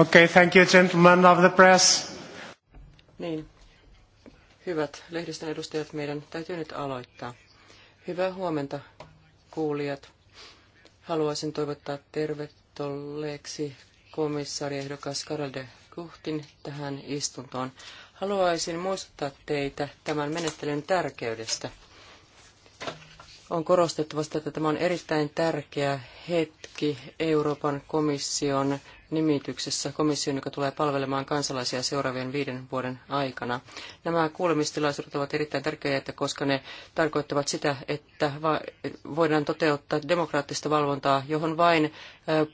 Okay, thank you gentlemen of the press. Niin. Hyvät lehdistön edustajat, meidän täytyy nyt aloittaa. Hyvää huomenta kuulijat. Haluaisin toivottaa tervetulleeksi komissaariehdokas Karel de Kuhtin tähän istuntoon. Haluaisin muistuttaa teitä tämän menettelyn tärkeydestä. On korostettava sitä, että tämä on erittäin tärkeä hetki Euroopan komission nimityksessä komission, joka tulee palvelemaan kansalaisia seuraavien viiden vuoden aikana. Nämä kuulemistilaisuudet ovat erittäin tärkeitä, koska ne tarkoittavat sitä, että voidaan toteuttaa demokraattista valvontaa, johon vain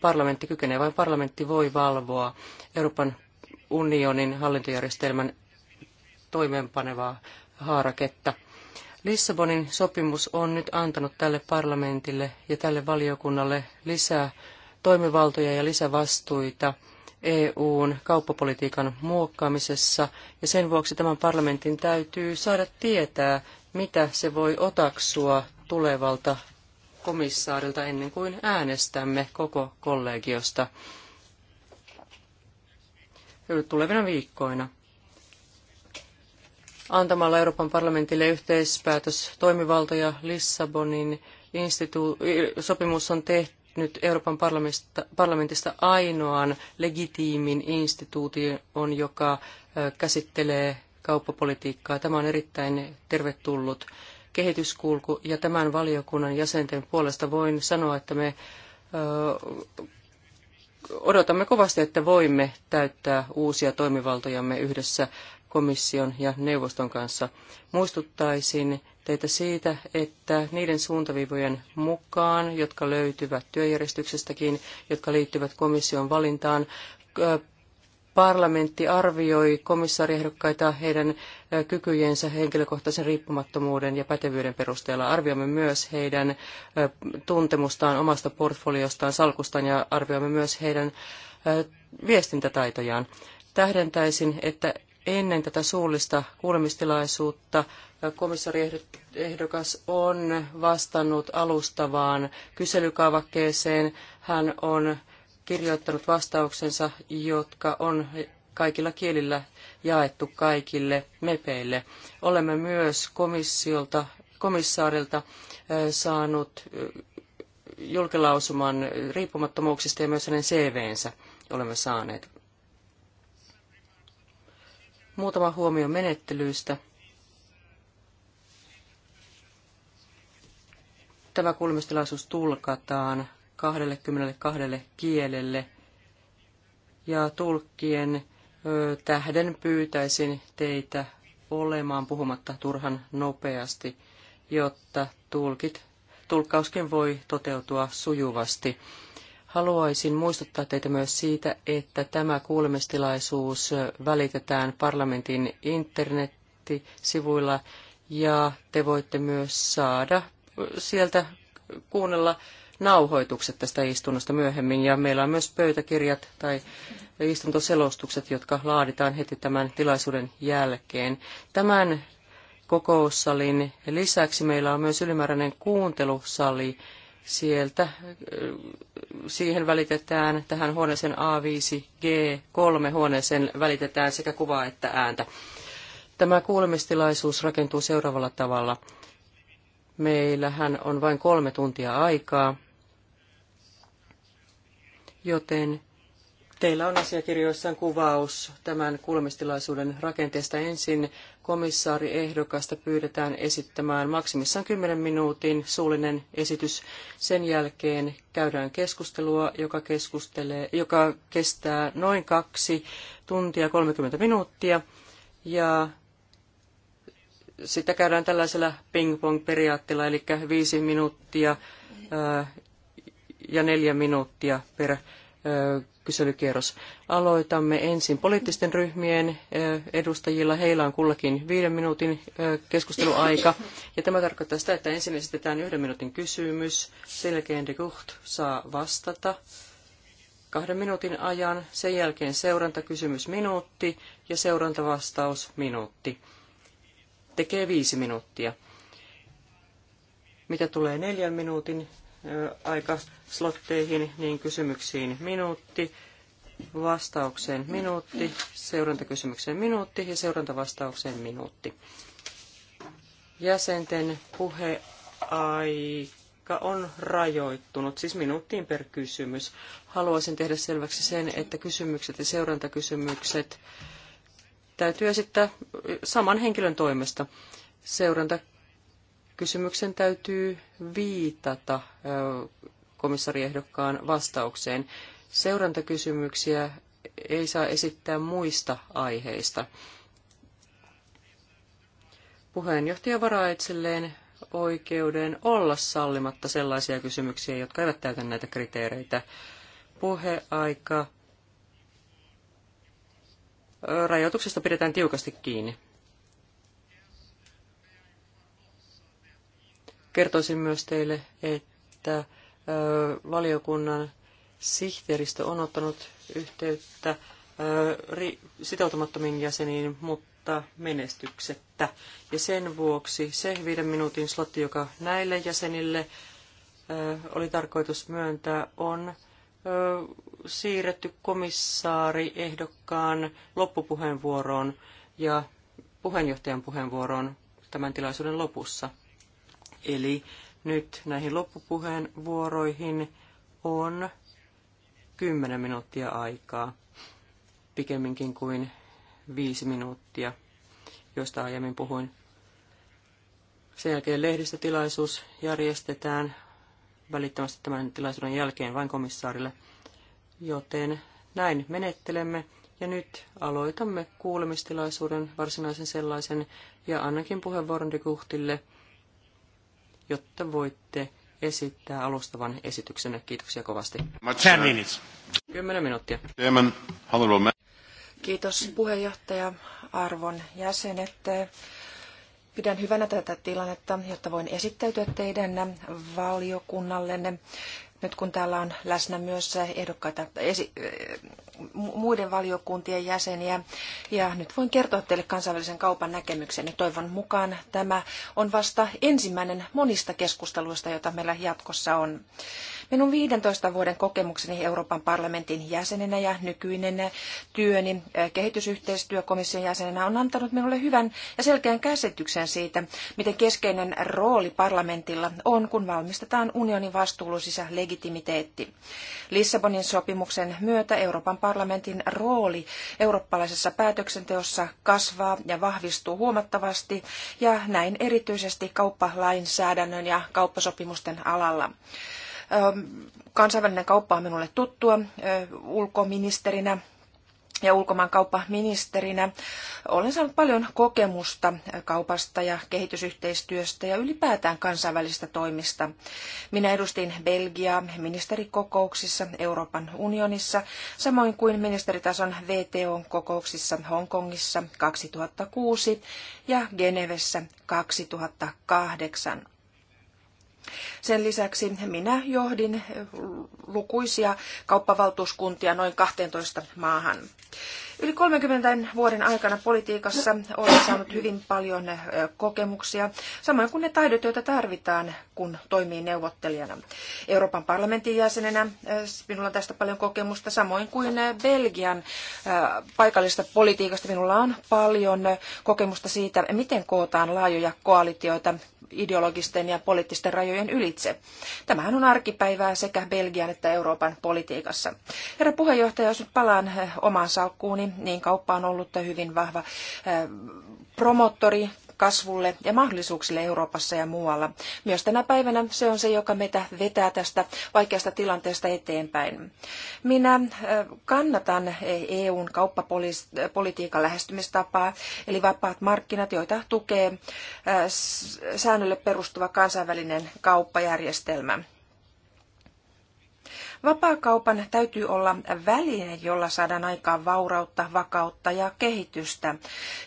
parlamentti kykenee, vain parlamentti voi valvoa Euroopan unionin hallintojärjestelmän toimeenpanevaa haaraketta. Lissabonin sopimus on nyt antanut tälle parlamentille ja tälle valiokunnalle lisää toimivaltoja ja lisävastuita EUn kauppapolitiikan muokkaamisessa, ja sen vuoksi tämän parlamentin täytyy saada tietää, mitä se voi otaksua tulevalta komissaarilta ennen kuin äänestämme koko kollegiosta tulevina viikkoina. Antamalla Euroopan parlamentille yhteispäätös toimivaltoja Lissabonin sopimus on tehty nyt Euroopan parlamentista, parlamentista ainoan legitiimin instituution, joka käsittelee kauppapolitiikkaa. Tämä on erittäin tervetullut kehityskulku ja tämän valiokunnan jäsenten puolesta voin sanoa, että me odotamme kovasti, että voimme täyttää uusia toimivaltojamme yhdessä komission ja neuvoston kanssa. Muistuttaisin teitä siitä, että niiden suuntaviivojen mukaan, jotka löytyvät työjärjestyksestäkin, jotka liittyvät komission valintaan, parlamentti arvioi komissaariehdokkaita heidän kykyjensä henkilökohtaisen riippumattomuuden ja pätevyyden perusteella. Arvioimme myös heidän tuntemustaan omasta portfoliostaan, salkustaan ja arvioimme myös heidän viestintätaitojaan. Tähdentäisin, että ennen tätä suullista kuulemistilaisuutta komissari ehdokas on vastannut alustavaan kyselykaavakkeeseen. Hän on kirjoittanut vastauksensa, jotka on kaikilla kielillä jaettu kaikille mepeille. Olemme myös komissiolta, komissaarilta saanut julkilausuman riippumattomuuksista ja myös hänen CVnsä olemme saaneet. Muutama huomio menettelyistä. Tämä kuulemistilaisuus tulkataan 22 kielelle ja tulkkien ö, tähden pyytäisin teitä olemaan puhumatta turhan nopeasti, jotta tulkit, tulkkauskin voi toteutua sujuvasti. Haluaisin muistuttaa teitä myös siitä, että tämä kuulemistilaisuus välitetään parlamentin internettisivuilla ja te voitte myös saada sieltä kuunnella nauhoitukset tästä istunnosta myöhemmin ja meillä on myös pöytäkirjat tai istuntoselostukset, jotka laaditaan heti tämän tilaisuuden jälkeen. Tämän kokoussalin lisäksi meillä on myös ylimääräinen kuuntelusali, Sieltä äh, siihen välitetään tähän huoneeseen A5G3 huoneeseen välitetään sekä kuvaa että ääntä. Tämä kuulemistilaisuus rakentuu seuraavalla tavalla. Meillähän on vain kolme tuntia aikaa, joten Teillä on asiakirjoissaan kuvaus tämän kuulemistilaisuuden rakenteesta. Ensin komissaari ehdokasta pyydetään esittämään maksimissaan 10 minuutin suullinen esitys. Sen jälkeen käydään keskustelua, joka, keskustelee, joka kestää noin kaksi tuntia 30 minuuttia. Ja sitä käydään tällaisella ping-pong-periaatteella, eli viisi minuuttia ja neljä minuuttia per kyselykierros. Aloitamme ensin poliittisten ryhmien edustajilla. Heillä on kullakin viiden minuutin keskusteluaika. Ja tämä tarkoittaa sitä, että ensin esitetään yhden minuutin kysymys. Sen jälkeen de Gucht saa vastata kahden minuutin ajan. Sen jälkeen seurantakysymys minuutti ja seurantavastaus minuutti. Tekee viisi minuuttia. Mitä tulee neljän minuutin aikaslotteihin, niin kysymyksiin minuutti, vastaukseen minuutti, seurantakysymykseen minuutti ja seurantavastaukseen minuutti. Jäsenten puheaika on rajoittunut, siis minuuttiin per kysymys. Haluaisin tehdä selväksi sen, että kysymykset ja seurantakysymykset täytyy esittää saman henkilön toimesta. Seuranta Kysymyksen täytyy viitata komissariehdokkaan vastaukseen. Seurantakysymyksiä ei saa esittää muista aiheista. Puheenjohtaja varaa itselleen oikeuden olla sallimatta sellaisia kysymyksiä, jotka eivät täytä näitä kriteereitä. Puheaika rajoituksesta pidetään tiukasti kiinni. Kertoisin myös teille, että valiokunnan sihteeristö on ottanut yhteyttä sitoutumattomiin jäseniin, mutta menestyksettä. Ja sen vuoksi se viiden minuutin slotti, joka näille jäsenille oli tarkoitus myöntää, on siirretty komissaariehdokkaan loppupuheenvuoroon ja puheenjohtajan puheenvuoroon tämän tilaisuuden lopussa. Eli nyt näihin loppupuheenvuoroihin on 10 minuuttia aikaa, pikemminkin kuin 5 minuuttia, josta aiemmin puhuin. Sen jälkeen lehdistötilaisuus järjestetään välittömästi tämän tilaisuuden jälkeen vain komissaarille, joten näin menettelemme. Ja nyt aloitamme kuulemistilaisuuden, varsinaisen sellaisen, ja annankin puheenvuoron Dekuhtille – jotta voitte esittää alustavan esityksenne. Kiitoksia kovasti. 10 uh, minuuttia. Kiitos puheenjohtaja, arvon jäsenet. Pidän hyvänä tätä tilannetta, jotta voin esittäytyä teidän valiokunnallenne nyt kun täällä on läsnä myös ehdokkaita esi- muiden valiokuntien jäseniä. Ja nyt voin kertoa teille kansainvälisen kaupan näkemykseni. Toivon mukaan tämä on vasta ensimmäinen monista keskusteluista, joita meillä jatkossa on. Minun 15 vuoden kokemukseni Euroopan parlamentin jäsenenä ja nykyinen työni kehitysyhteistyökomission jäsenenä on antanut minulle hyvän ja selkeän käsityksen siitä, miten keskeinen rooli parlamentilla on, kun valmistetaan unionin vastuullisissa legitimiteetti. Lissabonin sopimuksen myötä Euroopan parlamentin rooli eurooppalaisessa päätöksenteossa kasvaa ja vahvistuu huomattavasti ja näin erityisesti kauppalainsäädännön ja kauppasopimusten alalla. Ähm, kansainvälinen kauppa on minulle tuttua ulkoministerinä ja ulkomaankauppaministerinä. Olen saanut paljon kokemusta kaupasta ja kehitysyhteistyöstä ja ylipäätään kansainvälisistä toimista. Minä edustin Belgiaa ministerikokouksissa Euroopan unionissa, samoin kuin ministeritason VTO-kokouksissa Hongkongissa 2006 ja Genevessä 2008. Sen lisäksi minä johdin lukuisia kauppavaltuuskuntia noin 12 maahan. Yli 30 vuoden aikana politiikassa olen saanut hyvin paljon eh, kokemuksia, samoin kuin ne taidot, joita tarvitaan, kun toimii neuvottelijana. Euroopan parlamentin jäsenenä eh, minulla on tästä paljon kokemusta, samoin kuin eh, Belgian paikallista politiikasta minulla on paljon kokemusta siitä, miten kootaan laajoja koalitioita ideologisten ja poliittisten rajojen ylitse. Tämähän on arkipäivää sekä Belgian että Euroopan politiikassa. Herra puheenjohtaja, jos nyt palaan omaan salkkuuni, niin, niin kauppa on ollut hyvin vahva äh, promottori kasvulle ja mahdollisuuksille Euroopassa ja muualla. Myös tänä päivänä se on se, joka meitä vetää tästä vaikeasta tilanteesta eteenpäin. Minä äh, kannatan e EUn kauppapolitiikan lähestymistapaa, eli vapaat markkinat, joita tukee äh, säännölle perustuva kansainvälinen kauppajärjestelmä. Vapaakaupan täytyy olla väline, jolla saadaan aikaan vaurautta, vakautta ja kehitystä.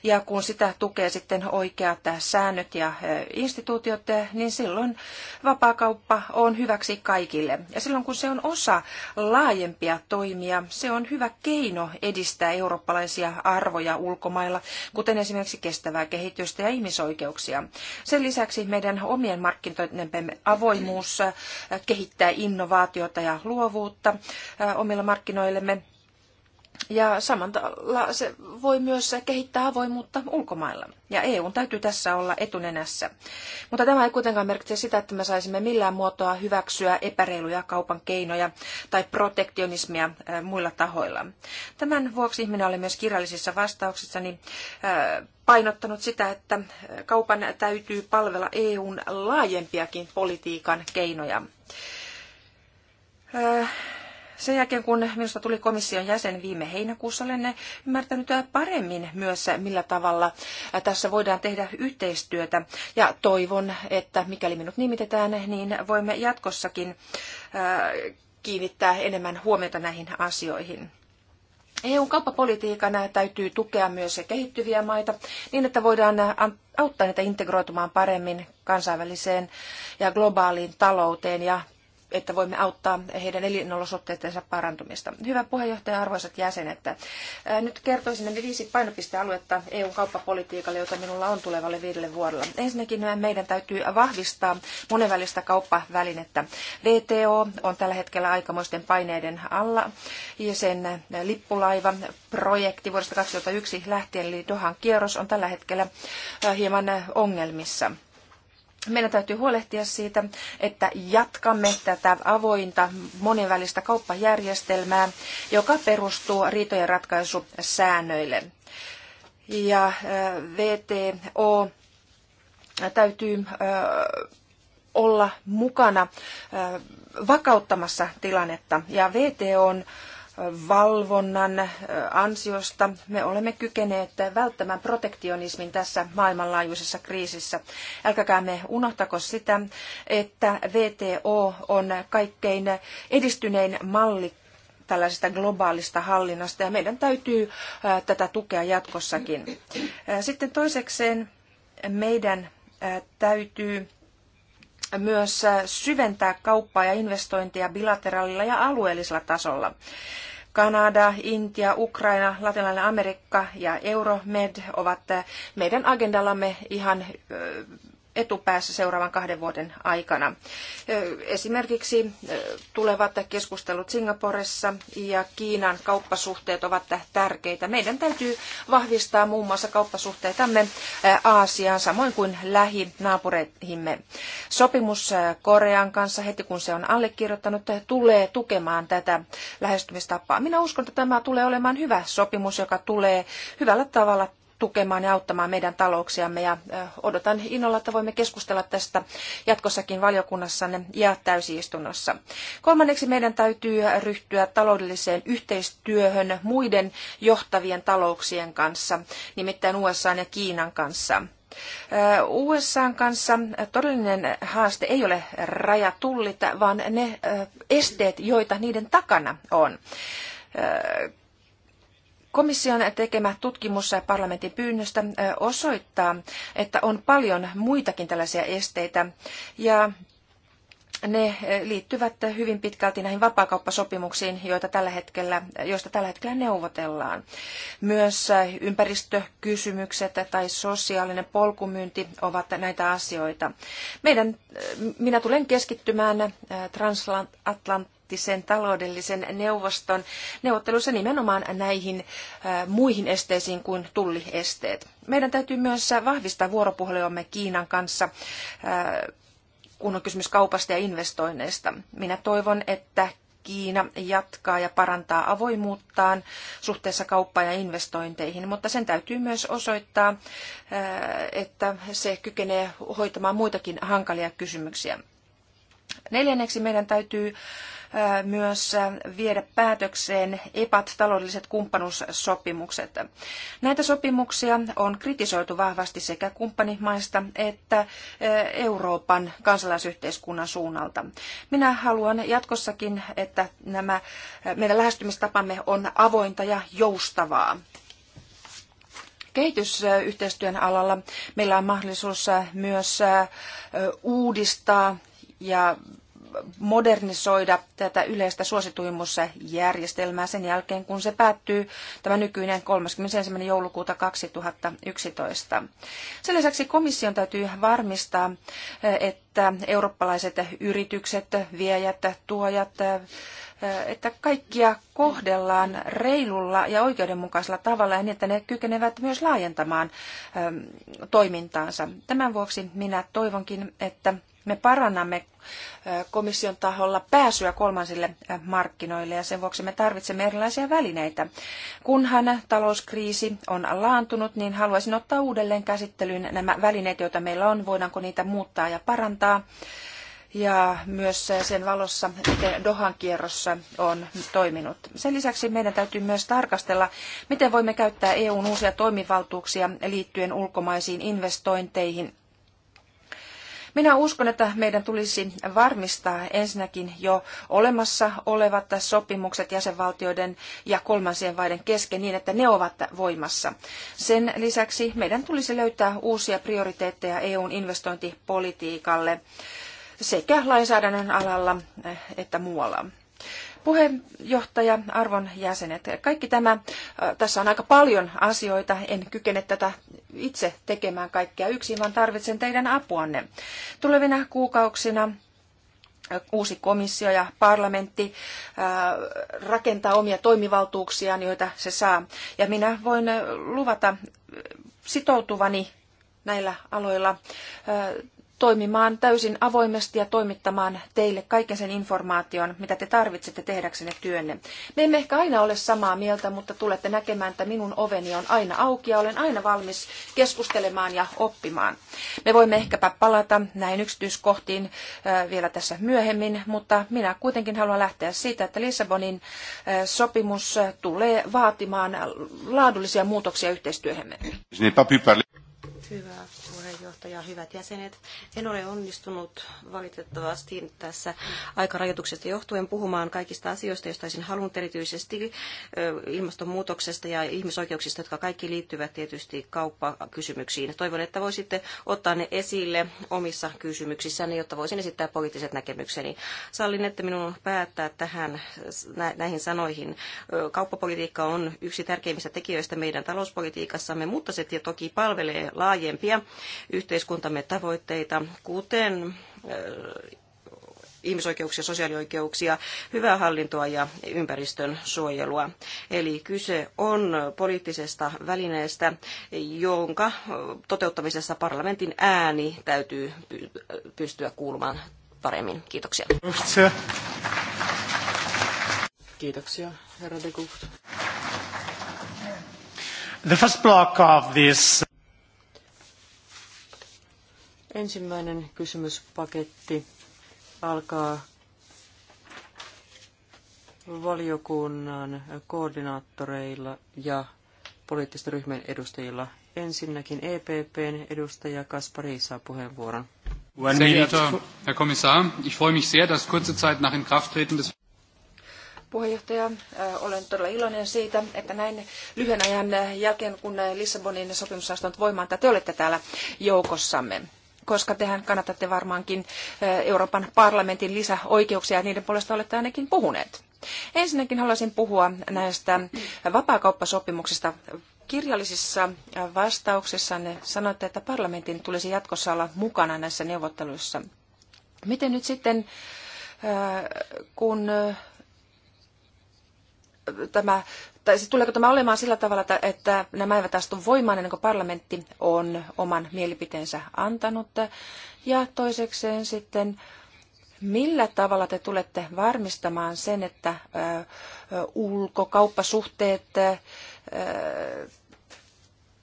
Ja kun sitä tukee sitten oikeat säännöt ja eh, instituutiot, eh, niin silloin vapaakauppa on hyväksi kaikille. Ja silloin kun se on osa laajempia toimia, se on hyvä keino edistää eurooppalaisia arvoja ulkomailla, kuten esimerkiksi kestävää kehitystä ja ihmisoikeuksia. Sen lisäksi meidän omien markkinoidemme avoimuus eh, kehittää innovaatiota ja luo luovuutta äh, omilla markkinoillemme. Ja samalla se voi myös kehittää avoimuutta ulkomailla. Ja EU täytyy tässä olla etunenässä. Mutta tämä ei kuitenkaan merkitse sitä, että me saisimme millään muotoa hyväksyä epäreiluja kaupan keinoja tai protektionismia äh, muilla tahoilla. Tämän vuoksi minä olen myös kirjallisissa vastauksissani äh, painottanut sitä, että kaupan täytyy palvella EUn laajempiakin politiikan keinoja sen jälkeen, kun minusta tuli komission jäsen viime heinäkuussa, olen ymmärtänyt paremmin myös, millä tavalla tässä voidaan tehdä yhteistyötä. Ja toivon, että mikäli minut nimitetään, niin voimme jatkossakin kiinnittää enemmän huomiota näihin asioihin. eu kauppapolitiikan täytyy tukea myös kehittyviä maita niin, että voidaan auttaa niitä integroitumaan paremmin kansainväliseen ja globaaliin talouteen ja että voimme auttaa heidän elinolosuhteidensa parantumista. Hyvä puheenjohtaja, arvoisat jäsenet. Äh, nyt kertoisin ne viisi painopistealuetta EUn kauppapolitiikalle, jota minulla on tulevalle viidelle vuodella. Ensinnäkin äh, meidän täytyy vahvistaa monenvälistä kauppavälinettä. VTO on tällä hetkellä aikamoisten paineiden alla ja sen äh, lippulaiva projekti vuodesta 2001 lähtien eli Dohan kierros on tällä hetkellä hieman ongelmissa meidän täytyy huolehtia siitä, että jatkamme tätä avointa monenvälistä kauppajärjestelmää, joka perustuu riitojen ratkaisusäännöille. Ja äh, VTO täytyy äh, olla mukana äh, vakauttamassa tilannetta. Ja on valvonnan ansiosta me olemme kykeneet välttämään protektionismin tässä maailmanlaajuisessa kriisissä. Älkäämme me unohtako sitä, että VTO on kaikkein edistynein malli tällaisesta globaalista hallinnasta ja meidän täytyy tätä tukea jatkossakin. Sitten toisekseen meidän täytyy myös syventää kauppaa ja investointeja bilateraalilla ja alueellisella tasolla. Kanada, Intia, Ukraina, Latinalainen Amerikka ja Euromed ovat meidän agendallamme ihan etupäässä seuraavan kahden vuoden aikana. Esimerkiksi tulevat keskustelut Singaporessa ja Kiinan kauppasuhteet ovat tärkeitä. Meidän täytyy vahvistaa muun muassa kauppasuhteitamme Aasiaan samoin kuin lähinaapureihimme. Sopimus Korean kanssa heti kun se on allekirjoittanut tulee tukemaan tätä lähestymistapaa. Minä uskon, että tämä tulee olemaan hyvä sopimus, joka tulee hyvällä tavalla tukemaan ja auttamaan meidän talouksiamme ja odotan innolla, että voimme keskustella tästä jatkossakin valiokunnassanne ja täysistunnossa. Kolmanneksi meidän täytyy ryhtyä taloudelliseen yhteistyöhön muiden johtavien talouksien kanssa, nimittäin USA ja Kiinan kanssa. USAn kanssa todellinen haaste ei ole rajatullit, vaan ne esteet, joita niiden takana on Komission tekemä tutkimus parlamentin pyynnöstä osoittaa, että on paljon muitakin tällaisia esteitä ja ne liittyvät hyvin pitkälti näihin vapaakauppasopimuksiin, joita tällä hetkellä, joista tällä hetkellä neuvotellaan. Myös ympäristökysymykset tai sosiaalinen polkumyynti ovat näitä asioita. Meidän, minä tulen keskittymään transatlanttiseen arktisen taloudellisen neuvoston neuvotteluissa nimenomaan näihin muihin esteisiin kuin tulliesteet. Meidän täytyy myös vahvistaa vuoropuheluamme Kiinan kanssa kun on kysymys kaupasta ja investoinneista. Minä toivon, että Kiina jatkaa ja parantaa avoimuuttaan suhteessa kauppaan ja investointeihin, mutta sen täytyy myös osoittaa, että se kykenee hoitamaan muitakin hankalia kysymyksiä. Neljänneksi meidän täytyy myös viedä päätökseen EPAT-taloudelliset kumppanuussopimukset. Näitä sopimuksia on kritisoitu vahvasti sekä kumppanimaista että Euroopan kansalaisyhteiskunnan suunnalta. Minä haluan jatkossakin, että nämä, meidän lähestymistapamme on avointa ja joustavaa kehitysyhteistyön alalla meillä on mahdollisuus myös uudistaa ja modernisoida tätä yleistä suosituimmassa järjestelmää sen jälkeen, kun se päättyy tämä nykyinen 31. joulukuuta 2011. Sen lisäksi komission täytyy varmistaa, että eurooppalaiset yritykset, viejät, tuojat, että kaikkia kohdellaan reilulla ja oikeudenmukaisella tavalla ja niin, että ne kykenevät myös laajentamaan toimintaansa. Tämän vuoksi minä toivonkin, että me parannamme komission taholla pääsyä kolmansille markkinoille ja sen vuoksi me tarvitsemme erilaisia välineitä. Kunhan talouskriisi on laantunut, niin haluaisin ottaa uudelleen käsittelyyn nämä välineet, joita meillä on, voidaanko niitä muuttaa ja parantaa. Ja myös sen valossa, miten Dohan kierrossa on toiminut. Sen lisäksi meidän täytyy myös tarkastella, miten voimme käyttää EUn uusia toimivaltuuksia liittyen ulkomaisiin investointeihin minä uskon, että meidän tulisi varmistaa ensinnäkin jo olemassa olevat sopimukset jäsenvaltioiden ja kolmansien maiden kesken niin, että ne ovat voimassa. Sen lisäksi meidän tulisi löytää uusia prioriteetteja EUn investointipolitiikalle sekä lainsäädännön alalla eh, että muualla. Puheenjohtaja, arvon jäsenet, kaikki tämä, äh, tässä on aika paljon asioita, en kykene tätä itse tekemään kaikkea yksin, vaan tarvitsen teidän apuanne. Tulevina kuukausina uusi komissio ja parlamentti äh, rakentaa omia toimivaltuuksiaan, joita se saa. Ja minä voin äh, luvata sitoutuvani näillä aloilla toimimaan täysin avoimesti ja toimittamaan teille kaiken sen informaation, mitä te tarvitsette tehdäksenne työnne. Me emme ehkä aina ole samaa mieltä, mutta tulette näkemään, että minun oveni on aina auki ja olen aina valmis keskustelemaan ja oppimaan. Me voimme ehkäpä palata näin yksityiskohtiin vielä tässä myöhemmin, mutta minä kuitenkin haluan lähteä siitä, että Lissabonin sopimus tulee vaatimaan laadullisia muutoksia yhteistyöhemme. Hyvä puheenjohtaja, hyvät jäsenet. En ole onnistunut valitettavasti tässä aikarajoituksesta johtuen puhumaan kaikista asioista, joista olisin halunnut erityisesti ilmastonmuutoksesta ja ihmisoikeuksista, jotka kaikki liittyvät tietysti kauppakysymyksiin. Toivon, että voisitte ottaa ne esille omissa kysymyksissänne, jotta voisin esittää poliittiset näkemykseni. Sallin, että minun päättää tähän näihin sanoihin. Kauppapolitiikka on yksi tärkeimmistä tekijöistä meidän talouspolitiikassamme, mutta se toki palvelee laajempia yhteiskuntamme tavoitteita, kuten ihmisoikeuksia, sosiaalioikeuksia, hyvää hallintoa ja ympäristön suojelua. Eli kyse on poliittisesta välineestä, jonka toteuttamisessa parlamentin ääni täytyy pystyä kuulumaan paremmin. Kiitoksia. Kiitoksia, herra de The first block of this Ensimmäinen kysymyspaketti alkaa valiokunnan koordinaattoreilla ja poliittisten ryhmien edustajilla. Ensinnäkin EPPn edustaja Kaspari saa puheenvuoron. Herr Kommissar, ich freue mich sehr, dass kurze Zeit nach Inkrafttreten des puheenjohtaja. Äh, olen todella iloinen siitä, että näin lyhyen ajan jälkeen, kun Lissabonin sopimus on astunut voimaan, että te olette täällä joukossamme koska tehän kannatatte varmaankin Euroopan parlamentin lisäoikeuksia ja niiden puolesta olette ainakin puhuneet. Ensinnäkin haluaisin puhua näistä vapaakauppasopimuksista. Kirjallisissa vastauksissanne sanoitte, että parlamentin tulisi jatkossa olla mukana näissä neuvotteluissa. Miten nyt sitten, kun tämä tai siis tuleeko tämä olemaan sillä tavalla, että nämä eivät astu voimaan ennen kuin parlamentti on oman mielipiteensä antanut? Ja toisekseen sitten, millä tavalla te tulette varmistamaan sen, että ulkokauppasuhteet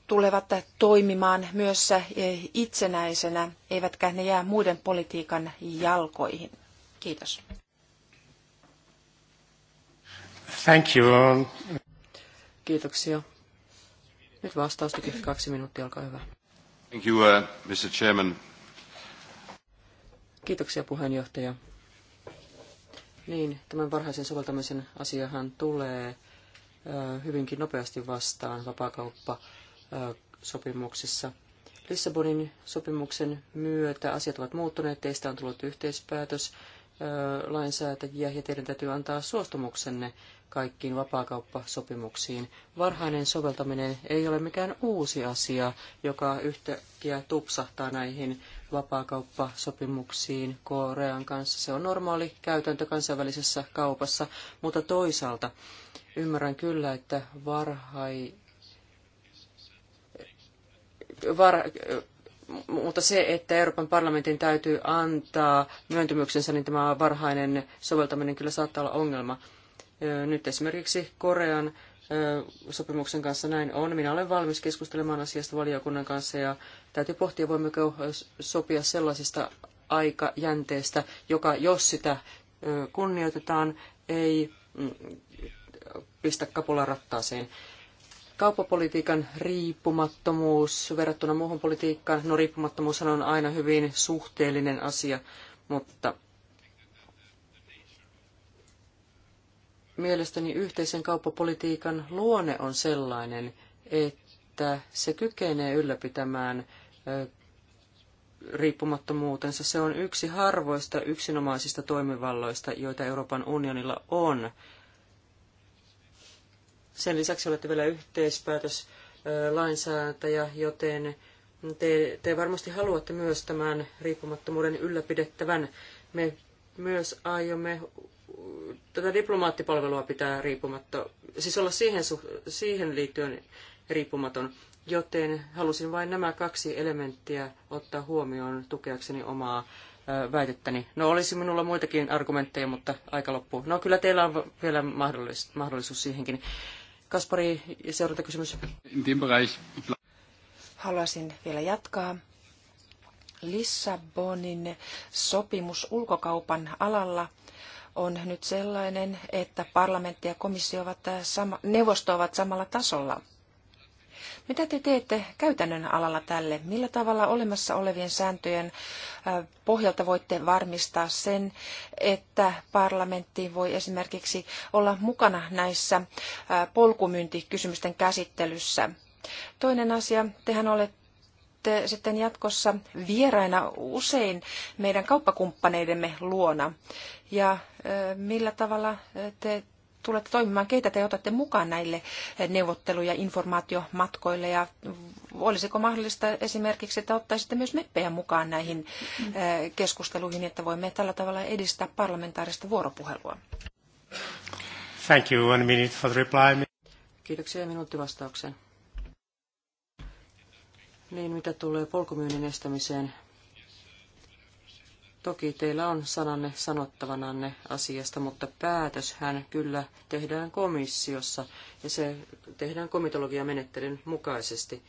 tulevat toimimaan myös itsenäisenä, eivätkä ne jää muiden politiikan jalkoihin? Kiitos. Thank you. Kiitoksia. Nyt vastaustikin kaksi minuuttia, olkaa hyvä. Thank you, uh, Mr. Chairman. Kiitoksia puheenjohtaja. Niin, tämän varhaisen soveltamisen asiahan tulee uh, hyvinkin nopeasti vastaan vapaakauppasopimuksissa. Lissabonin sopimuksen myötä asiat ovat muuttuneet, teistä on tullut yhteispäätös lainsäätäjiä ja teidän täytyy antaa suostumuksenne kaikkiin vapaakauppasopimuksiin. Varhainen soveltaminen ei ole mikään uusi asia, joka yhtäkkiä tupsahtaa näihin vapaakauppasopimuksiin Korean kanssa. Se on normaali käytäntö kansainvälisessä kaupassa, mutta toisaalta ymmärrän kyllä, että varhai... Var mutta se, että Euroopan parlamentin täytyy antaa myöntymyksensä, niin tämä varhainen soveltaminen kyllä saattaa olla ongelma. Nyt esimerkiksi Korean sopimuksen kanssa näin on. Minä olen valmis keskustelemaan asiasta valiokunnan kanssa ja täytyy pohtia, voimmeko sopia sellaisesta aikajänteestä, joka, jos sitä kunnioitetaan, ei mm, pistä kapula rattaaseen. Kauppapolitiikan riippumattomuus verrattuna muuhun politiikkaan, no riippumattomuus on aina hyvin suhteellinen asia, mutta mielestäni yhteisen kauppapolitiikan luonne on sellainen, että se kykenee ylläpitämään riippumattomuutensa. Se on yksi harvoista yksinomaisista toimivalloista, joita Euroopan unionilla on sen lisäksi olette vielä yhteispäätös lainsäätäjä, joten te, te varmasti haluatte myös tämän riippumattomuuden ylläpidettävän. Me myös aiomme tätä diplomaattipalvelua pitää riippumatta, siis olla siihen, siihen liittyen riippumaton, joten halusin vain nämä kaksi elementtiä ottaa huomioon tukeakseni omaa väitettäni. No olisi minulla muitakin argumentteja, mutta aika loppuu. No kyllä teillä on vielä mahdollisuus siihenkin. Kaspari, Haluaisin vielä jatkaa. Lissabonin sopimus ulkokaupan alalla on nyt sellainen, että parlamentti ja komissio ovat äh, sama, neuvosto ovat samalla tasolla – mitä te teette käytännön alalla tälle? Millä tavalla olemassa olevien sääntöjen pohjalta voitte varmistaa sen, että parlamentti voi esimerkiksi olla mukana näissä polkumyyntikysymysten käsittelyssä? Toinen asia, tehän olette sitten jatkossa vieraina usein meidän kauppakumppaneidemme luona. Ja millä tavalla te tulette toimimaan, keitä te otatte mukaan näille neuvottelu- ja informaatiomatkoille ja olisiko mahdollista esimerkiksi, että ottaisitte myös meppejä mukaan näihin mm-hmm. keskusteluihin, että voimme tällä tavalla edistää parlamentaarista vuoropuhelua? Thank you. One minute for the reply. Kiitoksia minuutti vastaukseen. Niin, mitä tulee polkumyynnin estämiseen, Toki teillä on sananne sanottavananne asiasta, mutta päätöshän kyllä tehdään komissiossa ja se tehdään komitologiamenettelyn mukaisesti.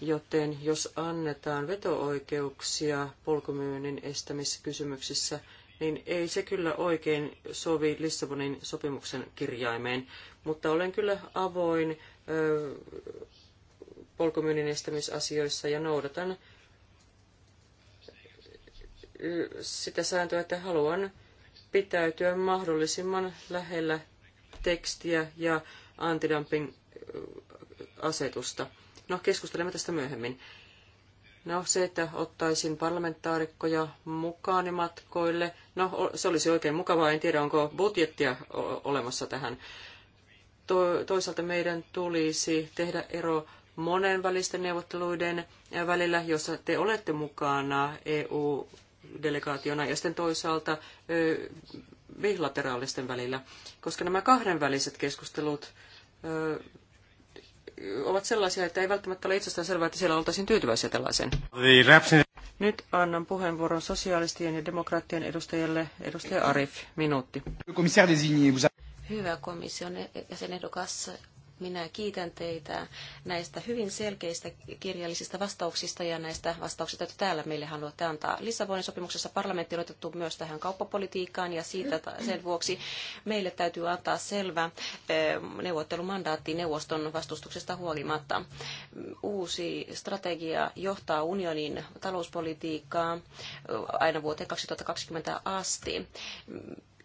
Joten jos annetaan veto-oikeuksia polkumyynnin estämiskysymyksissä, niin ei se kyllä oikein sovi Lissabonin sopimuksen kirjaimeen. Mutta olen kyllä avoin ö, polkumyynnin estämisasioissa ja noudatan sitä sääntöä, että haluan pitäytyä mahdollisimman lähellä tekstiä ja antidumping asetusta. No, keskustelemme tästä myöhemmin. No, se, että ottaisin parlamentaarikkoja mukaan matkoille, no, se olisi oikein mukavaa. En tiedä, onko budjettia olemassa tähän. toisaalta meidän tulisi tehdä ero monenvälisten neuvotteluiden välillä, jossa te olette mukana EU delegaationa ja sitten toisaalta bilateraalisten välillä, koska nämä kahdenväliset keskustelut ovat sellaisia, että ei välttämättä ole itsestään selvää, että siellä oltaisiin tyytyväisiä tällaiseen. Nyt annan puheenvuoron sosialistien ja demokraattien edustajalle, edustaja Arif, minuutti. Hyvä komission jäsenehdokas, minä kiitän teitä näistä hyvin selkeistä kirjallisista vastauksista ja näistä vastauksista, joita täällä meille haluatte antaa. Lissabonin sopimuksessa parlamentti on otettu myös tähän kauppapolitiikkaan ja siitä sen vuoksi meille täytyy antaa selvä eh, neuvottelumandaatti neuvoston vastustuksesta huolimatta. Uusi strategia johtaa unionin talouspolitiikkaa eh, aina vuoteen 2020 asti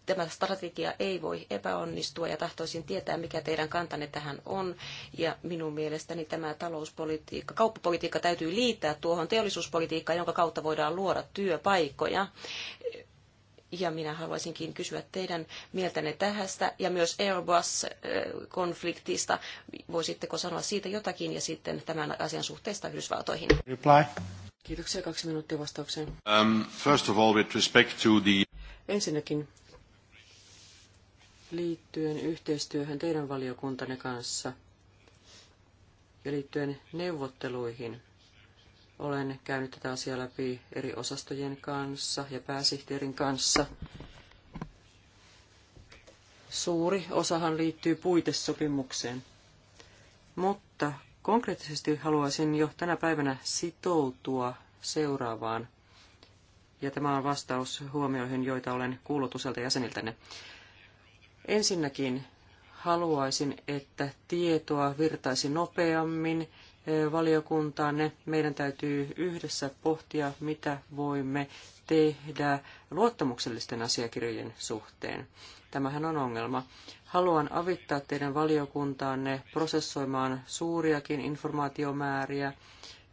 tämä strategia ei voi epäonnistua ja tahtoisin tietää, mikä teidän kantanne tähän on. Ja minun mielestäni tämä talouspolitiikka, kauppapolitiikka täytyy liittää tuohon teollisuuspolitiikkaan, jonka kautta voidaan luoda työpaikkoja. Ja minä haluaisinkin kysyä teidän mieltänne tähästä ja myös Airbus-konfliktista. Voisitteko sanoa siitä jotakin ja sitten tämän asian suhteesta Yhdysvaltoihin? Reply. Kiitoksia. Kaksi minuuttia vastaukseen. Um, first of all, with respect to the... Ensinnäkin liittyen yhteistyöhön teidän valiokuntanne kanssa ja liittyen neuvotteluihin. Olen käynyt tätä asiaa läpi eri osastojen kanssa ja pääsihteerin kanssa. Suuri osahan liittyy puitesopimukseen. Mutta konkreettisesti haluaisin jo tänä päivänä sitoutua seuraavaan. Ja tämä on vastaus huomioihin, joita olen kuullut useilta jäseniltäne. Ensinnäkin haluaisin, että tietoa virtaisi nopeammin eh, valiokuntaanne. Meidän täytyy yhdessä pohtia, mitä voimme tehdä luottamuksellisten asiakirjojen suhteen. Tämähän on ongelma. Haluan avittaa teidän valiokuntaanne prosessoimaan suuriakin informaatiomääriä,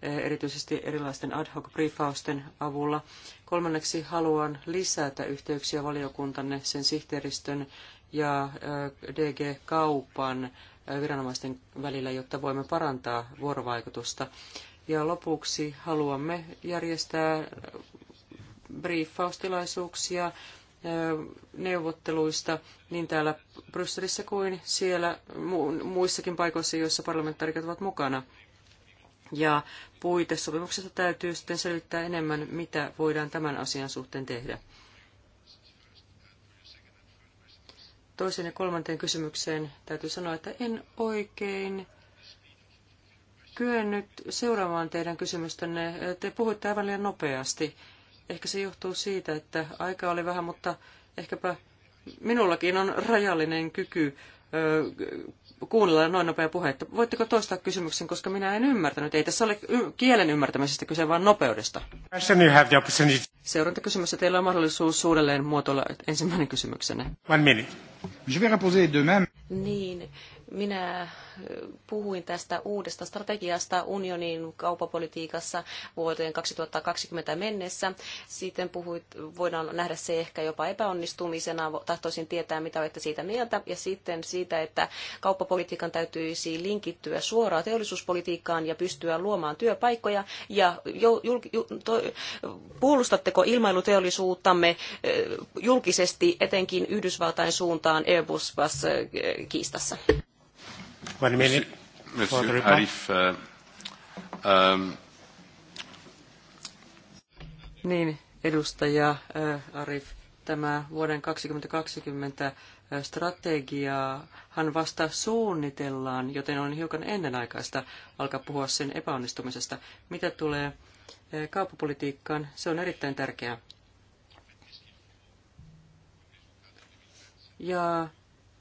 eh, erityisesti erilaisten ad hoc briefausten avulla. Kolmanneksi haluan lisätä yhteyksiä valiokuntanne, sen sihteeristön ja DG-kaupan viranomaisten välillä, jotta voimme parantaa vuorovaikutusta. Ja lopuksi haluamme järjestää brieffaustilaisuuksia neuvotteluista niin täällä Brysselissä kuin siellä muissakin paikoissa, joissa parlamentaarikat ovat mukana. Ja puitesopimuksesta täytyy sitten selvittää enemmän, mitä voidaan tämän asian suhteen tehdä. toiseen ja kolmanteen kysymykseen täytyy sanoa, että en oikein kyennyt seuraamaan teidän kysymystänne. Te puhuitte aivan liian nopeasti. Ehkä se johtuu siitä, että aika oli vähän, mutta ehkäpä minullakin on rajallinen kyky kuunnella noin nopea puhetta. Voitteko toistaa kysymyksen, koska minä en ymmärtänyt. Ei tässä ole kielen ymmärtämisestä kyse, vaan nopeudesta. Seurantakysymys, ja teillä on mahdollisuus uudelleen muotoilla ensimmäinen kysymyksenne. One minute. Niin, minä äh, puhuin tästä uudesta strategiasta unionin kaupapolitiikassa vuoteen 2020 mennessä. Sitten puhuit, voidaan nähdä se ehkä jopa epäonnistumisena. Tahtoisin tietää, mitä olette siitä mieltä. Ja sitten siitä, että kauppapolitiikan täytyisi linkittyä suoraan teollisuuspolitiikkaan ja pystyä luomaan työpaikkoja. Ja jul, jul, to, puolustatteko ilmailuteollisuuttamme äh, julkisesti, etenkin Yhdysvaltain suuntaan Airbus-kiistassa? Äh, One minute. Monsieur, Arif, eh, ehm, Niin, edustaja eh, Arif, tämä vuoden 2020 strategiaa hän vasta suunnitellaan, joten on hiukan ennenaikaista alkaa puhua sen epäonnistumisesta. Mitä tulee eh, kauppapolitiikkaan, se on erittäin tärkeää. Ja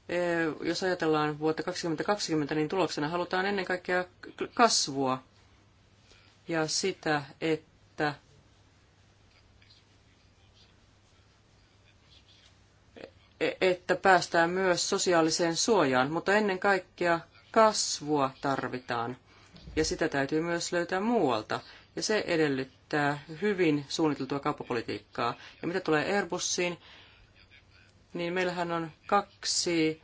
Eh, jos ajatellaan vuotta 2020, niin tuloksena halutaan ennen kaikkea kasvua ja sitä, että e, että päästään myös sosiaaliseen suojaan, mutta ennen kaikkea kasvua tarvitaan. Ja sitä täytyy myös löytää muualta. Ja se edellyttää hyvin suunniteltua kauppapolitiikkaa. Ja mitä tulee Airbusiin, niin meillähän on kaksi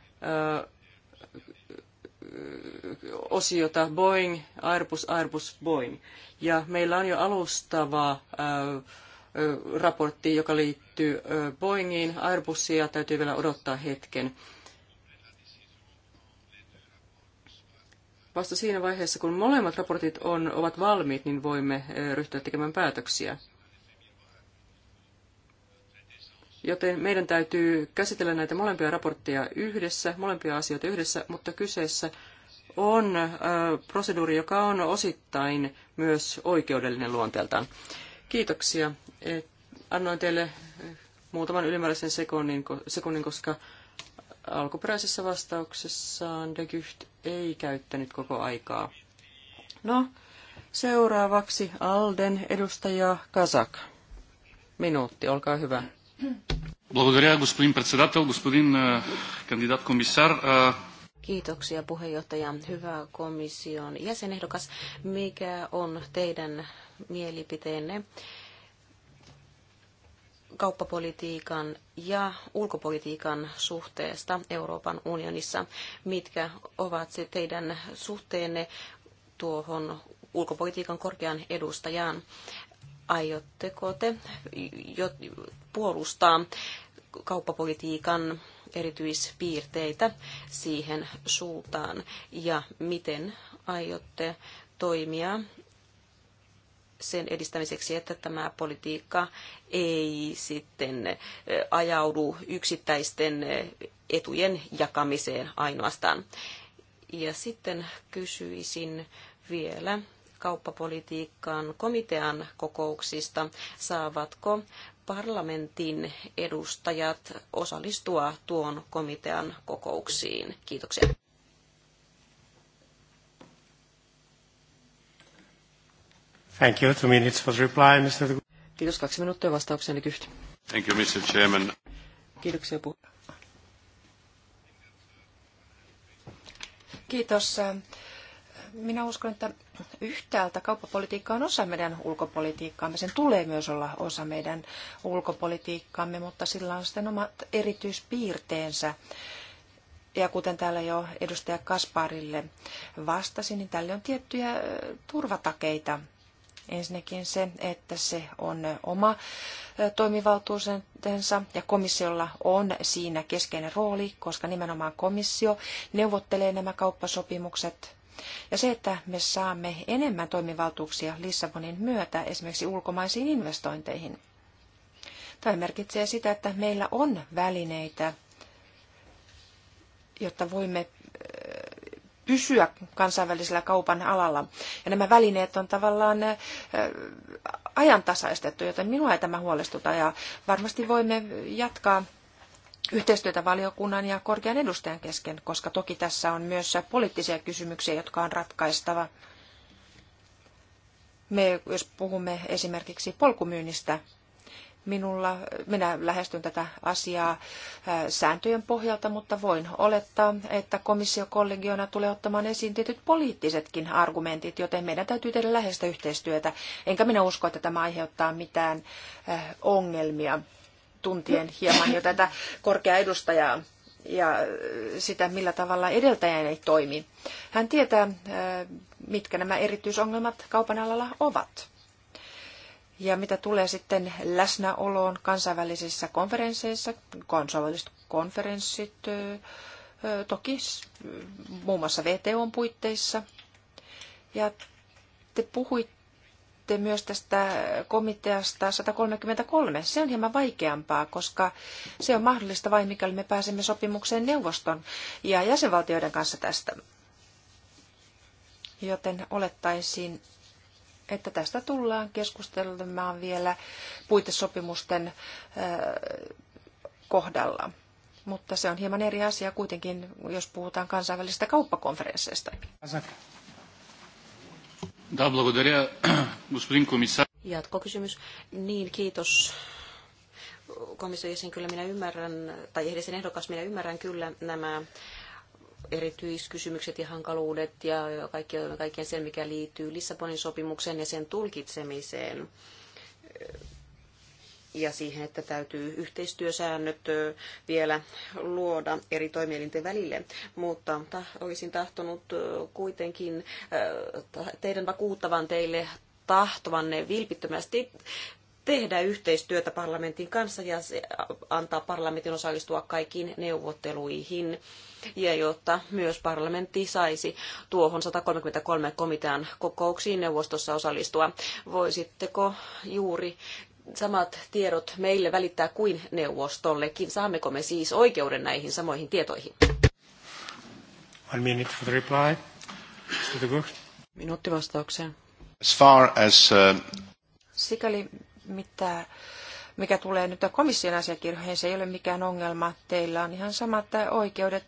osiota Boeing, Airbus, Airbus, Boeing. Ja meillä on jo alustava raportti, joka liittyy Boeingiin. Airbusia täytyy vielä odottaa hetken. Vasta siinä vaiheessa, kun molemmat raportit on, ovat valmiit, niin voimme ryhtyä tekemään päätöksiä. Joten meidän täytyy käsitellä näitä molempia raportteja yhdessä, molempia asioita yhdessä, mutta kyseessä on ö, proseduuri, joka on osittain myös oikeudellinen luonteeltaan. Kiitoksia. E, annoin teille muutaman ylimääräisen sekunnin, sekunnin koska alkuperäisessä vastauksessaan De Gucht ei käyttänyt koko aikaa. No, seuraavaksi Alden edustaja Kasak. Minuutti, olkaa hyvä. Благодаря, господин председател, господин кандидат комиссар. Kiitoksia puheenjohtaja. Hyvä komission jäsenehdokas. Mikä on teidän mielipiteenne kauppapolitiikan ja ulkopolitiikan suhteesta Euroopan unionissa? Mitkä ovat se teidän suhteenne tuohon ulkopolitiikan korkean edustajaan? Aiotteko te puolustaa kauppapolitiikan erityispiirteitä siihen suuntaan ja miten aiotte toimia sen edistämiseksi, että tämä politiikka ei sitten ajaudu yksittäisten etujen jakamiseen ainoastaan. Ja sitten kysyisin vielä kauppapolitiikan komitean kokouksista. Saavatko parlamentin edustajat osallistua tuon komitean kokouksiin. Kiitoksia. Thank you. Two minutes for reply, Mr. Kiitos. Kaksi minuuttia vastaukseen niin Kyhti. Thank you, Mr. Chairman. Kiitoksia puh- Kiitos minä uskon, että yhtäältä kauppapolitiikka on osa meidän ulkopolitiikkaamme. Sen tulee myös olla osa meidän ulkopolitiikkaamme, mutta sillä on sitten omat erityispiirteensä. Ja kuten täällä jo edustaja Kasparille vastasi, niin tälle on tiettyjä turvatakeita. Ensinnäkin se, että se on oma toimivaltuutensa ja komissiolla on siinä keskeinen rooli, koska nimenomaan komissio neuvottelee nämä kauppasopimukset ja se, että me saamme enemmän toimivaltuuksia Lissabonin myötä esimerkiksi ulkomaisiin investointeihin. Tämä merkitsee sitä, että meillä on välineitä, jotta voimme äh, pysyä kansainvälisellä kaupan alalla. Ja nämä välineet on tavallaan äh, ajantasaistettu, joten minua ei tämä huolestuta ja varmasti voimme jatkaa yhteistyötä valiokunnan ja korkean edustajan kesken, koska toki tässä on myös poliittisia kysymyksiä, jotka on ratkaistava. Me, jos puhumme esimerkiksi polkumyynnistä, minulla, minä lähestyn tätä asiaa äh, sääntöjen pohjalta, mutta voin olettaa, että komissiokollegiona tulee ottamaan esiin tietyt poliittisetkin argumentit, joten meidän täytyy tehdä läheistä yhteistyötä. Enkä minä usko, että tämä aiheuttaa mitään äh, ongelmia tuntien hieman jo tätä korkea edustajaa ja sitä, millä tavalla edeltäjäni toimi. Hän tietää, äh, mitkä nämä erityisongelmat kaupan alalla ovat. Ja mitä tulee sitten läsnäoloon kansainvälisissä konferensseissa, kansainväliset konferenssit, äh, äh, toki muun muassa VTOn puitteissa. Ja te puhuitte sitten myös tästä komiteasta 133. Se on hieman vaikeampaa, koska se on mahdollista vain mikäli me pääsemme sopimukseen neuvoston ja jäsenvaltioiden kanssa tästä. Joten olettaisin, että tästä tullaan keskustelemaan vielä puitesopimusten kohdalla. Mutta se on hieman eri asia kuitenkin, jos puhutaan kansainvälisestä kauppakonferensseista. Da, благодаря, господин Jatkokysymys. Niin, kiitos komission kyllä minä ymmärrän, tai edes ehdokas minä ymmärrän kyllä nämä erityiskysymykset ja hankaluudet ja kaikki, kaikkien sen, mikä liittyy Lissabonin sopimukseen ja sen tulkitsemiseen ja siihen, että täytyy yhteistyösäännöt vielä luoda eri toimielinten välille. Mutta olisin tahtonut kuitenkin teidän vakuuttavan teille tahtovanne vilpittömästi tehdä yhteistyötä parlamentin kanssa ja antaa parlamentin osallistua kaikkiin neuvotteluihin. Ja jotta myös parlamentti saisi tuohon 133 komitean kokouksiin neuvostossa osallistua. Voisitteko juuri samat tiedot meille välittää kuin neuvostollekin. Saammeko me siis oikeuden näihin samoihin tietoihin? One minute for the reply. Minuutti vastaukseen. As far as, uh... Sikäli mitä, mikä tulee nyt komission asiakirjoihin, se ei ole mikään ongelma. Teillä on ihan samat oikeudet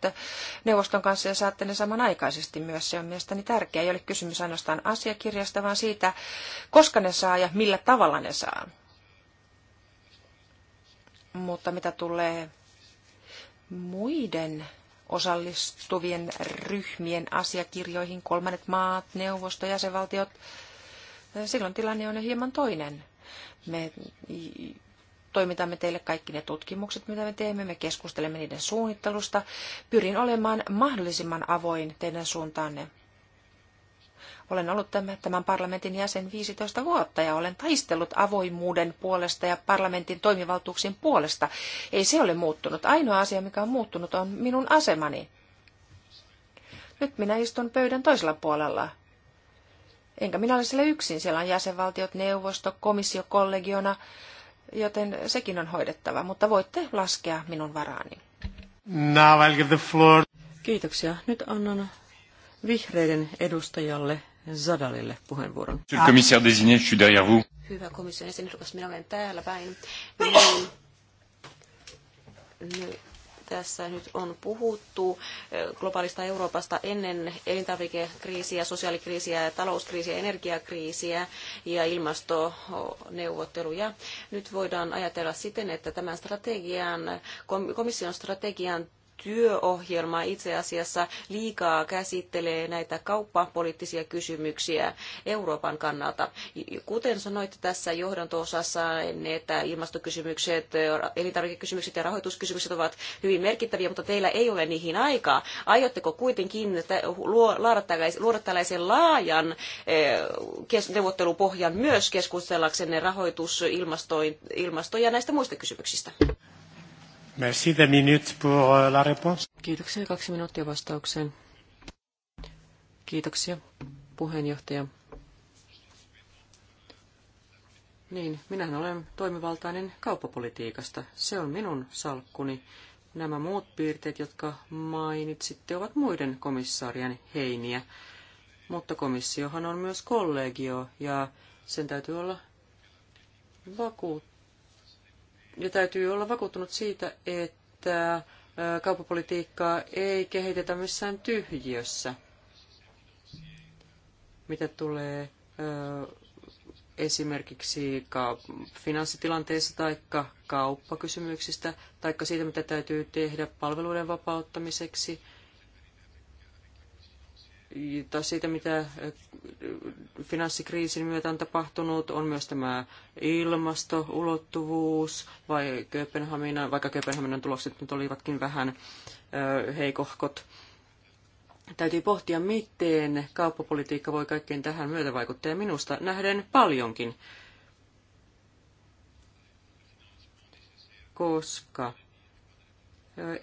neuvoston kanssa ja saatte ne samanaikaisesti myös. Se on mielestäni tärkeää. Ei ole kysymys ainoastaan asiakirjasta, vaan siitä, koska ne saa ja millä tavalla ne saa. Mutta mitä tulee muiden osallistuvien ryhmien asiakirjoihin, kolmannet maat, neuvosto, jäsenvaltiot, silloin tilanne on jo hieman toinen. Me toimitamme teille kaikki ne tutkimukset, mitä me teemme, me keskustelemme niiden suunnittelusta. Pyrin olemaan mahdollisimman avoin teidän suuntaanne. Olen ollut tämän parlamentin jäsen 15 vuotta ja olen taistellut avoimuuden puolesta ja parlamentin toimivaltuuksien puolesta. Ei se ole muuttunut. Ainoa asia, mikä on muuttunut, on minun asemani. Nyt minä istun pöydän toisella puolella. Enkä minä ole siellä yksin. Siellä on jäsenvaltiot, neuvosto, komissio, kollegiona, joten sekin on hoidettava. Mutta voitte laskea minun varaani. Now I'll give the floor. Kiitoksia. Nyt annan vihreiden edustajalle Zadalille puheenvuoron. Hyvä komission esinehdokkas, minä olen täällä päin. Niin. nyt, tässä nyt on puhuttu globaalista Euroopasta ennen elintarvikekriisiä, sosiaalikriisiä, talouskriisiä, energiakriisiä ja ilmastoneuvotteluja. Nyt voidaan ajatella siten, että tämän strategian, komission strategian työohjelma itse asiassa liikaa käsittelee näitä kauppapoliittisia kysymyksiä Euroopan kannalta. Kuten sanoitte tässä johdanto-osassa, että ilmastokysymykset, elintarvikekysymykset ja rahoituskysymykset ovat hyvin merkittäviä, mutta teillä ei ole niihin aikaa. Aiotteko kuitenkin luoda tällaisen laajan eh, neuvottelupohjan myös keskustellaksenne rahoitus, ilmasto ja näistä muista kysymyksistä? Merci, minutes pour euh, la réponse. Kiitoksia, kaksi minuuttia vastaukseen. Kiitoksia, puheenjohtaja. Niin, minähän olen toimivaltainen kauppapolitiikasta. Se on minun salkkuni. Nämä muut piirteet, jotka mainitsitte, ovat muiden komissaarien heiniä. Mutta komissiohan on myös kollegio ja sen täytyy olla vakuut ja täytyy olla vakuuttunut siitä, että kauppapolitiikkaa ei kehitetä missään tyhjiössä, mitä tulee esimerkiksi finanssitilanteessa tai kauppakysymyksistä tai siitä, mitä täytyy tehdä palveluiden vapauttamiseksi – tai siitä, mitä eh, finanssikriisin myötä on tapahtunut, on myös tämä ilmastoulottuvuus, vai Kööpenhaminan, vaikka Kööpenhaminan tulokset nyt olivatkin vähän eh, heikohkot. Täytyy pohtia, miten kauppapolitiikka voi kaikkein tähän myötävaikuttaa, ja minusta nähden paljonkin. Koska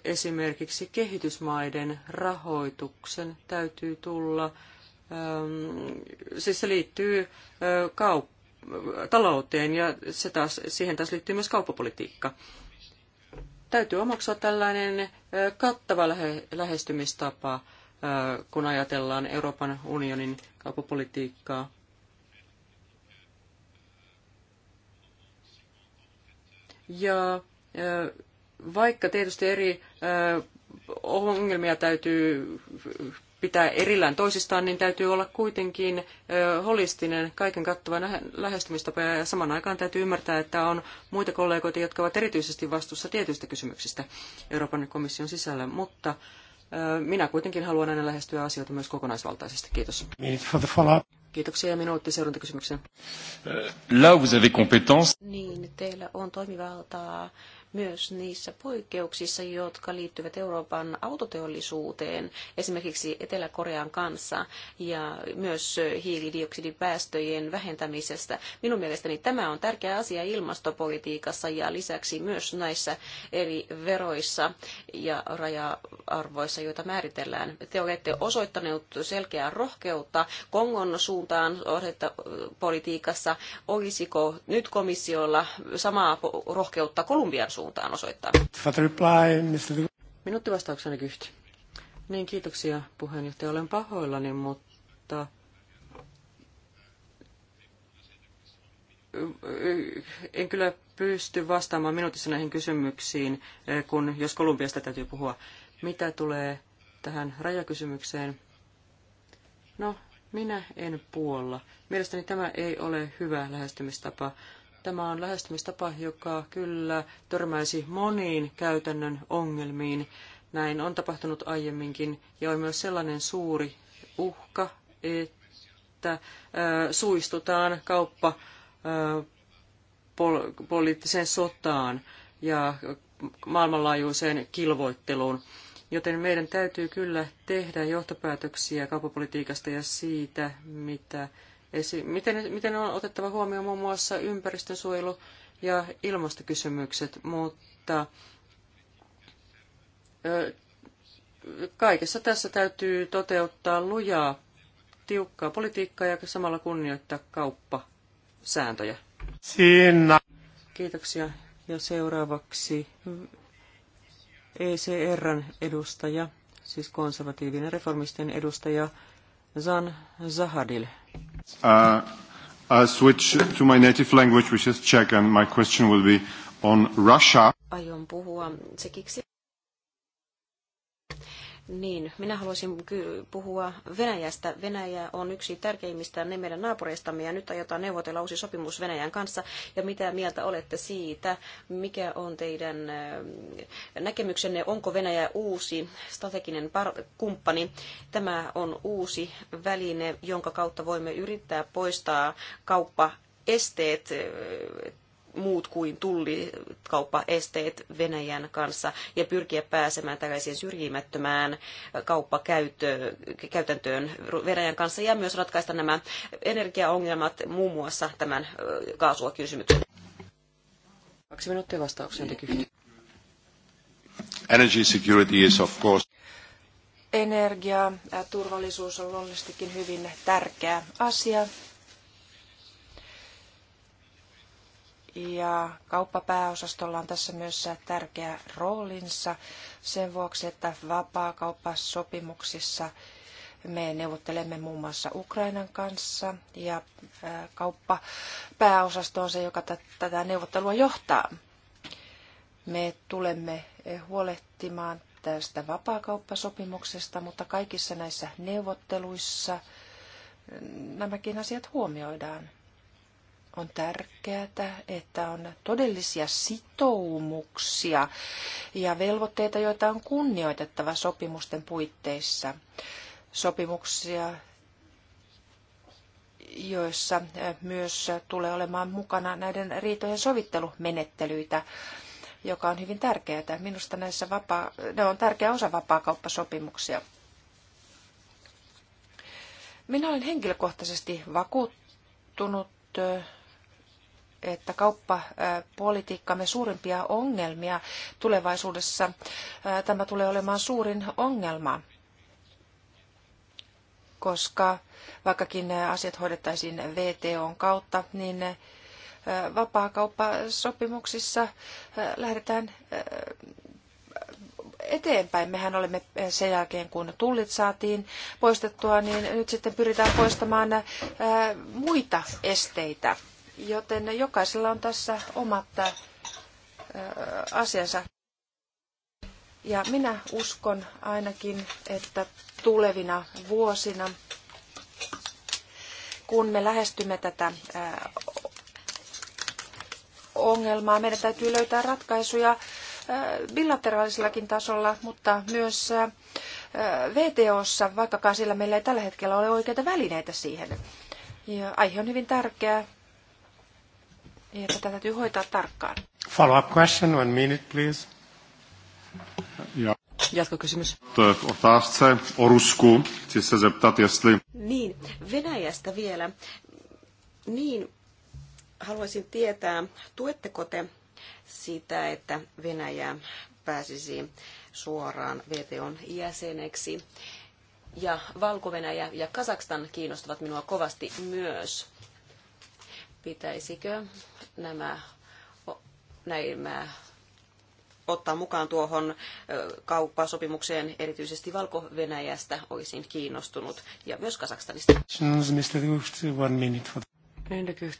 esimerkiksi kehitysmaiden rahoituksen täytyy tulla, siis se liittyy kaup- talouteen ja se taas, siihen taas liittyy myös kauppapolitiikka. Täytyy omaksua tällainen kattava lähestymistapa, kun ajatellaan Euroopan unionin kauppapolitiikkaa. Ja vaikka tietysti eri ongelmia täytyy pitää erillään toisistaan, niin täytyy olla kuitenkin holistinen, kaiken kattava lähestymistapa ja saman aikaan täytyy ymmärtää, että on muita kollegoita, jotka ovat erityisesti vastuussa tietyistä kysymyksistä Euroopan komission sisällä, mutta minä kuitenkin haluan aina lähestyä asioita myös kokonaisvaltaisesti. Kiitos. Kiitoksia ja minuutti seurantakysymykseen. Là, vous avez Niin, teillä on toimivaltaa myös niissä poikkeuksissa, jotka liittyvät Euroopan autoteollisuuteen, esimerkiksi Etelä-Korean kanssa, ja myös hiilidioksidipäästöjen vähentämisestä. Minun mielestäni tämä on tärkeä asia ilmastopolitiikassa ja lisäksi myös näissä eri veroissa ja raja-arvoissa, joita määritellään. Te olette osoittaneet selkeää rohkeutta Kongon suuntaan politiikassa. Olisiko nyt komissiolla samaa rohkeutta Kolumbian suuntaan? suuntaan osoittaa. Minuutti vastaukseni Kyhti. Niin, kiitoksia puheenjohtaja. Olen pahoillani, mutta en kyllä pysty vastaamaan minuutissa näihin kysymyksiin, eh, kun jos Kolumbiasta täytyy puhua. Mitä tulee tähän rajakysymykseen? No, minä en puolla. Mielestäni tämä ei ole hyvä lähestymistapa. Tämä on lähestymistapa, joka kyllä törmäisi moniin käytännön ongelmiin. Näin on tapahtunut aiemminkin ja on myös sellainen suuri uhka, että suistutaan kauppa poliittiseen sotaan ja maailmanlaajuiseen kilvoitteluun. Joten meidän täytyy kyllä tehdä johtopäätöksiä kauppapolitiikasta ja siitä, mitä miten, miten on otettava huomioon muun muassa ympäristönsuojelu ja ilmastokysymykset, mutta kaikessa tässä täytyy toteuttaa lujaa, tiukkaa politiikkaa ja samalla kunnioittaa kauppasääntöjä. Siinä. Kiitoksia. Ja seuraavaksi ECRn edustaja, siis konservatiivinen reformisten edustaja Zan Zahadil. Uh, I switch to my native language, which is Czech, and my question will be on Russia. Aion puhua tsekiksi. Niin, minä haluaisin puhua Venäjästä. Venäjä on yksi tärkeimmistä ne meidän naapureistamme ja nyt aiotaan neuvotella uusi sopimus Venäjän kanssa. Ja mitä mieltä olette siitä? Mikä on teidän eh, näkemyksenne? Onko Venäjä uusi strateginen kumppani? Tämä on uusi väline, jonka kautta voimme yrittää poistaa kauppaesteet. Eh, muut kuin tullikauppaesteet Venäjän kanssa ja pyrkiä pääsemään tällaiseen syrjimättömään kauppakäytäntöön Venäjän kanssa ja myös ratkaista nämä energiaongelmat muun muassa tämän kaasua kysymyksen. Kaksi minuuttia Energy security is of course energia, turvallisuus on luonnollisestikin hyvin tärkeä asia ja kauppapääosastolla on tässä myös tärkeä roolinsa sen vuoksi, että vapaakauppasopimuksissa me neuvottelemme muun muassa Ukrainan kanssa ja kauppapääosasto on se, joka tätä neuvottelua johtaa. Me tulemme huolehtimaan tästä vapaakauppasopimuksesta, mutta kaikissa näissä neuvotteluissa nämäkin asiat huomioidaan on tärkeää, että on todellisia sitoumuksia ja velvoitteita, joita on kunnioitettava sopimusten puitteissa. Sopimuksia, joissa myös tulee olemaan mukana näiden riitojen sovittelumenettelyitä, joka on hyvin tärkeää. Minusta näissä vapaa, ne on tärkeä osa vapaakauppasopimuksia. Minä olen henkilökohtaisesti vakuuttunut että kauppapolitiikkamme suurimpia ongelmia tulevaisuudessa. Tämä tulee olemaan suurin ongelma, koska vaikkakin asiat hoidettaisiin VTOn kautta, niin vapaakauppasopimuksissa lähdetään eteenpäin. Mehän olemme sen jälkeen, kun tullit saatiin poistettua, niin nyt sitten pyritään poistamaan muita esteitä Joten jokaisella on tässä omat asiansa. Ja minä uskon ainakin, että tulevina vuosina, kun me lähestymme tätä ongelmaa, meidän täytyy löytää ratkaisuja bilateraalisellakin tasolla, mutta myös VTOssa, vaikkakaan sillä meillä ei tällä hetkellä ole oikeita välineitä siihen. Ja aihe on hyvin tärkeä ja tätä täytyy hoitaa tarkkaan. Follow up question, one minute please. Ja. Jatkokysymys. Otázce o orusku, siis se zeptat, jestli... Niin, Venäjästä vielä. Niin, haluaisin tietää, tuetteko te sitä, että Venäjä pääsisi suoraan VTOn jäseneksi? Ja valko ja Kazakstan kiinnostavat minua kovasti myös. Pitäisikö nämä, nämä ottaa mukaan tuohon kauppasopimukseen erityisesti Valko-Venäjästä olisin kiinnostunut ja myös Kazakstanista.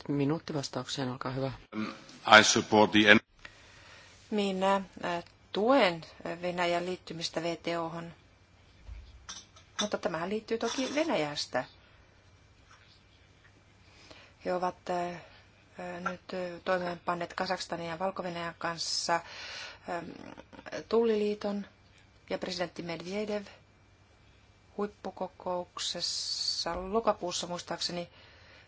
minuutti vastaukseen, olkaa hyvä. I support the... Minä tuen Venäjän liittymistä VTOhon, mutta tämähän liittyy toki Venäjästä. He ovat nyt toimeenpanneet Kasakstanin ja valko kanssa Tulliliiton ja presidentti Medvedev huippukokouksessa lokakuussa muistaakseni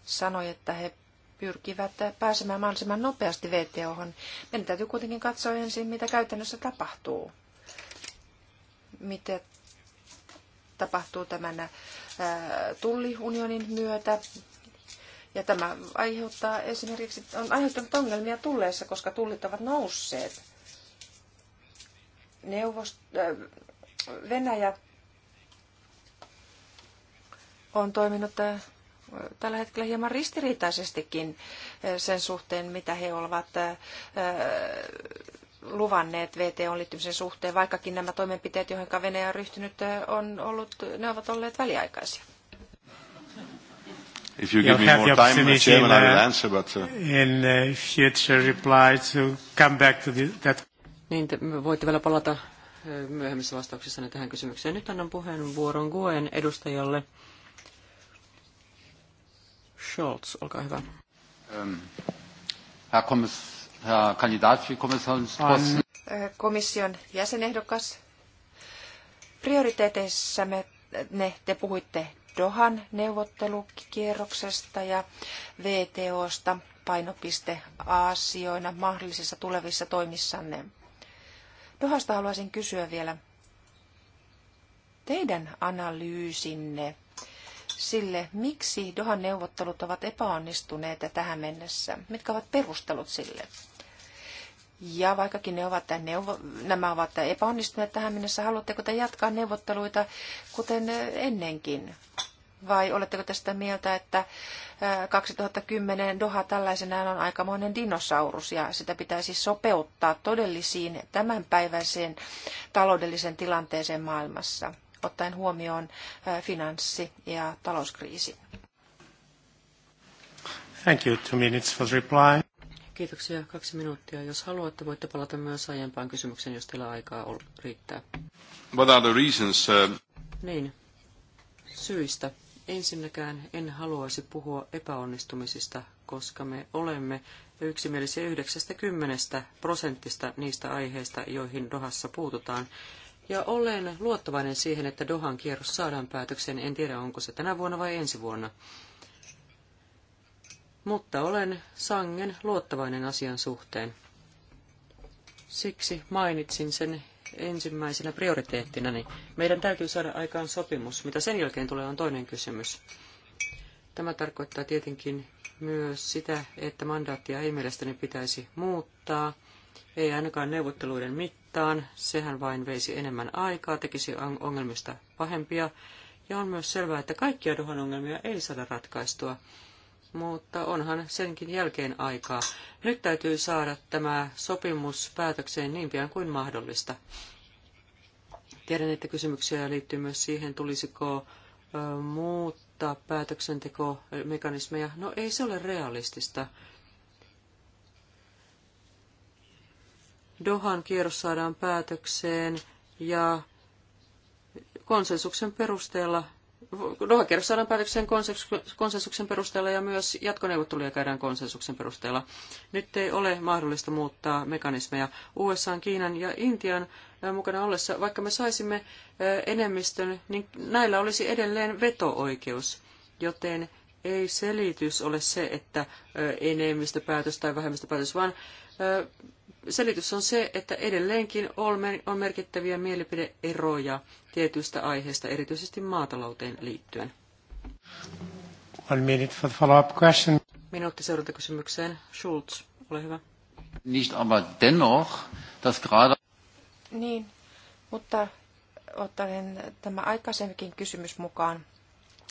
sanoi, että he pyrkivät pääsemään mahdollisimman nopeasti VTOhon. Meidän täytyy kuitenkin katsoa ensin, mitä käytännössä tapahtuu. Mitä tapahtuu tämän tulliunionin myötä, ja tämä aiheuttaa esimerkiksi, on aiheuttanut ongelmia tulleessa, koska tullit ovat nousseet. Neuvost, äh, Venäjä on toiminut äh, tällä hetkellä hieman ristiriitaisestikin äh, sen suhteen, mitä he ovat luvanneet vto liittymisen suhteen, vaikkakin nämä toimenpiteet, joihin Venäjä on ryhtynyt, on ollut, ne ovat olleet väliaikaisia. If you You'll give me more time, Mr. Chairman, in, uh, I will answer, but... Uh... In uh, future reply to come back to the, that... Niin, te voitte vielä palata myöhemmissä vastauksissa tähän kysymykseen. Nyt annan puheenvuoron Guen edustajalle. Scholz, olkaa hyvä. Um, Herr, Kommissar, Herr Kandidat für Kommissionsposten. Äh, komission jäsenehdokas. Prioriteeteissamme äh, ne, te puhuitte Dohan neuvottelukierroksesta ja VTOsta painopisteasioina mahdollisissa tulevissa toimissanne. Dohasta haluaisin kysyä vielä teidän analyysinne sille, miksi Dohan neuvottelut ovat epäonnistuneet tähän mennessä. Mitkä ovat perustelut sille? Ja vaikkakin ne ovat, neuvo, nämä ovat epäonnistuneet tähän mennessä, haluatteko te jatkaa neuvotteluita kuten ennenkin? Vai oletteko tästä mieltä, että 2010 Doha tällaisenaan on aikamoinen dinosaurus ja sitä pitäisi sopeuttaa todellisiin tämänpäiväiseen taloudelliseen tilanteeseen maailmassa, ottaen huomioon finanssi- ja talouskriisi? Thank you. Two minutes for reply. Kiitoksia. Kaksi minuuttia. Jos haluatte, voitte palata myös aiempaan kysymykseen, jos teillä aikaa riittää. What are the reasons? Uh... Niin. Syistä. Ensinnäkään en haluaisi puhua epäonnistumisista, koska me olemme yksimielisiä 90 prosentista niistä aiheista, joihin Dohassa puututaan. Ja olen luottavainen siihen, että Dohan kierros saadaan päätökseen. En tiedä, onko se tänä vuonna vai ensi vuonna mutta olen sangen luottavainen asian suhteen. Siksi mainitsin sen ensimmäisenä niin Meidän täytyy saada aikaan sopimus. Mitä sen jälkeen tulee on toinen kysymys. Tämä tarkoittaa tietenkin myös sitä, että mandaattia ei mielestäni pitäisi muuttaa, ei ainakaan neuvotteluiden mittaan, sehän vain veisi enemmän aikaa, tekisi ongelmista pahempia, ja on myös selvää, että kaikkia Dohan ongelmia ei saada ratkaistua mutta onhan senkin jälkeen aikaa. Nyt täytyy saada tämä sopimus päätökseen niin pian kuin mahdollista. Tiedän, että kysymyksiä liittyy myös siihen, tulisiko muuttaa päätöksentekomekanismeja. No ei se ole realistista. Dohan kierros saadaan päätökseen ja konsensuksen perusteella Doha-kierros saadaan päätökseen konsensuksen perusteella ja myös jatkoneuvotteluja käydään konsensuksen perusteella. Nyt ei ole mahdollista muuttaa mekanismeja USA, Kiinan ja Intian mukana ollessa. Vaikka me saisimme enemmistön, niin näillä olisi edelleen veto-oikeus, joten ei selitys ole se, että enemmistöpäätös tai vähemmistöpäätös, vaan selitys on se, että edelleenkin on merkittäviä mielipideeroja tietyistä aiheista, erityisesti maatalouteen liittyen. One minute for the follow-up question. Minuutti seurantakysymykseen. Schulz, ole hyvä. Nicht aber dennoch, dass gerade... Niin, mutta ottaen tämä aikaisemminkin kysymys mukaan,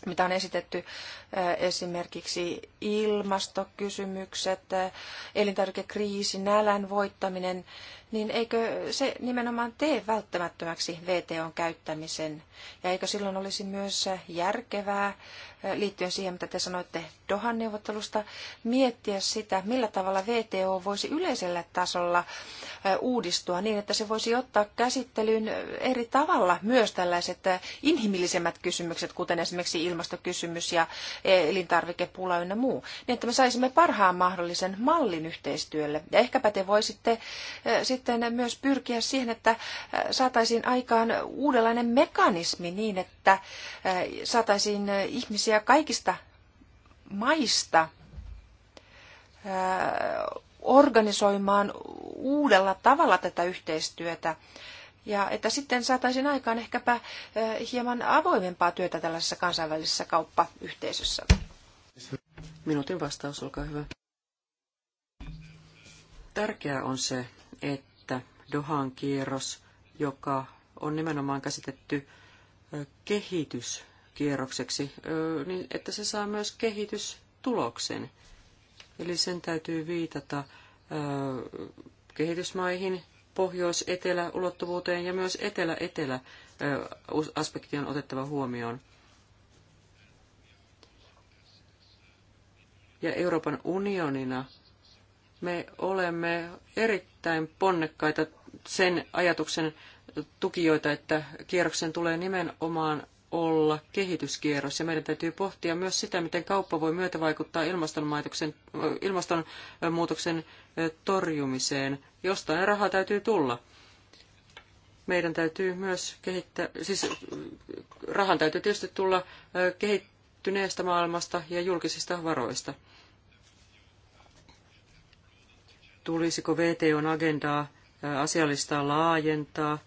mitä on esitetty äh, esimerkiksi ilmastokysymykset, äh, elintarvikekriisi, nälän voittaminen, niin eikö se nimenomaan tee välttämättömäksi VTOn käyttämisen? Ja eikö silloin olisi myös järkevää, eh, liittyen siihen, mitä te sanoitte Dohan neuvottelusta, miettiä sitä, millä tavalla VTO voisi yleisellä tasolla eh, uudistua niin, että se voisi ottaa käsittelyyn eh, eri tavalla myös tällaiset inhimillisemmät kysymykset, kuten esimerkiksi ilmastokysymys ja elintarvikepula ynnä muu, niin että me saisimme parhaan mahdollisen mallin yhteistyölle. Ja ehkäpä te voisitte sitten sitten myös pyrkiä siihen, että saataisiin aikaan uudenlainen mekanismi niin, että saataisiin ihmisiä kaikista maista organisoimaan uudella tavalla tätä yhteistyötä. Ja että sitten saataisiin aikaan ehkäpä hieman avoimempaa työtä tällaisessa kansainvälisessä kauppayhteisössä. Minuutin vastaus, olkaa hyvä. Tärkeää on se, että Dohan kierros, joka on nimenomaan käsitetty kehityskierrokseksi, niin että se saa myös kehitystuloksen. Eli sen täytyy viitata kehitysmaihin, pohjois-etelä-ulottuvuuteen ja myös etelä-etelä-aspekti on otettava huomioon. Ja Euroopan unionina me olemme erittäin ponnekkaita sen ajatuksen tukijoita, että kierroksen tulee nimenomaan olla kehityskierros ja meidän täytyy pohtia myös sitä, miten kauppa voi myötävaikuttaa ilmastonmuutoksen torjumiseen. Jostain rahaa täytyy tulla. Meidän täytyy myös kehittää, siis rahan täytyy tietysti tulla kehittyneestä maailmasta ja julkisista varoista. Tulisiko VTOn agendaa asialistaa laajentaa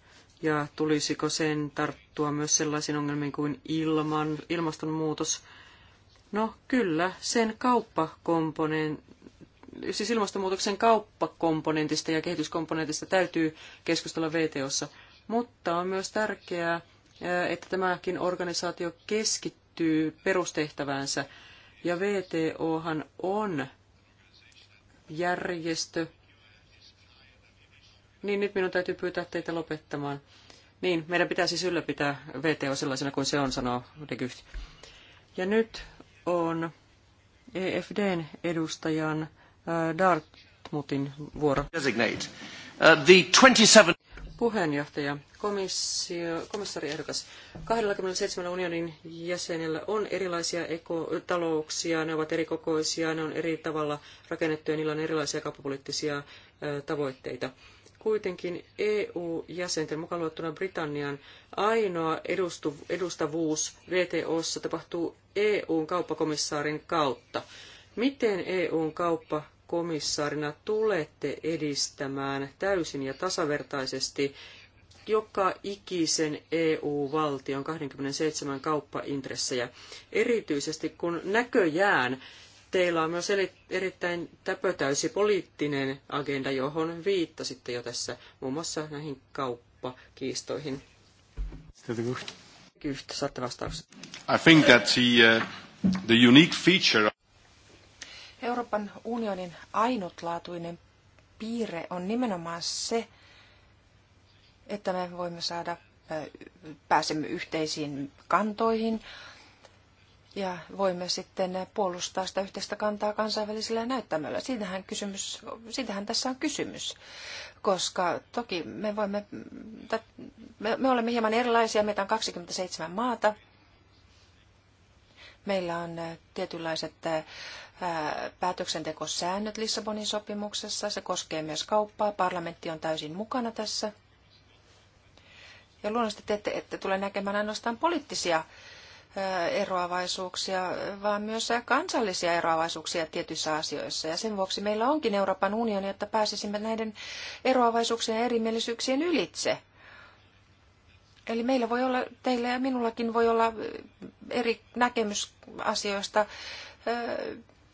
ja tulisiko sen tarttua myös sellaisiin ongelmiin kuin ilman, ilmastonmuutos. No kyllä, sen kauppakomponent, siis ilmastonmuutoksen kauppakomponentista ja kehityskomponentista täytyy keskustella VTOssa, mutta on myös tärkeää, että tämäkin organisaatio keskittyy perustehtäväänsä. Ja VTOhan on järjestö, niin nyt minun täytyy pyytää teitä lopettamaan. Niin, meidän pitää siis ylläpitää VTO sellaisena kuin se on, sanoo De Gucht. Ja nyt on EFDn edustajan äh, Dartmutin vuoro. Designate. Uh, the 27 puheenjohtaja, komissio, komissariehdokas. 27 unionin jäsenellä on erilaisia ekotalouksia, ne ovat erikokoisia, ne on eri tavalla rakennettuja, niillä on erilaisia kauppapoliittisia äh, tavoitteita kuitenkin EU-jäsenten mukaan luettuna Britannian ainoa edustavuus VTOssa tapahtuu EUn kauppakomissaarin kautta. Miten EUn kauppakomissaarina tulette edistämään täysin ja tasavertaisesti joka ikisen EU-valtion 27 kauppaintressejä, erityisesti kun näköjään Teillä on myös erittäin täpötäysi poliittinen agenda, johon viittasitte jo tässä muun muassa näihin kauppakiistoihin. Yhtä saatte vastauksen. I think that the, uh, the unique feature... Euroopan unionin ainutlaatuinen piirre on nimenomaan se, että me voimme saada, pääsemme yhteisiin kantoihin, ja voimme sitten puolustaa sitä yhteistä kantaa kansainvälisellä näyttämällä. Siitähän, kysymys, siitähän tässä on kysymys, koska toki me, voimme, me, olemme hieman erilaisia, meitä on 27 maata, meillä on tietynlaiset päätöksentekosäännöt Lissabonin sopimuksessa, se koskee myös kauppaa, parlamentti on täysin mukana tässä. Ja luonnollisesti te ette, ette tule näkemään ainoastaan poliittisia eroavaisuuksia, vaan myös kansallisia eroavaisuuksia tietyissä asioissa. Ja sen vuoksi meillä onkin Euroopan unioni, jotta pääsisimme näiden eroavaisuuksien ja erimielisyyksien ylitse. Eli meillä voi olla, teillä ja minullakin voi olla eri näkemys asioista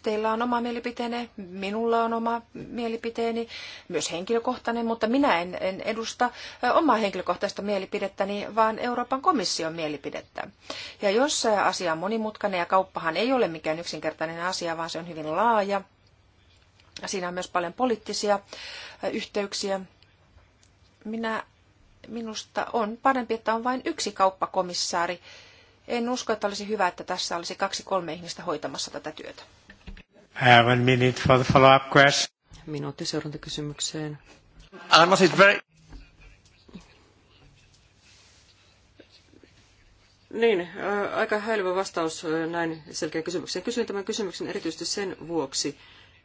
teillä on oma mielipiteenne, minulla on oma mielipiteeni, myös henkilökohtainen, mutta minä en, en edusta omaa henkilökohtaista mielipidettäni, vaan Euroopan komission mielipidettä. Ja jos asia on monimutkainen ja kauppahan ei ole mikään yksinkertainen asia, vaan se on hyvin laaja, siinä on myös paljon poliittisia yhteyksiä, minä, minusta on parempi, että on vain yksi kauppakomissaari. En usko, että olisi hyvä, että tässä olisi kaksi kolme ihmistä hoitamassa tätä työtä. Have a minute for the follow-up question. Minuutti seurantakysymykseen. very... Niin, aika häilyvä vastaus näin selkeän kysymykseen. Kysyn tämän kysymyksen erityisesti sen vuoksi,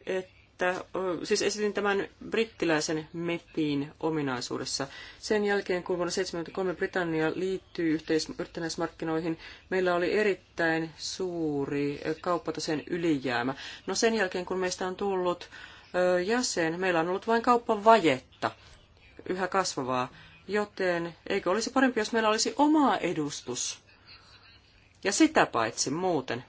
että että, siis esitin tämän brittiläisen MEPin ominaisuudessa. Sen jälkeen, kun vuonna 1973 Britannia liittyy yhteis- meillä oli erittäin suuri kauppataseen ylijäämä. No sen jälkeen, kun meistä on tullut jäsen, meillä on ollut vain vajetta yhä kasvavaa, joten eikö olisi parempi, jos meillä olisi oma edustus? Ja sitä paitsi muuten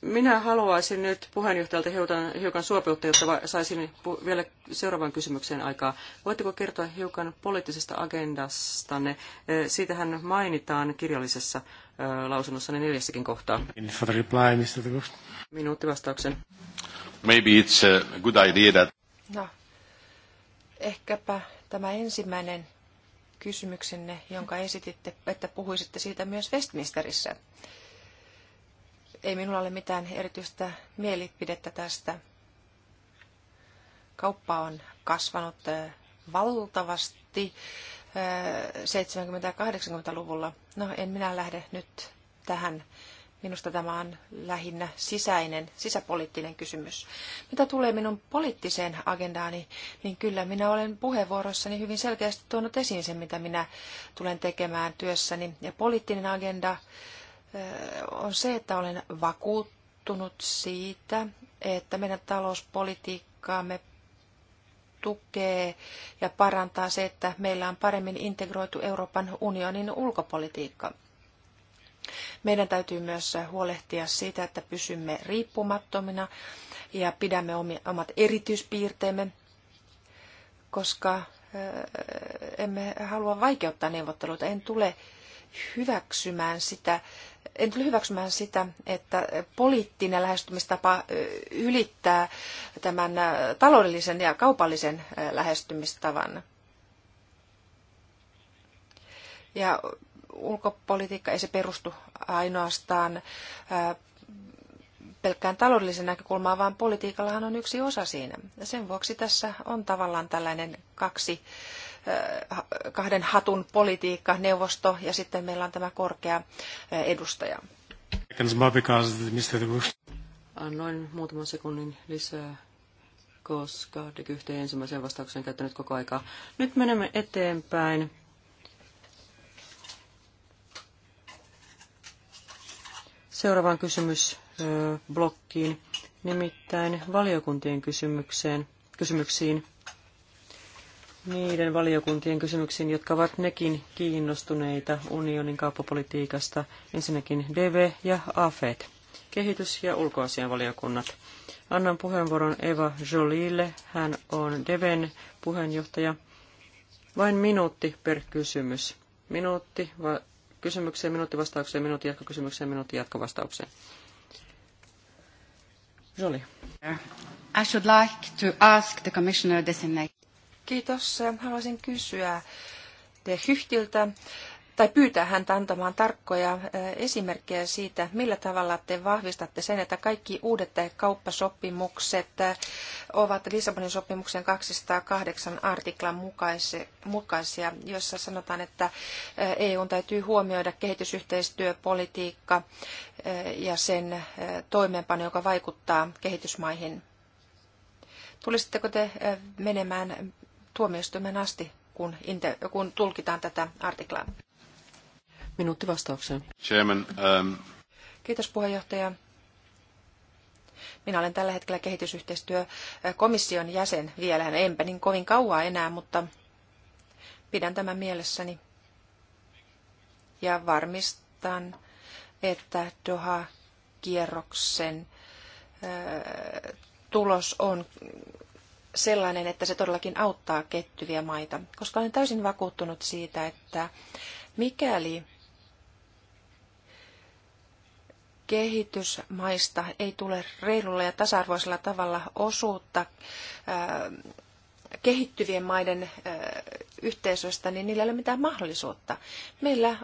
Minä haluaisin nyt puheenjohtajalta hiukan, hiukan suopeutta, jotta saisin vielä seuraavan kysymykseen aikaa. Voitteko kertoa hiukan poliittisesta agendastanne? Siitähän mainitaan kirjallisessa lausunnossanne neljässäkin kohtaa. Minuutti vastauksen. Maybe it's a good idea that... No, ehkäpä tämä ensimmäinen kysymyksenne, jonka esititte, että puhuisitte siitä myös Westminsterissä. Ei minulla ole mitään erityistä mielipidettä tästä. Kauppa on kasvanut äh, valtavasti 70- äh, 80-luvulla. No, en minä lähde nyt tähän. Minusta tämä on lähinnä sisäinen, sisäpoliittinen kysymys. Mitä tulee minun poliittiseen agendaani, niin kyllä minä olen puheenvuorossani hyvin selkeästi tuonut esiin sen, mitä minä tulen tekemään työssäni. Ja poliittinen agenda on se, että olen vakuuttunut siitä, että meidän talouspolitiikkaamme tukee ja parantaa se, että meillä on paremmin integroitu Euroopan unionin ulkopolitiikka. Meidän täytyy myös huolehtia siitä, että pysymme riippumattomina ja pidämme omat erityispiirteemme, koska emme halua vaikeuttaa neuvotteluita. En tule hyväksymään sitä, en tule hyväksymään sitä, että poliittinen lähestymistapa ylittää tämän taloudellisen ja kaupallisen lähestymistavan. Ja ulkopolitiikka ei se perustu ainoastaan pelkkään taloudellisen näkökulmaan, vaan politiikallahan on yksi osa siinä. Sen vuoksi tässä on tavallaan tällainen kaksi Eh, kahden hatun politiikka, neuvosto ja sitten meillä on tämä korkea eh, edustaja. Annoin muutaman sekunnin lisää, koska Dekyhteen ensimmäisen vastauksen käyttänyt koko aikaa. Nyt menemme eteenpäin. Seuraavaan kysymysblokkiin, eh, nimittäin valiokuntien kysymykseen, kysymyksiin niiden valiokuntien kysymyksiin, jotka ovat nekin kiinnostuneita unionin kauppapolitiikasta. Ensinnäkin DV ja AFET, kehitys- ja ulkoasianvaliokunnat. Annan puheenvuoron Eva Jolille. Hän on DEVen puheenjohtaja. Vain minuutti per kysymys. Minuutti va- kysymykseen, minuutti vastaukseen, minuutti jatkokysymykseen, minuutti jatkovastaukseen. Jolie. I should like to ask the commissioner designate. Kiitos. Haluaisin kysyä De Hyhtiltä tai pyytää häntä antamaan tarkkoja esimerkkejä siitä, millä tavalla te vahvistatte sen, että kaikki uudet kauppasopimukset ovat Lissabonin sopimuksen 208 artiklan mukaisia, jossa sanotaan, että EU täytyy huomioida kehitysyhteistyöpolitiikka ja sen toimeenpano, joka vaikuttaa kehitysmaihin. Tulisitteko te menemään tuomioistuimen asti, kun, inte, kun tulkitaan tätä artiklaa. Minuutti vastaukseen. Chairman, um... Kiitos puheenjohtaja. Minä olen tällä hetkellä kehitysyhteistyökomission jäsen vielä, enpä niin kovin kauaa enää, mutta pidän tämän mielessäni ja varmistan, että Doha-kierroksen tulos on sellainen, että se todellakin auttaa kettyviä maita, koska olen täysin vakuuttunut siitä, että mikäli kehitysmaista ei tule reilulla ja tasa-arvoisella tavalla osuutta kehittyvien maiden yhteisöstä, niin niillä ei ole mitään mahdollisuutta. Meillä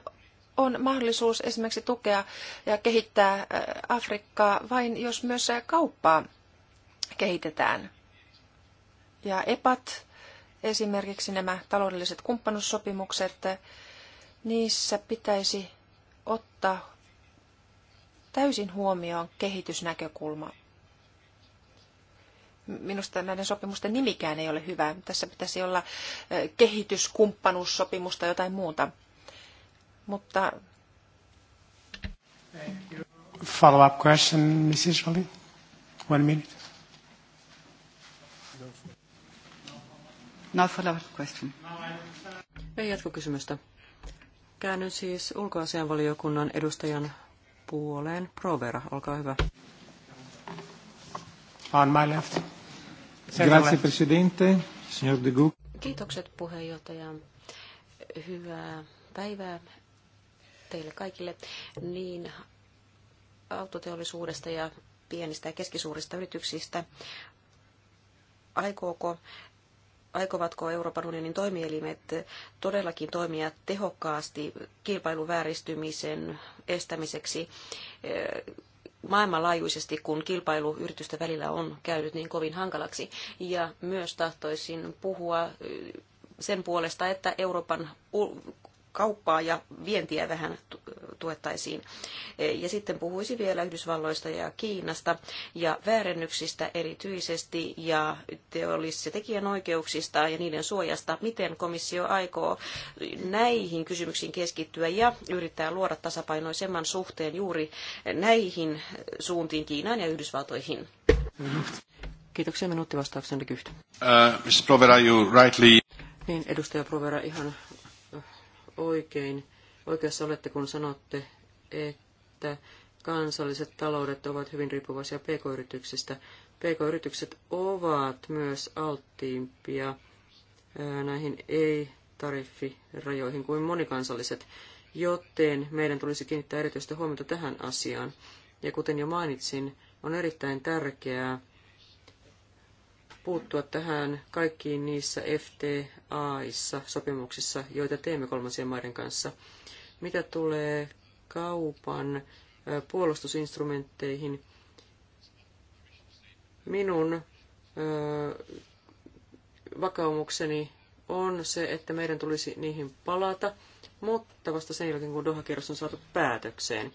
on mahdollisuus esimerkiksi tukea ja kehittää Afrikkaa vain, jos myös kauppaa kehitetään ja EPAT, esimerkiksi nämä taloudelliset kumppanuussopimukset, niissä pitäisi ottaa täysin huomioon kehitysnäkökulma. Minusta näiden sopimusten nimikään ei ole hyvä. Tässä pitäisi olla kehityskumppanuussopimusta tai jotain muuta. Mutta... Follow-up question, Mrs. Jolie. One minute. No follow question. Ei jatkokysymystä. Käännyn siis ulkoasianvaliokunnan edustajan puoleen. Provera, olkaa hyvä. On my left. Grazie Presidente, signor De Gucht. Kiitokset puheenjohtaja. Hyvää päivää teille kaikille. Niin autoteollisuudesta ja pienistä ja keskisuurista yrityksistä. Aikooko aikovatko Euroopan unionin toimielimet todellakin toimia tehokkaasti kilpailun vääristymisen estämiseksi eh, maailmanlaajuisesti, kun kilpailu yritysten välillä on käynyt niin kovin hankalaksi. Ja myös tahtoisin puhua eh, sen puolesta, että Euroopan kauppaa ja vientiä vähän tuettaisiin. E, ja sitten puhuisi vielä Yhdysvalloista ja Kiinasta ja väärennyksistä erityisesti ja teollis- tekijänoikeuksista ja niiden suojasta. Miten komissio aikoo näihin kysymyksiin keskittyä ja yrittää luoda tasapainoisemman suhteen juuri näihin suuntiin Kiinaan ja Yhdysvaltoihin? Kiitoksia minuutti vastauksen uh, Mrs. Provera, you rightly... Niin, edustaja Provera ihan oikein, oikeassa olette, kun sanotte, että kansalliset taloudet ovat hyvin riippuvaisia pk-yrityksistä. PK-yritykset ovat myös alttiimpia näihin ei-tariffirajoihin kuin monikansalliset, joten meidän tulisi kiinnittää erityistä huomiota tähän asiaan. Ja kuten jo mainitsin, on erittäin tärkeää, puuttua tähän kaikkiin niissä FTAissa, sopimuksissa, joita teemme kolmansien maiden kanssa. Mitä tulee kaupan puolustusinstrumentteihin, minun vakaumukseni on se, että meidän tulisi niihin palata, mutta vasta sen jälkeen, kun Doha-kierros on saatu päätökseen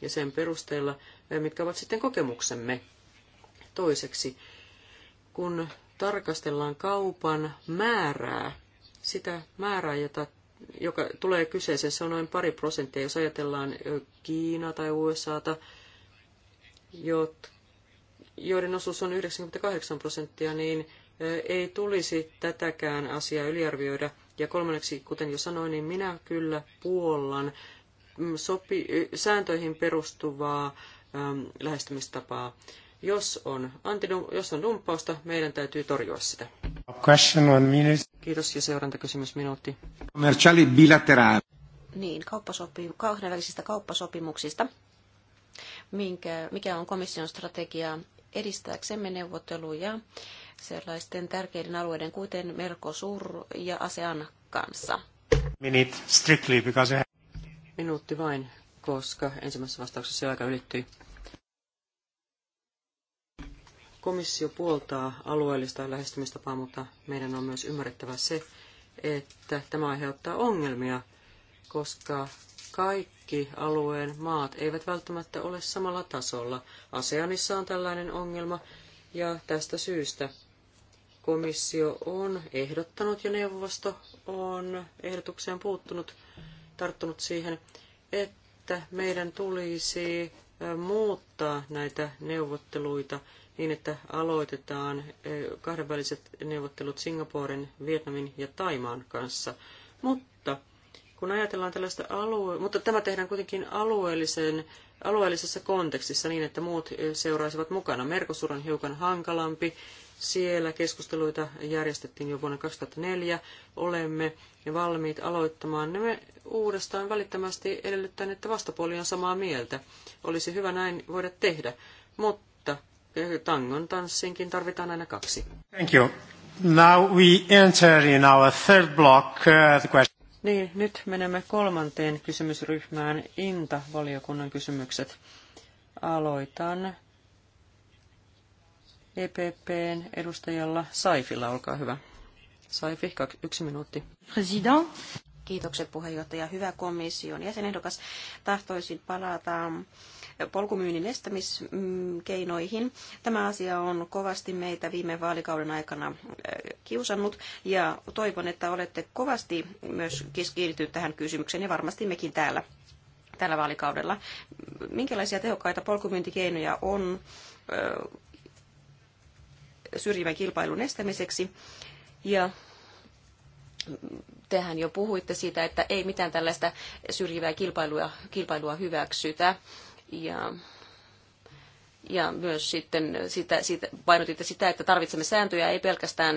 ja sen perusteella, mitkä ovat sitten kokemuksemme. Toiseksi, kun tarkastellaan kaupan määrää, sitä määrää, jota, joka tulee kyseeseen, se on noin pari prosenttia, jos ajatellaan Kiina tai USAta, joiden osuus on 98 prosenttia, niin ei tulisi tätäkään asiaa yliarvioida. Ja kolmanneksi, kuten jo sanoin, niin minä kyllä puollan mm, sopi, sääntöihin perustuvaa lähestymistapaa. Jos on, antidum, jos on dumppausta, meidän täytyy torjua sitä. Question one minute. Kiitos ja seurantakysymys minuutti. Commerciali bilateraali. Niin, kauppasopim- kahdenvälisistä kauppasopimuksista. Minkä, mikä on komission strategia edistääksemme neuvotteluja sellaisten tärkeiden alueiden, kuten Mercosur ja ASEAN kanssa? Minute strictly because... Minuutti vain, koska ensimmäisessä vastauksessa aika ylittyi. Komissio puoltaa alueellista lähestymistapaa, mutta meidän on myös ymmärrettävä se, että tämä aiheuttaa ongelmia, koska kaikki alueen maat eivät välttämättä ole samalla tasolla. ASEANissa on tällainen ongelma ja tästä syystä komissio on ehdottanut ja neuvosto on ehdotukseen puuttunut, tarttunut siihen, että meidän tulisi muuttaa näitä neuvotteluita niin, että aloitetaan eh, kahdenväliset neuvottelut Singaporen, Vietnamin ja Taimaan kanssa. Mutta kun ajatellaan tällaista alue, mutta tämä tehdään kuitenkin alueellisen, alueellisessa kontekstissa niin, että muut eh, seuraisivat mukana. Merkosur on hiukan hankalampi. Siellä keskusteluita järjestettiin jo vuonna 2004. Olemme valmiit aloittamaan ne uudestaan välittömästi edellyttäen, että vastapuoli on samaa mieltä. Olisi hyvä näin voida tehdä. Mutta Eh, tangon tanssinkin tarvitaan aina kaksi. Thank you. Now we enter in our third block, uh, the question. Niin, nyt menemme kolmanteen kysymysryhmään, INTA-valiokunnan kysymykset. Aloitan EPPn edustajalla Saifilla, olkaa hyvä. Saifi, yksi minuutti. President. Kiitokset puheenjohtaja, hyvä komission jäsenehdokas. Tahtoisin palata polkumyynnin estämiskeinoihin. Tämä asia on kovasti meitä viime vaalikauden aikana kiusannut ja toivon, että olette kovasti myös kiinnittyneet tähän kysymykseen ja varmasti mekin täällä tällä vaalikaudella. Minkälaisia tehokkaita polkumyyntikeinoja on syrjivän kilpailun estämiseksi? Ja tehän jo puhuitte siitä, että ei mitään tällaista syrjivää kilpailua, kilpailua hyväksytä. Ja, ja myös sitten sitä, sitä, painotitte sitä, että tarvitsemme sääntöjä, ei pelkästään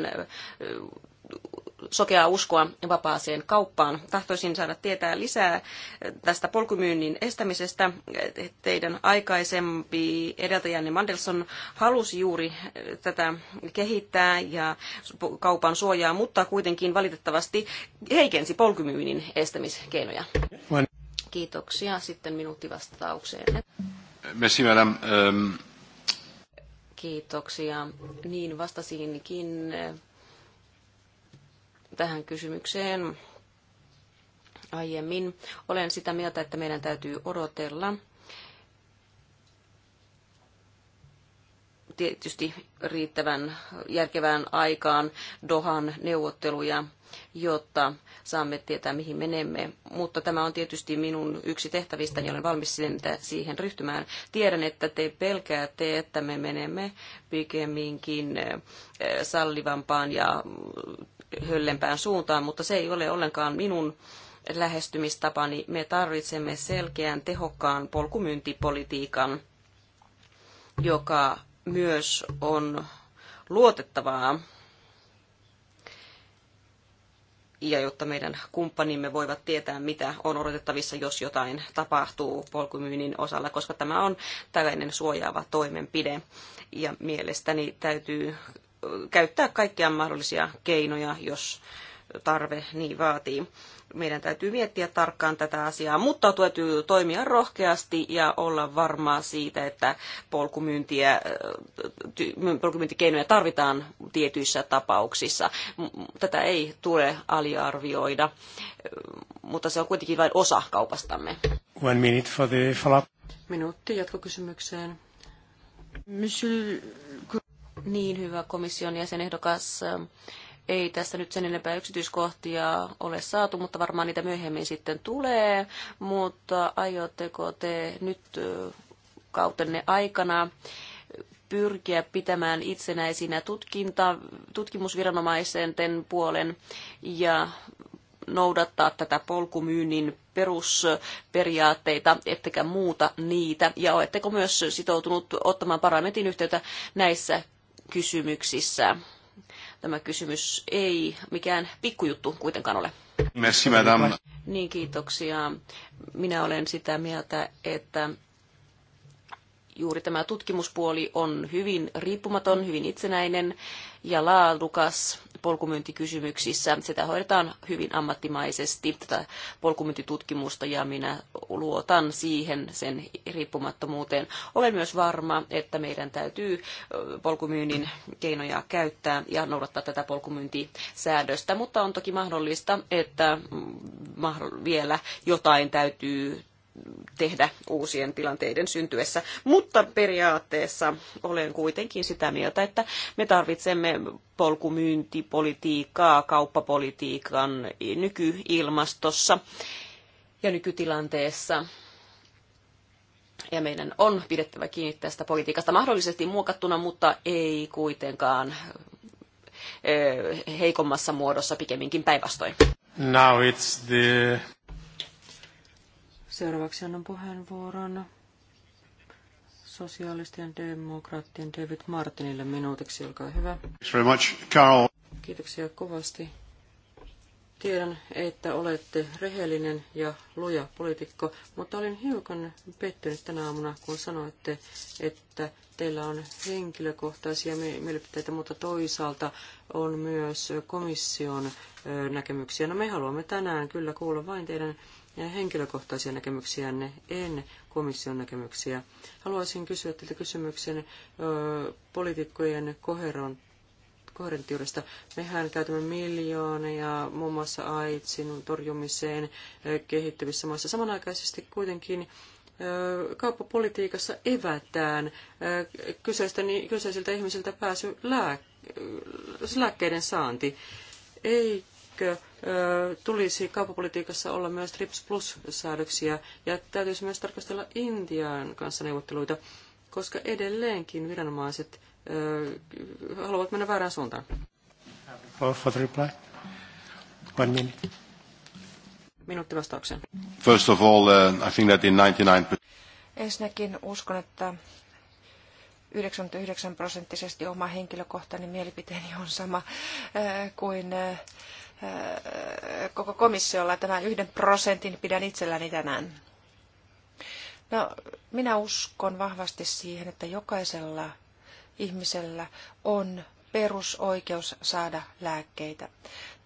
sokeaa uskoa vapaaseen kauppaan. Tahtoisin saada tietää lisää tästä polkumyynnin estämisestä. Teidän aikaisempi edeltäjänne Mandelson halusi juuri tätä kehittää ja kaupan suojaa, mutta kuitenkin valitettavasti heikensi polkumyynnin estämiskeinoja. Kiitoksia. Sitten minuutti vastaukseen. Merci, madame. Ähm, Kiitoksia. Niin vastasinkin äh, tähän kysymykseen aiemmin. Olen sitä mieltä, että meidän täytyy odotella tietysti riittävän järkevään aikaan Dohan neuvotteluja, jotta saamme tietää, mihin menemme. Mutta tämä on tietysti minun yksi tehtävistä, ja olen valmis siihen ryhtymään. Tiedän, että te pelkäätte, että me menemme pikemminkin eh, sallivampaan ja höllempään suuntaan, mutta se ei ole ollenkaan minun lähestymistapani. Me tarvitsemme selkeän, tehokkaan polkumyyntipolitiikan, joka myös on luotettavaa. Ja jotta meidän kumppanimme voivat tietää, mitä on odotettavissa, jos jotain tapahtuu polkumyynnin osalla, koska tämä on tällainen suojaava toimenpide. Ja mielestäni täytyy käyttää kaikkia mahdollisia keinoja, jos tarve niin vaatii meidän täytyy miettiä tarkkaan tätä asiaa, mutta täytyy toimia rohkeasti ja olla varmaa siitä, että polkumyyntiä, äh, polkumyyntikeinoja tarvitaan tietyissä tapauksissa. Tätä ei tule aliarvioida, äh, mutta se on kuitenkin vain osa kaupastamme. One minute for the follow-up. Minuutti jatkokysymykseen. Monsieur... Niin hyvä komission jäsenehdokas. Ei tässä nyt sen enempää yksityiskohtia ole saatu, mutta varmaan niitä myöhemmin sitten tulee. Mutta aiotteko te nyt kautenne aikana pyrkiä pitämään itsenäisinä tutkinta, tutkimusviranomaisen puolen ja noudattaa tätä polkumyynnin perusperiaatteita, ettekä muuta niitä, ja oletteko myös sitoutunut ottamaan parametin yhteyttä näissä kysymyksissä? Tämä kysymys ei mikään pikkujuttu kuitenkaan ole. Merci, madame. Niin, kiitoksia. Minä olen sitä mieltä, että juuri tämä tutkimuspuoli on hyvin riippumaton, hyvin itsenäinen ja laadukas polkumyyntikysymyksissä. Sitä hoidetaan hyvin ammattimaisesti, tätä polkumyyntitutkimusta, ja minä luotan siihen sen riippumattomuuteen. Olen myös varma, että meidän täytyy polkumyynnin keinoja käyttää ja noudattaa tätä polkumyyntisäädöstä, mutta on toki mahdollista, että mm, vielä jotain täytyy tehdä uusien tilanteiden syntyessä. Mutta periaatteessa olen kuitenkin sitä mieltä, että me tarvitsemme polkumyyntipolitiikkaa, kauppapolitiikan nykyilmastossa ja nykytilanteessa ja meidän on pidettävä kiinni tästä politiikasta mahdollisesti muokattuna, mutta ei kuitenkaan eh, heikommassa muodossa, pikemminkin päinvastoin. Now it's the... Seuraavaksi annan puheenvuoron sosiaalisten demokraattien David Martinille minuutiksi. Olkaa hyvä. Very much, Carol. Kiitoksia kovasti. Tiedän, että olette rehellinen ja luja poliitikko, mutta olin hiukan pettynyt tänä aamuna, kun sanoitte, että teillä on henkilökohtaisia mielipiteitä, mutta toisaalta on myös komission näkemyksiä. No me haluamme tänään kyllä kuulla vain teidän henkilökohtaisia näkemyksiänne, en komission näkemyksiä. Haluaisin kysyä teiltä kysymyksen poliitikkojen koheron koherenttiudesta. Mehän käytämme miljoonia muun muassa AIDSin torjumiseen kehittyvissä maissa. Samanaikaisesti kuitenkin kauppapolitiikassa evätään kyseisiltä ihmisiltä pääsy siis lääkkeiden saanti. Ei eikö tulisi kauppapolitiikassa olla myös TRIPS Plus-säädöksiä ja täytyisi myös tarkastella Intian kanssa neuvotteluita, koska edelleenkin viranomaiset haluavat mennä väärään suuntaan. One minute. Minuutti vastauksen. First of all, uh, I think that in 99... Ensinnäkin uskon, että 99 prosenttisesti oma henkilökohtainen mielipiteeni on sama kuin koko komissiolla tämän yhden prosentin pidän itselläni tänään. No, minä uskon vahvasti siihen, että jokaisella ihmisellä on perusoikeus saada lääkkeitä.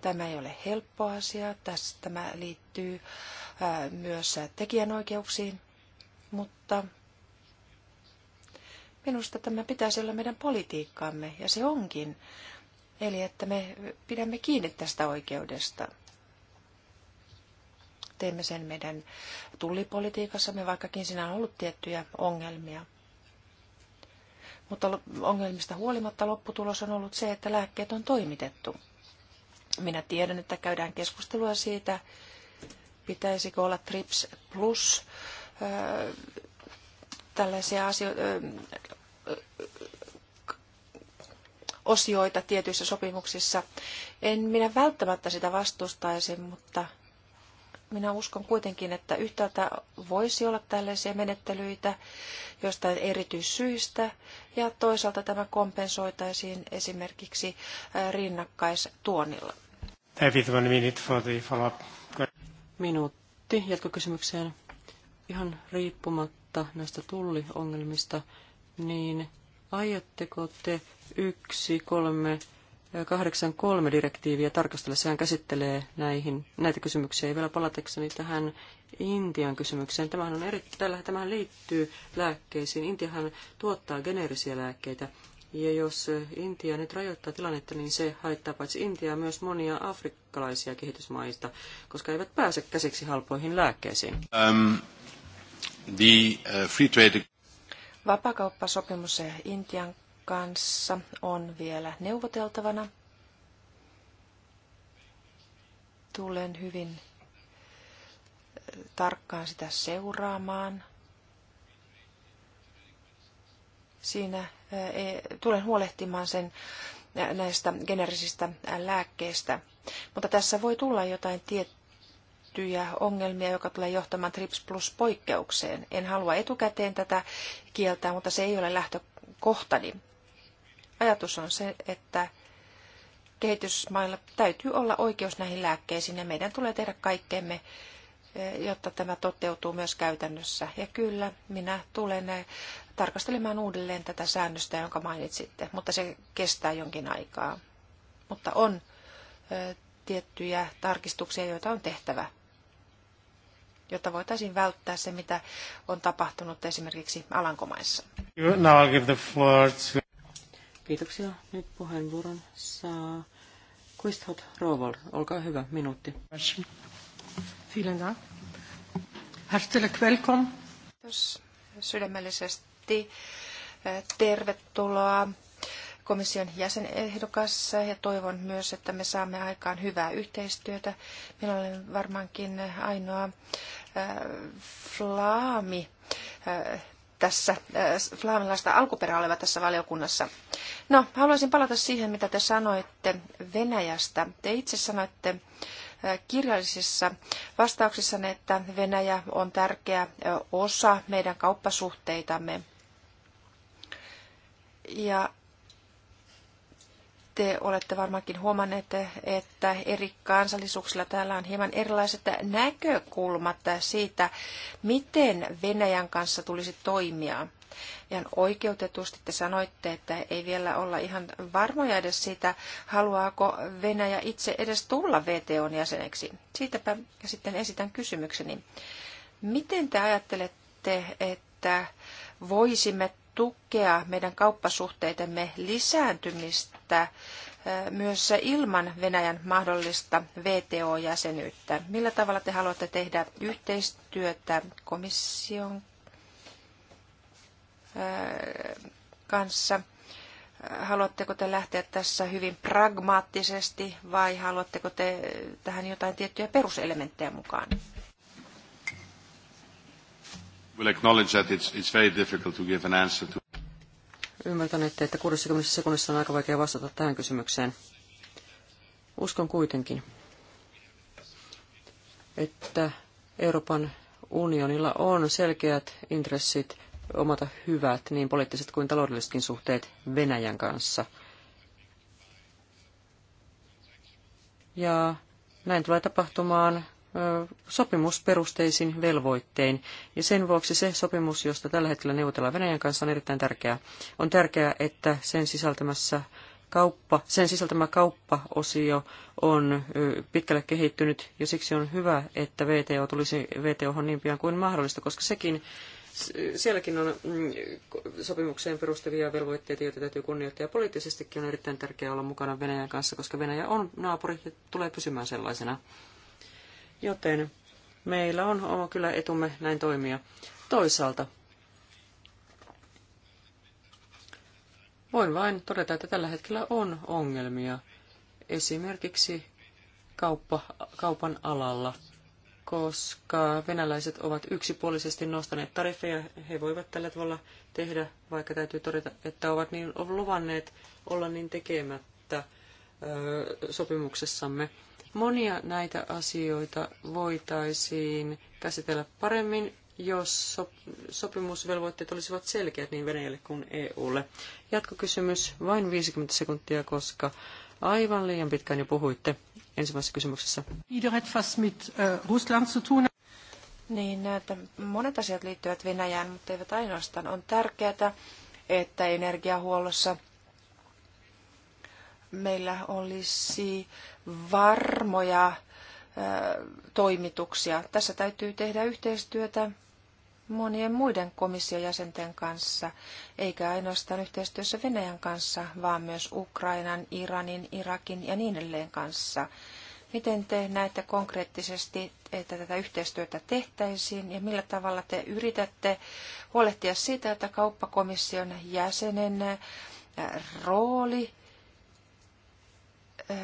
Tämä ei ole helppo asia, tässä tämä liittyy myös tekijänoikeuksiin, mutta minusta tämä pitäisi olla meidän politiikkaamme, ja se onkin. Eli että me pidämme kiinni tästä oikeudesta. Teemme sen meidän tullipolitiikassamme, vaikkakin siinä on ollut tiettyjä ongelmia. Mutta ongelmista huolimatta lopputulos on ollut se, että lääkkeet on toimitettu. Minä tiedän, että käydään keskustelua siitä, pitäisikö olla TRIPS plus tällaisia asioita, osioita tietyissä sopimuksissa. En minä välttämättä sitä vastustaisi, mutta minä uskon kuitenkin, että yhtäältä voisi olla tällaisia menettelyitä jostain erityissyistä ja toisaalta tämä kompensoitaisiin esimerkiksi äh, rinnakkaistuonnilla. Minuutti jatkokysymykseen. Ihan riippumatta näistä tulliongelmista, niin aiotteko te 1383 direktiiviä tarkastella. Sehän käsittelee näihin, näitä kysymyksiä. Ja vielä palatakseni tähän Intian kysymykseen. Tämähän, on eri, tällä, tämähän liittyy lääkkeisiin. Intiahan tuottaa geneerisiä lääkkeitä. Ja jos Intia nyt rajoittaa tilannetta, niin se haittaa paitsi Intiaa myös monia afrikkalaisia kehitysmaista, koska eivät pääse käsiksi halpoihin lääkkeisiin. Um, the, uh, free trade... Vapakauppasopimus Intian kanssa on vielä neuvoteltavana. Tulen hyvin eh, tarkkaan sitä seuraamaan. Siinä eh, eh, tulen huolehtimaan sen näistä generisistä lääkkeistä. Mutta tässä voi tulla jotain tiettyjä ongelmia, joka tulee johtamaan TRIPS plus poikkeukseen. En halua etukäteen tätä kieltää, mutta se ei ole lähtökohtani ajatus on se, että kehitysmailla täytyy olla oikeus näihin lääkkeisiin ja meidän tulee tehdä kaikkemme, eh, jotta tämä toteutuu myös käytännössä. Ja kyllä, minä tulen eh, tarkastelemaan uudelleen tätä säännöstä, jonka mainitsitte, mutta se kestää jonkin aikaa. Mutta on eh, tiettyjä tarkistuksia, joita on tehtävä, jotta voitaisiin välttää se, mitä on tapahtunut esimerkiksi Alankomaissa. Now I'll give the floor to... Kiitoksia. Nyt puheenvuoron saa Quisthot Roval. Olkaa hyvä, minuutti. Vielen Dank. Herzlich willkommen. Kiitos sydämellisesti. Tervetuloa komission jäsenehdokas ja toivon myös, että me saamme aikaan hyvää yhteistyötä. Minä olen varmaankin ainoa äh, flaami äh, tässä flaamilaista alkuperää oleva tässä valiokunnassa. No, haluaisin palata siihen, mitä te sanoitte Venäjästä. Te itse sanoitte kirjallisissa vastauksissanne, että Venäjä on tärkeä osa meidän kauppasuhteitamme. Ja te olette varmaankin huomanneet, että eri kansallisuuksilla täällä on hieman erilaiset näkökulmat siitä, miten Venäjän kanssa tulisi toimia. Ihan oikeutetusti te sanoitte, että ei vielä olla ihan varmoja edes siitä, haluaako Venäjä itse edes tulla VTOn jäseneksi. Siitäpä sitten esitän kysymykseni. Miten te ajattelette, että voisimme tukea meidän kauppasuhteitemme lisääntymistä myös ilman Venäjän mahdollista VTO-jäsenyyttä. Millä tavalla te haluatte tehdä yhteistyötä komission kanssa? Haluatteko te lähteä tässä hyvin pragmaattisesti vai haluatteko te tähän jotain tiettyjä peruselementtejä mukaan? will acknowledge that it's, it's very difficult to give an answer to. että 60 sekunnissa on aika vaikea vastata tähän kysymykseen. Uskon kuitenkin, että Euroopan unionilla on selkeät intressit omata hyvät, niin poliittiset kuin taloudellisetkin suhteet Venäjän kanssa. Ja näin tulee tapahtumaan sopimusperusteisin velvoittein. Ja sen vuoksi se sopimus, josta tällä hetkellä neuvotellaan Venäjän kanssa, on erittäin tärkeää. On tärkeää, että sen sisältämässä kauppa, sen sisältämä kauppaosio on pitkälle kehittynyt ja siksi on hyvä, että VTO tulisi VTO niin pian kuin mahdollista, koska sekin sielläkin on mm, sopimukseen perustuvia velvoitteita, joita täytyy kunnioittaa. poliittisestikin on erittäin tärkeää olla mukana Venäjän kanssa, koska Venäjä on naapuri ja tulee pysymään sellaisena. Joten meillä on oma kyllä etumme näin toimia. Toisaalta voin vain todeta, että tällä hetkellä on ongelmia. Esimerkiksi kauppa, kaupan alalla, koska venäläiset ovat yksipuolisesti nostaneet tariffeja. He voivat tällä tavalla tehdä, vaikka täytyy todeta, että ovat niin luvanneet olla niin tekemättä ö, sopimuksessamme. Monia näitä asioita voitaisiin käsitellä paremmin, jos sopimusvelvoitteet olisivat selkeät niin Venäjälle kuin EUlle. Jatkokysymys vain 50 sekuntia, koska aivan liian pitkään jo puhuitte ensimmäisessä kysymyksessä. Äh, niin, että monet asiat liittyvät Venäjään, mutta eivät ainoastaan. On tärkeää, että energiahuollossa – meillä olisi varmoja toimituksia. Tässä täytyy tehdä yhteistyötä monien muiden komissiojäsenten kanssa, eikä ainoastaan yhteistyössä Venäjän kanssa, vaan myös Ukrainan, Iranin, Irakin ja niin edelleen kanssa. Miten te näette konkreettisesti, että tätä yhteistyötä tehtäisiin ja millä tavalla te yritätte huolehtia siitä, että kauppakomission jäsenen rooli Eh,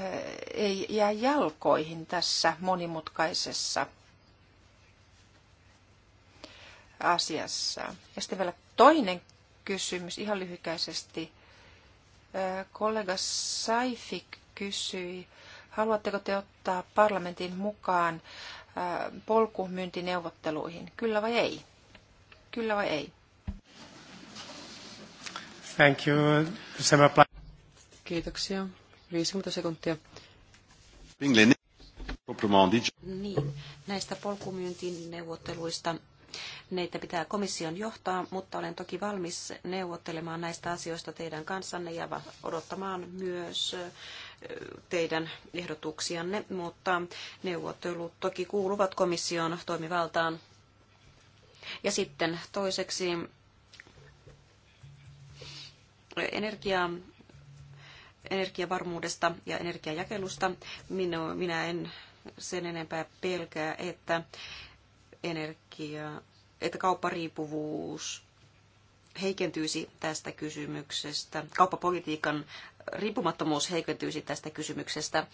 ei jää jalkoihin tässä monimutkaisessa asiassa. Ja sitten vielä toinen kysymys ihan lyhykäisesti. Eh, kollega Saifik kysyi, haluatteko te ottaa parlamentin mukaan eh, polkumyyntineuvotteluihin, kyllä vai ei? Kyllä vai ei? Thank you. Kiitoksia. 50 sekuntia. Niin, näistä polkumyyntin neuvotteluista Neitä pitää komission johtaa, mutta olen toki valmis neuvottelemaan näistä asioista teidän kanssanne ja odottamaan myös teidän ehdotuksianne, mutta neuvottelut toki kuuluvat komission toimivaltaan. Ja sitten toiseksi energia energiavarmuudesta ja energiajakelusta. Minä, minä en sen enempää pelkää, että energia, että kauppariippuvuus heikentyisi tästä kysymyksestä. Kauppapolitiikan riippumattomuus heikentyisi tästä kysymyksestä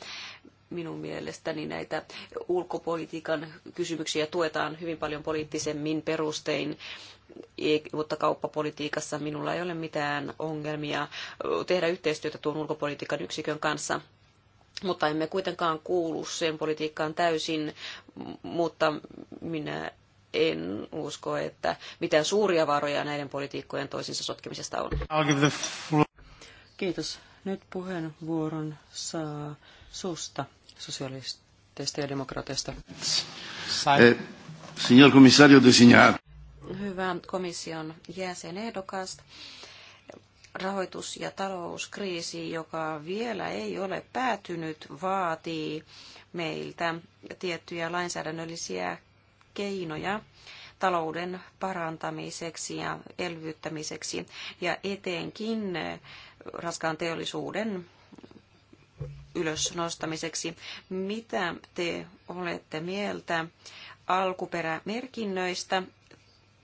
minun mielestäni näitä ulkopolitiikan kysymyksiä tuetaan hyvin paljon poliittisemmin perustein, e- mutta kauppapolitiikassa minulla ei ole mitään ongelmia tehdä yhteistyötä tuon ulkopolitiikan yksikön kanssa mutta emme kuitenkaan kuulu sen politiikkaan täysin, mutta minä en usko, että mitään suuria varoja näiden politiikkojen toisinsa sotkemisesta on. Kiitos. Nyt puheenvuoron saa Susta sosialisteista ja demokrateista. Eh, signor komissario designato. Hyvä komission jäsenehdokas. Rahoitus- ja talouskriisi, joka vielä ei ole päätynyt, vaatii meiltä tiettyjä lainsäädännöllisiä keinoja talouden parantamiseksi ja elvyttämiseksi ja etenkin eh, raskaan teollisuuden ylös nostamiseksi. Mitä te olette mieltä alkuperämerkinnöistä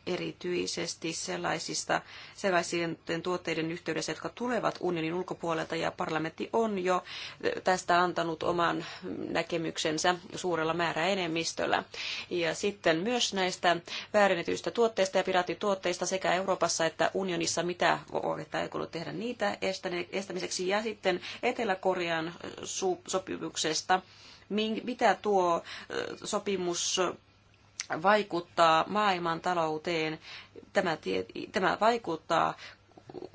erityisesti sellaisista, sellaisien tuotteiden yhteydessä, jotka tulevat unionin ulkopuolelta ja parlamentti on jo tästä antanut oman näkemyksensä suurella määräenemmistöllä. Ja sitten myös näistä väärennetyistä tuotteista ja piraattituotteista sekä Euroopassa että unionissa, mitä olette aikoneet tehdä niitä estämiseksi. Ja sitten Etelä-Korean sopimuksesta mitä tuo sopimus vaikuttaa maailman talouteen. Tämä, tie, tämä vaikuttaa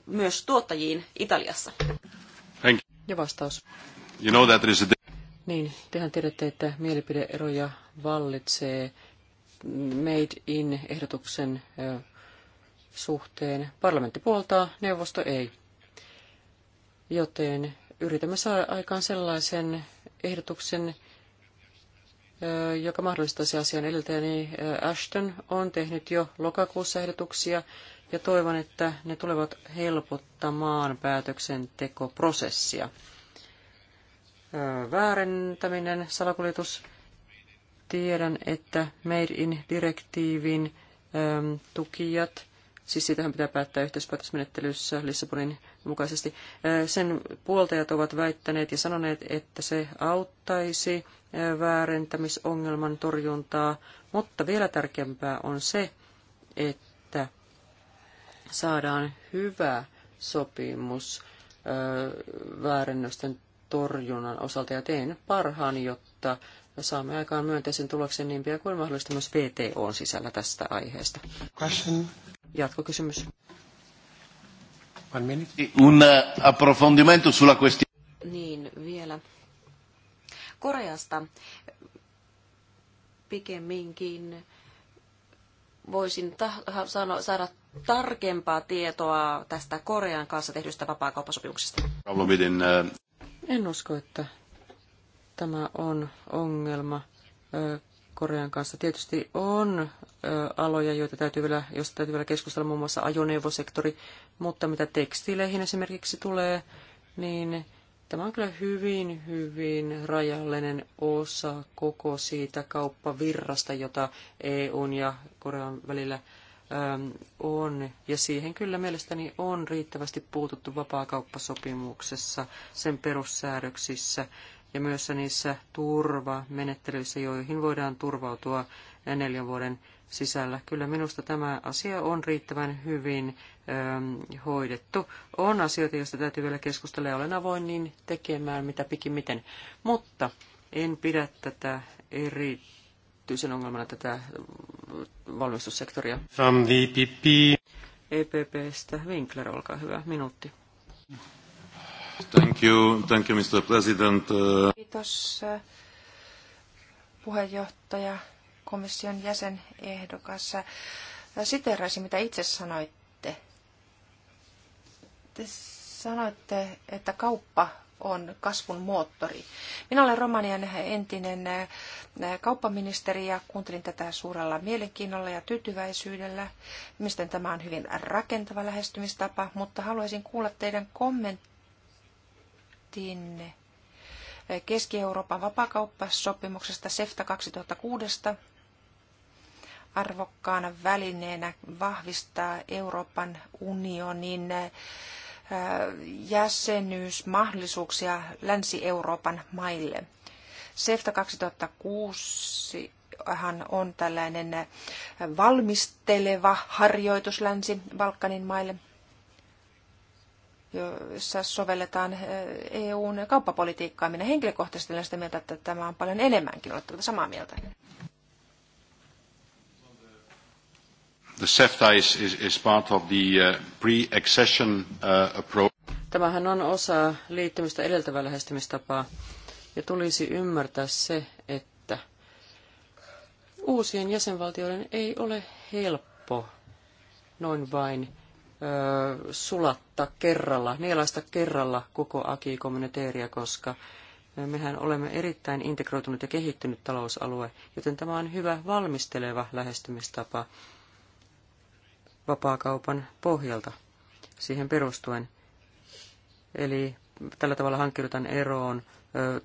myös tuottajiin Italiassa. Ja vastaus. You know that is a... Niin, tehän tiedätte, että mielipideeroja vallitsee Made in-ehdotuksen suhteen. Parlamentti puoltaa, neuvosto ei. Joten yritämme saada aikaan sellaisen ehdotuksen, joka mahdollistaisi asian edeltäjäni niin, Ashton, on tehnyt jo lokakuussa ehdotuksia ja toivon, että ne tulevat helpottamaan päätöksentekoprosessia. Väärentäminen, salakuljetus. Tiedän, että Made in-direktiivin tukijat Siis siitähän pitää päättää yhteispäätösmenettelyssä Lissabonin mukaisesti. Sen puoltajat ovat väittäneet ja sanoneet, että se auttaisi väärentämisongelman torjuntaa, mutta vielä tärkeämpää on se, että saadaan hyvä sopimus väärennösten torjunnan osalta ja teen parhaan, jotta saamme aikaan myönteisen tuloksen niin pian kuin mahdollista myös on sisällä tästä aiheesta. Question jatkokysymys. Un eh, approfondimento sulla questione. Niin, vielä Koreasta pikemminkin voisin ta- sano, saada tarkempaa tietoa tästä Korean kanssa tehdystä vapaakauppasopimuksesta. Eh, en usko, että tämä on ongelma Korean kanssa. Tietysti on aloja, joita täytyy vielä, josta täytyy vielä keskustella, muun muassa ajoneuvosektori, mutta mitä tekstiileihin esimerkiksi tulee, niin tämä on kyllä hyvin, hyvin rajallinen osa koko siitä kauppavirrasta, jota EUn ja Korean välillä on, ja siihen kyllä mielestäni on riittävästi puututtu vapaakauppasopimuksessa, sen perussäädöksissä ja myös niissä turvamenettelyissä, joihin voidaan turvautua neljän vuoden sisällä. Kyllä minusta tämä asia on riittävän hyvin ö, ähm, hoidettu. On asioita, joista täytyy vielä keskustella ja olen avoin niin tekemään mitä miten. Mutta en pidä tätä erityisen ongelmana tätä valmistussektoria. From the EPPstä e Winkler, olkaa hyvä, minuutti. Thank you, thank you Mr. President. Uh, Kiitos eh, puheenjohtaja, komission jäsenehdokas. Eh, siteeraisin, mitä itse sanoitte. Te sanoitte, että kauppa on kasvun moottori. Minä olen Romanian entinen eh, kauppaministeri ja kuuntelin tätä suurella mielenkiinnolla ja tyytyväisyydellä. Mistä tämä on hyvin rakentava lähestymistapa, mutta haluaisin kuulla teidän kommenttinne päätettiin Keski-Euroopan vapakauppasopimuksesta SEFTA 2006 arvokkaana välineenä vahvistaa Euroopan unionin äh, jäsenyysmahdollisuuksia Länsi-Euroopan maille. SEFTA 2006 on tällainen valmisteleva harjoitus Länsi-Balkanin maille – jossa sovelletaan eh, EUn kauppapolitiikkaa. Minä henkilökohtaisesti olen sitä mieltä, että tämä on paljon enemmänkin. Oletteko samaa mieltä? The CEFTA is, is, is part of the eh, pre-accession eh, approach. Tämähän on osa liittymistä edeltävää lähestymistapaa. Ja tulisi ymmärtää se, että uusien jäsenvaltioiden ei ole helppo noin vain sulattaa kerralla, nielaista kerralla koko aki kommuniteeria, koska mehän olemme erittäin integroitunut ja kehittynyt talousalue, joten tämä on hyvä valmisteleva lähestymistapa vapaakaupan pohjalta siihen perustuen. Eli tällä tavalla hankkiudutaan eroon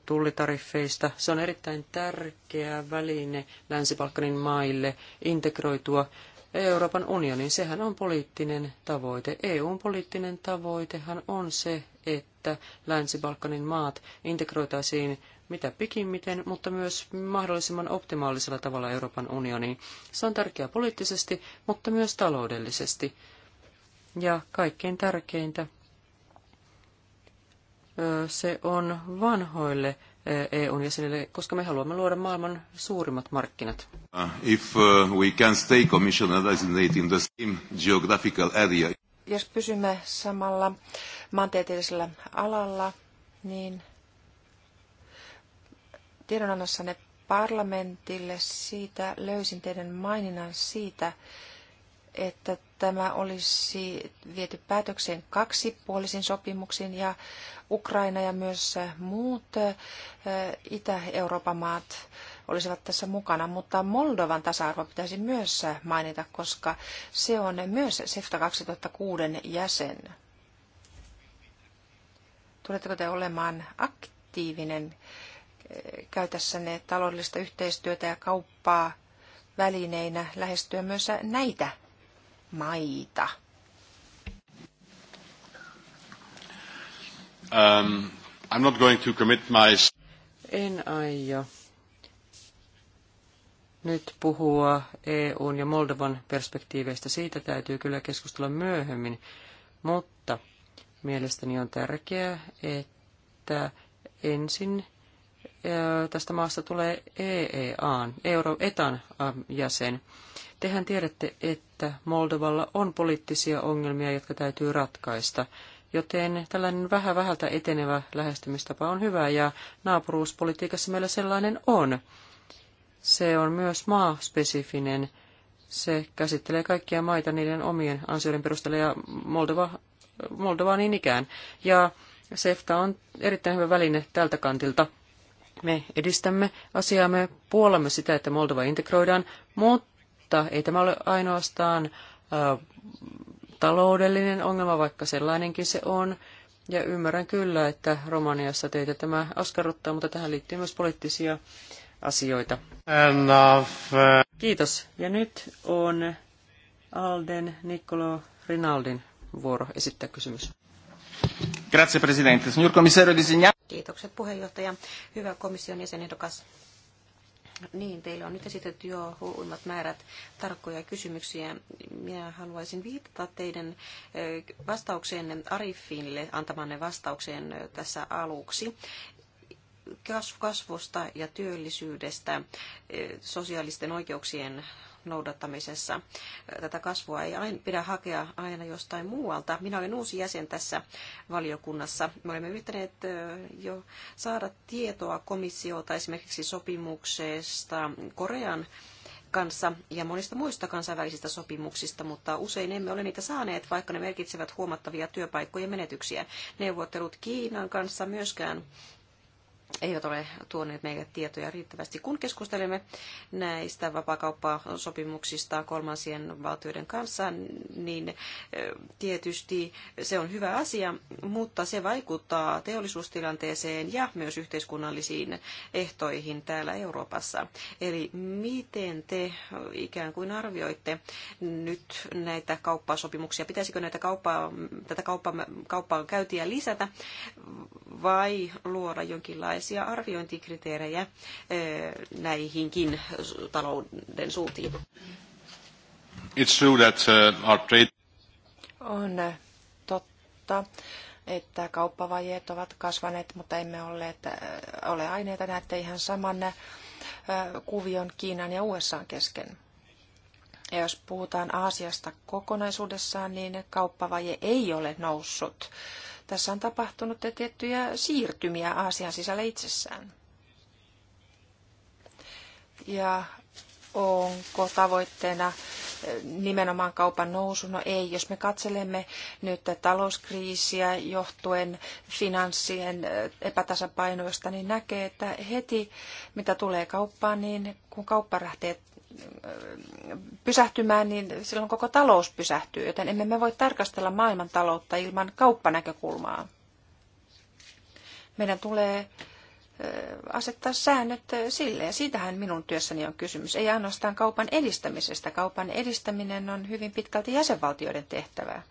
tullitariffeista. Se on erittäin tärkeä väline Länsi-Balkanin maille integroitua Euroopan unionin. Sehän on poliittinen tavoite. EUn poliittinen tavoitehan on se, että Länsi-Balkanin maat integroitaisiin mitä pikimmiten, mutta myös mahdollisimman optimaalisella tavalla Euroopan unioniin. Se on tärkeää poliittisesti, mutta myös taloudellisesti. Ja kaikkein tärkeintä, se on vanhoille EUn eh, e jäsenille, koska me haluamme luoda maailman suurimmat markkinat. Uh, if uh, we can stay commissioner designate in the same geographical area. Jos pysymme samalla maantieteellisellä alalla, niin tiedonannossanne parlamentille siitä löysin teidän maininnan siitä, että tämä olisi viety päätökseen kaksipuolisin sopimuksin ja Ukraina ja myös muut Itä-Euroopan maat olisivat tässä mukana, mutta Moldovan tasa-arvo pitäisi myös mainita, koska se on myös SEFTA 2006 jäsen. Tuletteko te olemaan aktiivinen käytässänne taloudellista yhteistyötä ja kauppaa välineinä lähestyä myös näitä maita? Um, I'm not going to commit my... En aio nyt puhua EUn ja Moldovan perspektiiveistä. Siitä täytyy kyllä keskustella myöhemmin, mutta mielestäni on tärkeää, että ensin tästä maasta tulee EEAn, Euroetan jäsen. Tehän tiedätte, että Moldovalla on poliittisia ongelmia, jotka täytyy ratkaista, joten tällainen vähän vähältä etenevä lähestymistapa on hyvä ja naapuruuspolitiikassa meillä sellainen on. Se on myös maaspesifinen. Se käsittelee kaikkia maita niiden omien ansioiden perusteella ja Moldova, Moldova niin ikään. Ja SEFTA on erittäin hyvä väline tältä kantilta. Me edistämme asiaa, me puolemme sitä, että Moldova integroidaan, mutta ei tämä ole ainoastaan taloudellinen ongelma, vaikka sellainenkin se on. Ja ymmärrän kyllä, että Romaniassa teitä tämä askarruttaa, mutta tähän liittyy myös poliittisia asioita. Enough. Kiitos. Ja nyt on Alden Niccolo Rinaldin vuoro esittää kysymys. Grazie Presidente. Signor Commissario designato... Kiitokset puheenjohtaja. Hyvä komission jäsenehdokas. Niin, teille on nyt esitetty jo huimmat määrät tarkkoja kysymyksiä. Minä haluaisin viitata teidän eh, vastaukseen Arifinille antamanne vastaukseen eh, tässä aluksi kasvusta ja työllisyydestä eh, sosiaalisten oikeuksien noudattamisessa. Tätä kasvua ei aina, pidä hakea aina jostain muualta. Minä olen uusi jäsen tässä valiokunnassa. Me olemme yrittäneet eh, jo saada tietoa komissiota esimerkiksi sopimuksesta Korean kanssa ja monista muista kansainvälisistä sopimuksista, mutta usein emme ole niitä saaneet, vaikka ne merkitsevät huomattavia työpaikkojen menetyksiä. Neuvottelut Kiinan kanssa myöskään eivät ole tuoneet meille tietoja riittävästi. Kun keskustelemme näistä vapakauppasopimuksista kolmansien valtioiden kanssa, niin eh, tietysti se on hyvä asia, mutta se vaikuttaa teollisuustilanteeseen ja myös yhteiskunnallisiin ehtoihin täällä Euroopassa. Eli miten te ikään kuin arvioitte nyt näitä kauppasopimuksia? Pitäisikö näitä kauppaa, tätä kauppaa, kauppaa käytiä lisätä vai luoda jonkinlaista erilaisia arviointikriteerejä näihinkin talouden suuntiin. It's true that uh, our trade... On äh, totta, että kauppavajeet ovat kasvaneet, mutta emme olleet, äh, ole aineita näette ihan saman äh, kuvion Kiinan ja USA kesken. Ja jos puhutaan Aasiasta kokonaisuudessaan, niin kauppavaje ei ole noussut tässä on tapahtunut tiettyjä siirtymiä Aasian sisällä itsessään. Ja onko tavoitteena eh, nimenomaan kaupan nousu? No ei, jos me katselemme nyt talouskriisiä johtuen finanssien eh, epätasapainoista, niin näkee, että heti mitä tulee kauppaan, niin kun kauppa lähtee pysähtymään, niin silloin koko talous pysähtyy, joten emme me voi tarkastella maailman taloutta ilman kauppanäkökulmaa. Meidän tulee asettaa säännöt sille, ja siitähän minun työssäni on kysymys. Ei ainoastaan kaupan edistämisestä. Kaupan edistäminen on hyvin pitkälti jäsenvaltioiden tehtävää.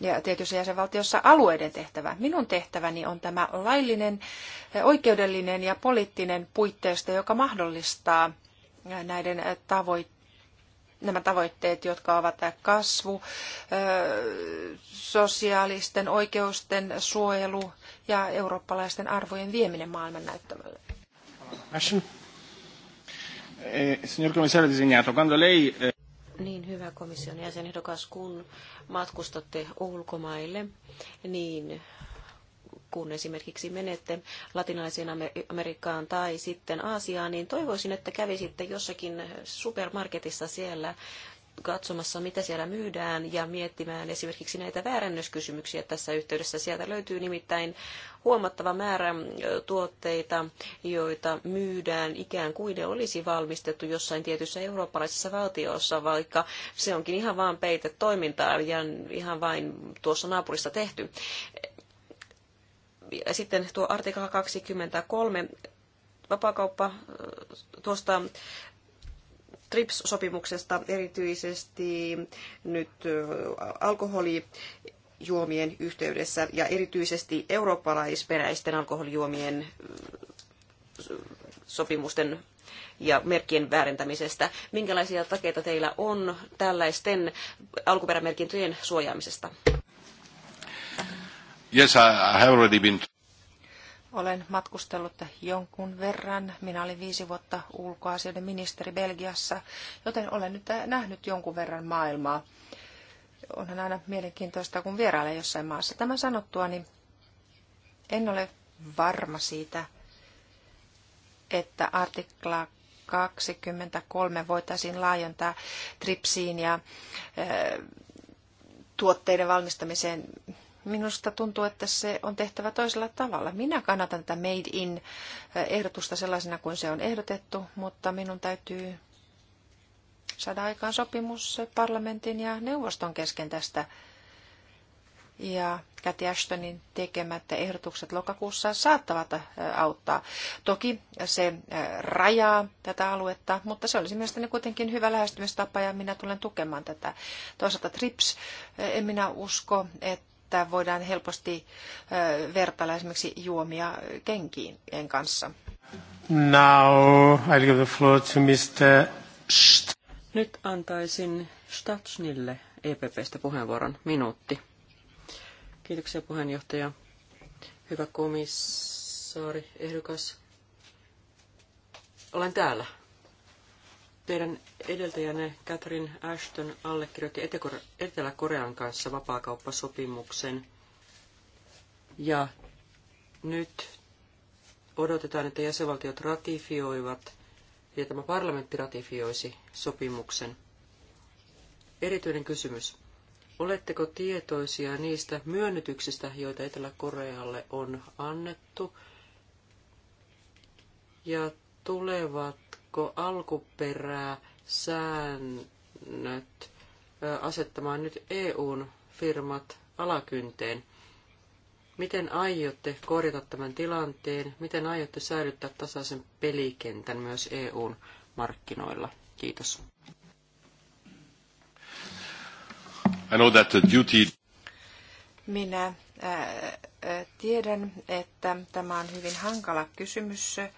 Ja tietyissä jäsenvaltiossa alueiden tehtävä. Minun tehtäväni on tämä laillinen, oikeudellinen ja poliittinen puitteisto, joka mahdollistaa näiden tavoit, nämä tavoitteet, jotka ovat kasvu, sosiaalisten oikeusten suojelu ja eurooppalaisten arvojen vieminen maailman näyttämälle. Eh, lei... Eh, niin, hyvä komission jäsenehdokas, kun matkustatte ulkomaille, niin kun esimerkiksi menette latinalaiseen Amerikkaan tai sitten Aasiaan, niin toivoisin, että kävisitte jossakin supermarketissa siellä katsomassa, mitä siellä myydään ja miettimään esimerkiksi näitä väärännöskysymyksiä tässä yhteydessä. Sieltä löytyy nimittäin huomattava määrä tuotteita, joita myydään ikään kuin ne olisi valmistettu jossain tietyssä eurooppalaisessa valtiossa, vaikka se onkin ihan vain peitetoimintaa ja ihan vain tuossa naapurissa tehty. Sitten tuo artikla 23 vapaakauppa tuosta TRIPS-sopimuksesta erityisesti nyt alkoholijuomien yhteydessä ja erityisesti eurooppalaisperäisten alkoholijuomien sopimusten ja merkkien väärentämisestä. Minkälaisia takeita teillä on tällaisten alkuperämerkintöjen suojaamisesta? Yes, I have already been... Olen matkustellut jonkun verran. Minä olin viisi vuotta ulkoasioiden ministeri Belgiassa, joten olen nyt äh, nähnyt jonkun verran maailmaa. Onhan aina mielenkiintoista, kun vierailee jossain maassa. Tämä sanottua, niin en ole varma siitä, että artikla 23 voitaisiin laajentaa tripsiin ja äh, tuotteiden valmistamiseen Minusta tuntuu, että se on tehtävä toisella tavalla. Minä kannatan tätä Made in-ehdotusta eh, sellaisena kuin se on ehdotettu, mutta minun täytyy saada aikaan sopimus parlamentin ja neuvoston kesken tästä. Ja Cathy Ashtonin tekemät ehdotukset lokakuussa saattavat eh, auttaa. Toki se eh, rajaa tätä aluetta, mutta se olisi mielestäni kuitenkin hyvä lähestymistapa ja minä tulen tukemaan tätä. Toisaalta TRIPS, en minä usko, että että voidaan helposti vertailla esimerkiksi juomia kenkiin kanssa. Now I give the floor to Mr. St- Nyt antaisin Statsnille EPPstä puheenvuoron minuutti. Kiitoksia puheenjohtaja. Hyvä komissaari, ehdokas. Olen täällä. Teidän edeltäjänne Catherine Ashton allekirjoitti Etelä-Korean kanssa vapaakauppasopimuksen. Ja nyt odotetaan, että jäsenvaltiot ratifioivat ja tämä parlamentti ratifioisi sopimuksen. Erityinen kysymys. Oletteko tietoisia niistä myönnytyksistä, joita Etelä-Korealle on annettu? Ja tulevat pakko alkuperää säännöt asettamaan nyt EUn firmat alakynteen. Miten aiotte korjata tämän tilanteen? Miten aiotte säilyttää tasaisen pelikentän myös EUn markkinoilla? Kiitos. I know that the duty... Minä äh, tiedän, että tämä on hyvin hankala kysymys. Äh,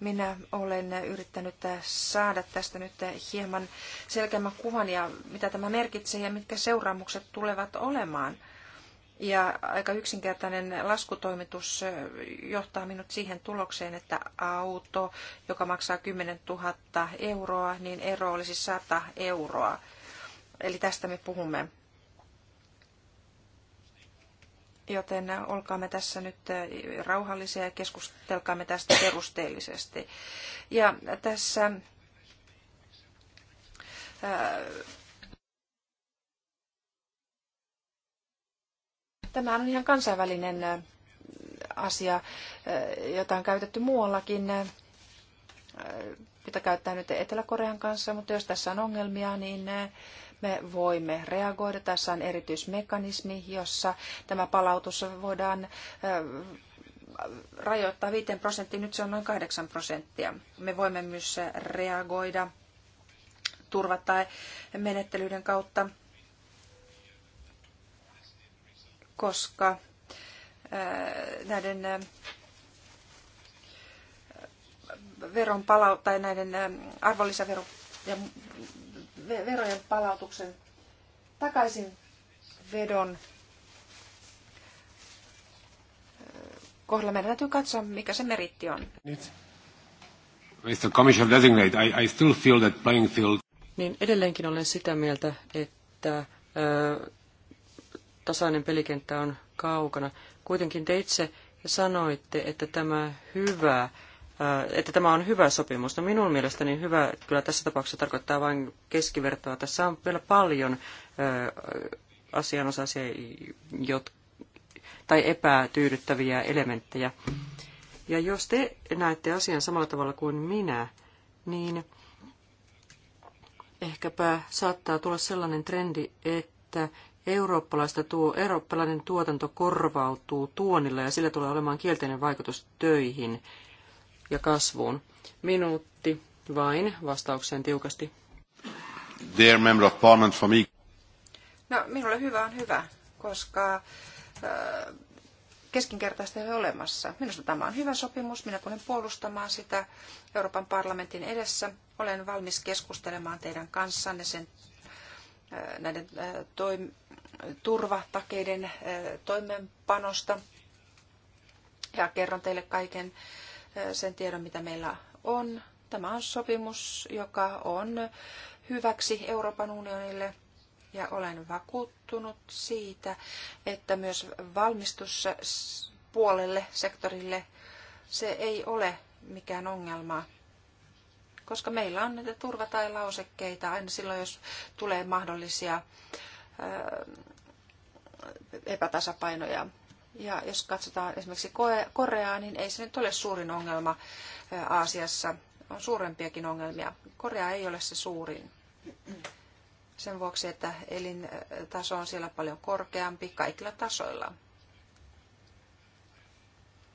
minä olen yrittänyt saada tästä nyt hieman selkeämmän kuvan ja mitä tämä merkitsee ja mitkä seuraamukset tulevat olemaan. Ja aika yksinkertainen laskutoimitus johtaa minut siihen tulokseen, että auto, joka maksaa 10 000 euroa, niin ero olisi 100 euroa. Eli tästä me puhumme. Joten olkaamme tässä nyt rauhallisia ja keskustelkaamme tästä perusteellisesti. Ja tässä Tämä on ihan kansainvälinen asia, jota on käytetty muuallakin, jota käyttää nyt Etelä-Korean kanssa, mutta jos tässä on ongelmia, niin me voimme reagoida. Tässä on erityismekanismi, jossa tämä palautus voidaan äh, rajoittaa 5 prosenttia, nyt se on noin 8 prosenttia. Me voimme myös reagoida turva- tai menettelyiden kautta, koska äh, näiden äh, veron palautta ja näiden arvonlisäveron ja verojen palautuksen takaisin vedon kohdalla meidän täytyy katsoa, mikä se meritti on. Nyt. Mr. Commissioner Designate, I, I still feel that playing field... Niin edelleenkin olen sitä mieltä, että ö, tasainen pelikenttä on kaukana. Kuitenkin te itse sanoitte, että tämä hyvä että tämä on hyvä sopimus. No minun mielestäni hyvä kyllä tässä tapauksessa tarkoittaa vain keskivertoa. Tässä on vielä paljon asianosaisia jot tai epätyydyttäviä elementtejä. Ja jos te näette asian samalla tavalla kuin minä, niin ehkäpä saattaa tulla sellainen trendi, että eurooppalaista tuo, eurooppalainen tuotanto korvautuu tuonilla ja sillä tulee olemaan kielteinen vaikutus töihin ja kasvuun. Minuutti vain vastaukseen tiukasti. Dear member of parliament for me. No, minulle hyvä on hyvä, koska äh, keskinkertaista ei ole olemassa. Minusta tämä on hyvä sopimus, minä tulen puolustamaan sitä Euroopan parlamentin edessä. Olen valmis keskustelemaan teidän kanssanne sen näiden toim- turvatakeiden toimeenpanosta ja kerron teille kaiken sen tiedon, mitä meillä on. Tämä on sopimus, joka on hyväksi Euroopan unionille ja olen vakuuttunut siitä, että myös valmistuspuolelle, sektorille, se ei ole mikään ongelma, koska meillä on näitä turva- tai lausekkeita aina silloin, jos tulee mahdollisia epätasapainoja. Ja jos katsotaan esimerkiksi Koreaa, niin ei se nyt ole suurin ongelma Aasiassa. On suurempiakin ongelmia. Korea ei ole se suurin. Sen vuoksi, että elintaso on siellä paljon korkeampi kaikilla tasoilla.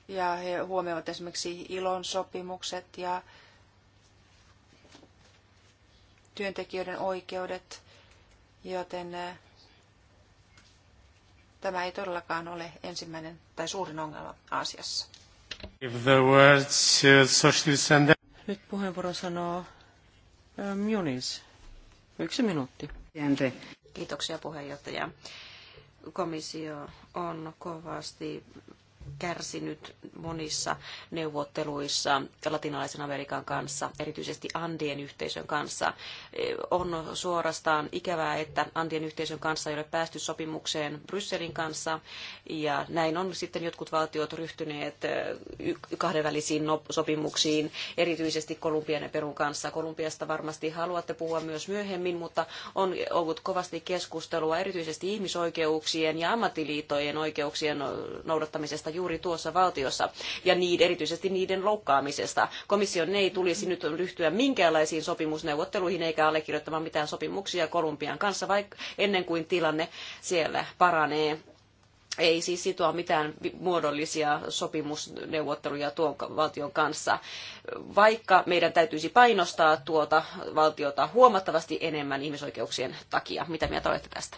Ja he huomioivat esimerkiksi ilon sopimukset ja työntekijöiden oikeudet, joten tämä ei todellakaan ole ensimmäinen tai suurin ongelma Aasiassa. Nyt puheenvuoro sanoo Munis. Ähm, Yksi minuutti. Kiitoksia puheenjohtaja. Komissio on kovasti kärsinyt monissa neuvotteluissa latinalaisen Amerikan kanssa, erityisesti Andien yhteisön kanssa. On suorastaan ikävää, että Andien yhteisön kanssa ei ole päästy sopimukseen Brysselin kanssa, ja näin on sitten jotkut valtiot ryhtyneet kahdenvälisiin no-, sopimuksiin, erityisesti Kolumbian ja Perun kanssa. Kolumbiasta varmasti haluatte puhua myös myöhemmin, mutta on ollut kovasti keskustelua erityisesti ihmisoikeuksien ja ammattiliittojen oikeuksien noudattamisesta juuri tuossa valtiossa ja niiden, erityisesti niiden loukkaamisesta. Komission ei tulisi nyt ryhtyä minkäänlaisiin sopimusneuvotteluihin eikä allekirjoittamaan mitään sopimuksia Kolumbian kanssa vaikka ennen kuin tilanne siellä paranee ei siis sitoa mitään muodollisia sopimusneuvotteluja tuon valtion kanssa, vaikka meidän täytyisi painostaa tuota valtiota huomattavasti enemmän ihmisoikeuksien takia. Mitä mieltä olette tästä?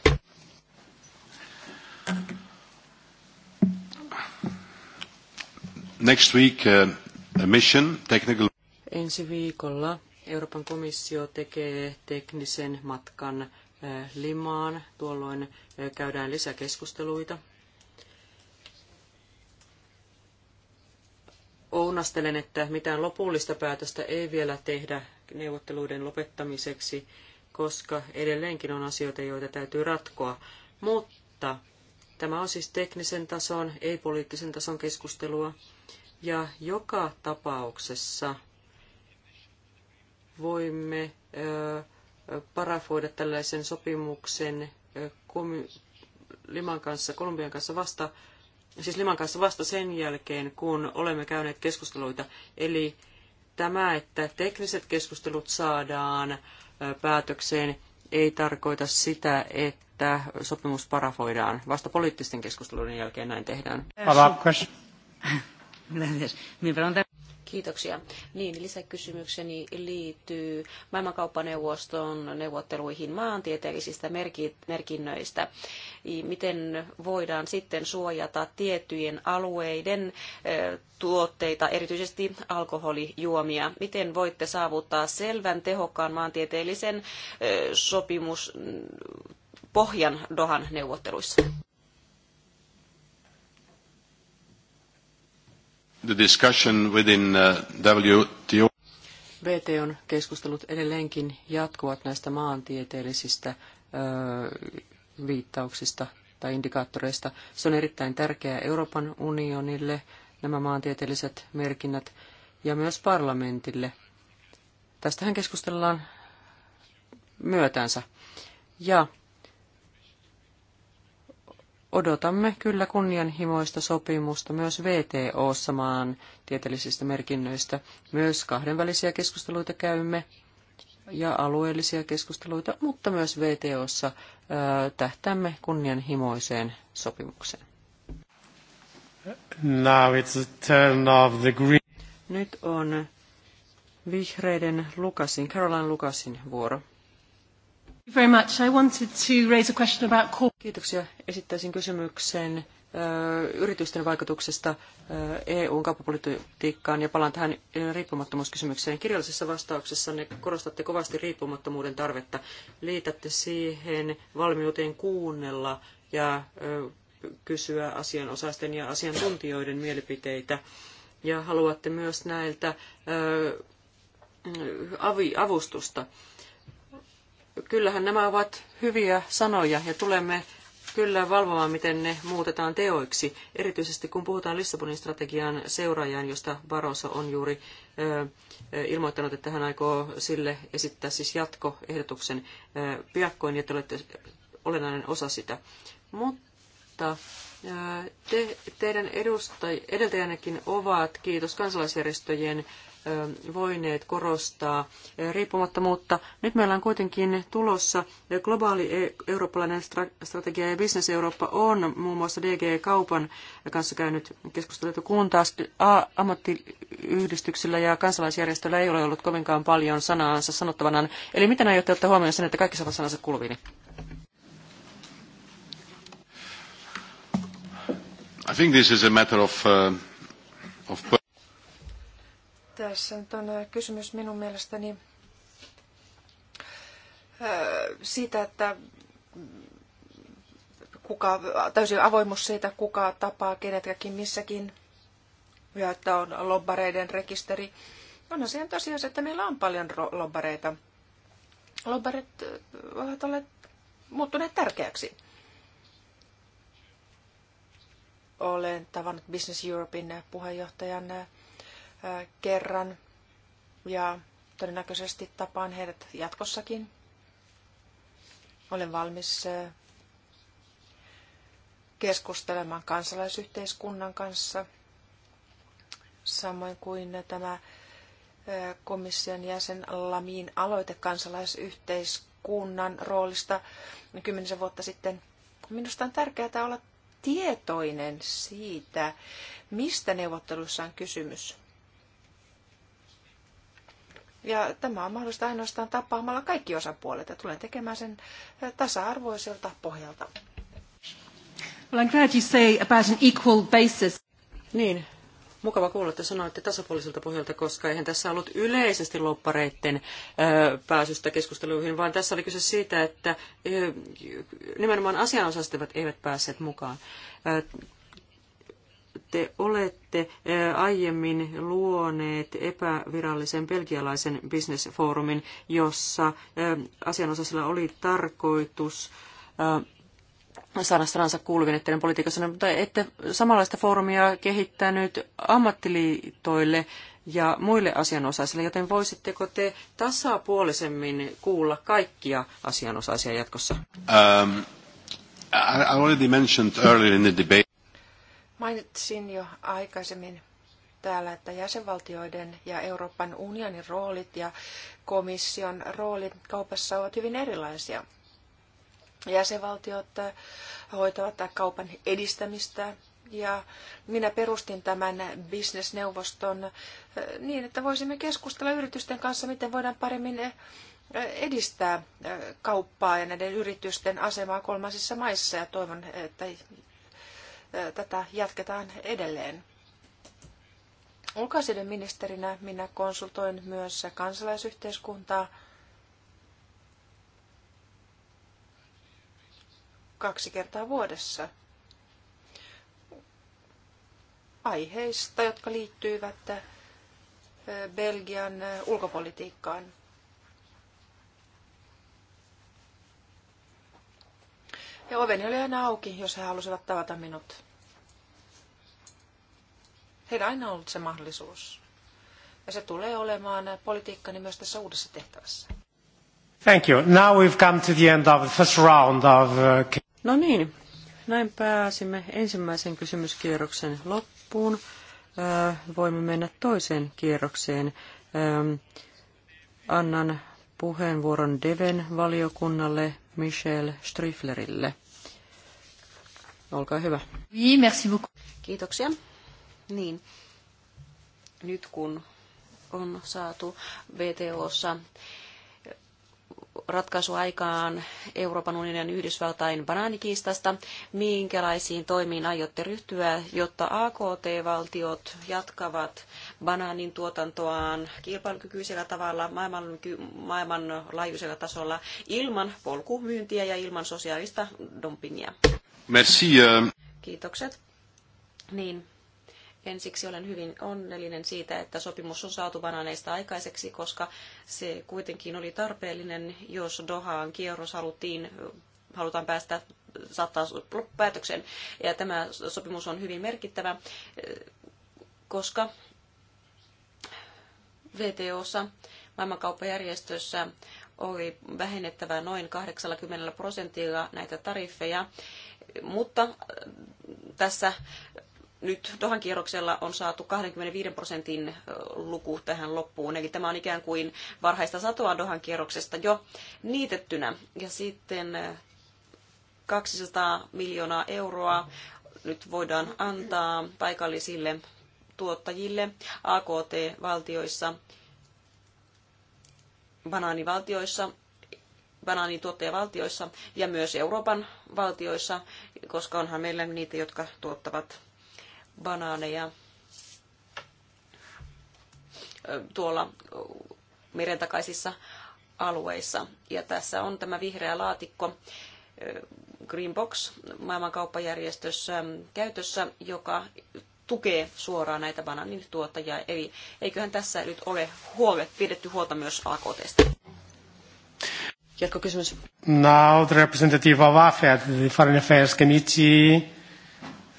Next week, uh, a mission, technical... Ensi viikolla Euroopan komissio tekee teknisen matkan uh, Limaan. Tuolloin uh, käydään lisäkeskusteluita. Ounastelen, että mitään lopullista päätöstä ei vielä tehdä neuvotteluiden lopettamiseksi, koska edelleenkin on asioita, joita täytyy ratkoa. Mutta Tämä on siis teknisen tason, ei poliittisen tason keskustelua. Ja joka tapauksessa voimme parafoida tällaisen sopimuksen Liman kanssa, Kolumbian kanssa vasta, siis Liman kanssa vasta sen jälkeen, kun olemme käyneet keskusteluita. Eli tämä, että tekniset keskustelut saadaan päätökseen, ei tarkoita sitä, että että sopimus parafoidaan. Vasta poliittisten keskusteluiden jälkeen näin tehdään. Kiitoksia. Niin, lisäkysymykseni liittyy maailmankauppaneuvoston neuvotteluihin maantieteellisistä merkinnöistä. Miten voidaan sitten suojata tiettyjen alueiden tuotteita, erityisesti alkoholijuomia? Miten voitte saavuttaa selvän, tehokkaan maantieteellisen sopimus pohjan Dohan neuvotteluissa? The discussion within uh, WTO. VTOn keskustelut edelleenkin jatkuvat näistä maantieteellisistä ö, viittauksista tai indikaattoreista. Se on erittäin tärkeää Euroopan unionille, nämä maantieteelliset merkinnät, ja myös parlamentille. Tästähän keskustellaan myötänsä. Ja Odotamme kyllä kunnianhimoista sopimusta myös VTOssa maan tieteellisistä merkinnöistä. Myös kahdenvälisiä keskusteluita käymme ja alueellisia keskusteluita, mutta myös VTOssa tähtäämme kunnianhimoiseen sopimukseen. Now it's the turn of the green. Nyt on vihreiden Lukasin, Caroline Lukasin vuoro. Very much. I wanted to raise a question about... Kiitoksia. Esittäisin kysymyksen yritysten vaikutuksesta EUn kauppapolitiikkaan ja palaan tähän riippumattomuuskysymykseen. Kirjallisessa vastauksessanne korostatte kovasti riippumattomuuden tarvetta. Liitätte siihen valmiuteen kuunnella ja kysyä asianosaisten ja asiantuntijoiden mielipiteitä. Ja haluatte myös näiltä mm, avustusta kyllähän nämä ovat hyviä sanoja ja tulemme kyllä valvomaan, miten ne muutetaan teoiksi, erityisesti kun puhutaan Lissabonin strategian seuraajan, josta Barroso on juuri ilmoittanut, että hän aikoo sille esittää siis jatkoehdotuksen piakkoin, ja te olette olennainen osa sitä. Mutta te, teidän edustaj, edeltäjännekin ovat, kiitos kansalaisjärjestöjen voineet korostaa riippumattomuutta. Nyt meillä on kuitenkin tulossa globaali e- eurooppalainen strategia ja Business Eurooppa on muun muassa DG-kaupan kanssa käynyt keskusteltu, kun taas ammattiyhdistyksillä ja kansalaisjärjestöillä ei ole ollut kovinkaan paljon sanaansa sanottavanaan. Eli miten aiotte ottaa huomioon sen, että kaikki saavat sanansa kuuluviin? I think this is a matter of, uh, of tässä nyt on äh, kysymys minun mielestäni äh, siitä, että kuka, täysin avoimuus siitä, kuka tapaa kenetkäkin missäkin, ja että on lobbareiden rekisteri. On siihen tosiaan että meillä on paljon lobbareita. Lobbarit äh, ovat olleet muuttuneet tärkeäksi. Olen tavannut Business Europein puheenjohtajan kerran ja todennäköisesti tapaan heidät jatkossakin. Olen valmis keskustelemaan kansalaisyhteiskunnan kanssa, samoin kuin tämä komission jäsen Lamin aloite kansalaisyhteiskunnan roolista kymmenisen vuotta sitten. Minusta on tärkeää olla tietoinen siitä, mistä neuvotteluissa on kysymys. Ja tämä on mahdollista ainoastaan tapaamalla kaikki osapuolet ja tulen tekemään sen eh, tasa-arvoiselta pohjalta. Well, I'm glad you say about an equal basis. Niin, mukava kuulla, että sanoitte tasapuoliselta pohjalta, koska eihän tässä ollut yleisesti loppareitten pääsystä keskusteluihin, vaan tässä oli kyse siitä, että nimenomaan asianosastavat eivät päässeet mukaan te olette aiemmin luoneet epävirallisen belgialaisen bisnesfoorumin, jossa asianosaisilla oli tarkoitus saada sanansa teidän politiikassa, no, mutta ette samanlaista foorumia kehittänyt ammattiliitoille ja muille asianosaisille, joten voisitteko te tasapuolisemmin kuulla kaikkia asianosaisia jatkossa? Um, I already mentioned earlier in the debate. Mainitsin jo aikaisemmin täällä, että jäsenvaltioiden ja Euroopan unionin roolit ja komission roolit kaupassa ovat hyvin erilaisia. Jäsenvaltiot äh, hoitavat kaupan edistämistä ja minä perustin tämän bisnesneuvoston äh, niin, että voisimme keskustella yritysten kanssa, miten voidaan paremmin äh, edistää kauppaa ja näiden yritysten asemaa kolmansissa maissa ja toivon, että tätä jatketaan edelleen. Ulkoasioiden ministerinä minä konsultoin myös kansalaisyhteiskuntaa kaksi kertaa vuodessa aiheista, jotka liittyivät Belgian ulkopolitiikkaan. Ja oveni oli aina auki, jos he halusivat tavata minut. Heillä on aina ollut se mahdollisuus. Ja se tulee olemaan politiikkani myös tässä uudessa tehtävässä. Thank you. Now we've come to the end of the first round of... Uh, no niin, näin pääsimme ensimmäisen kysymyskierroksen loppuun. Äh, voimme mennä toiseen kierrokseen. Ähm, annan puheenvuoron Deven valiokunnalle. Michel Striflerille. Olkaa hyvä. Oui, merci Kiitoksia. Niin. Nyt kun on saatu VTOssa ratkaisu aikaan Euroopan unionin Yhdysvaltain banaanikiistasta. Minkälaisiin toimiin aiotte ryhtyä, jotta AKT-valtiot jatkavat banaanin tuotantoaan kilpailukykyisellä tavalla maailman, maailmanlaajuisella tasolla ilman polkumyyntiä ja ilman sosiaalista dumpingia? Merci. Euh. Kiitokset. Niin, Ensiksi olen hyvin onnellinen siitä, että sopimus on saatu bananeista aikaiseksi, koska se kuitenkin oli tarpeellinen, jos Dohaan kierros haluttiin, halutaan päästä saattaa päätöksen. Ja tämä sopimus on hyvin merkittävä, koska VTOssa, maailmankauppajärjestössä, oli vähennettävä noin 80 prosentilla näitä tariffeja, mutta tässä nyt Dohan kierroksella on saatu 25 prosentin luku tähän loppuun, eli tämä on ikään kuin varhaista satoa Dohan kierroksesta jo niitettynä. Ja sitten 200 miljoonaa euroa nyt voidaan antaa paikallisille tuottajille AKT-valtioissa, banaanivaltioissa, banaanituottajavaltioissa ja myös Euroopan valtioissa, koska onhan meillä niitä, jotka tuottavat banaaneja tuolla meren takaisissa alueissa. Ja tässä on tämä vihreä laatikko, Green Box, maailmankauppajärjestössä käytössä, joka tukee suoraan näitä banaanin tuottajia. Eli eiköhän tässä nyt ole huole, pidetty huolta myös AKTstä. Jatkokysymys. Now the representative of AFED, the Foreign Affairs Committee,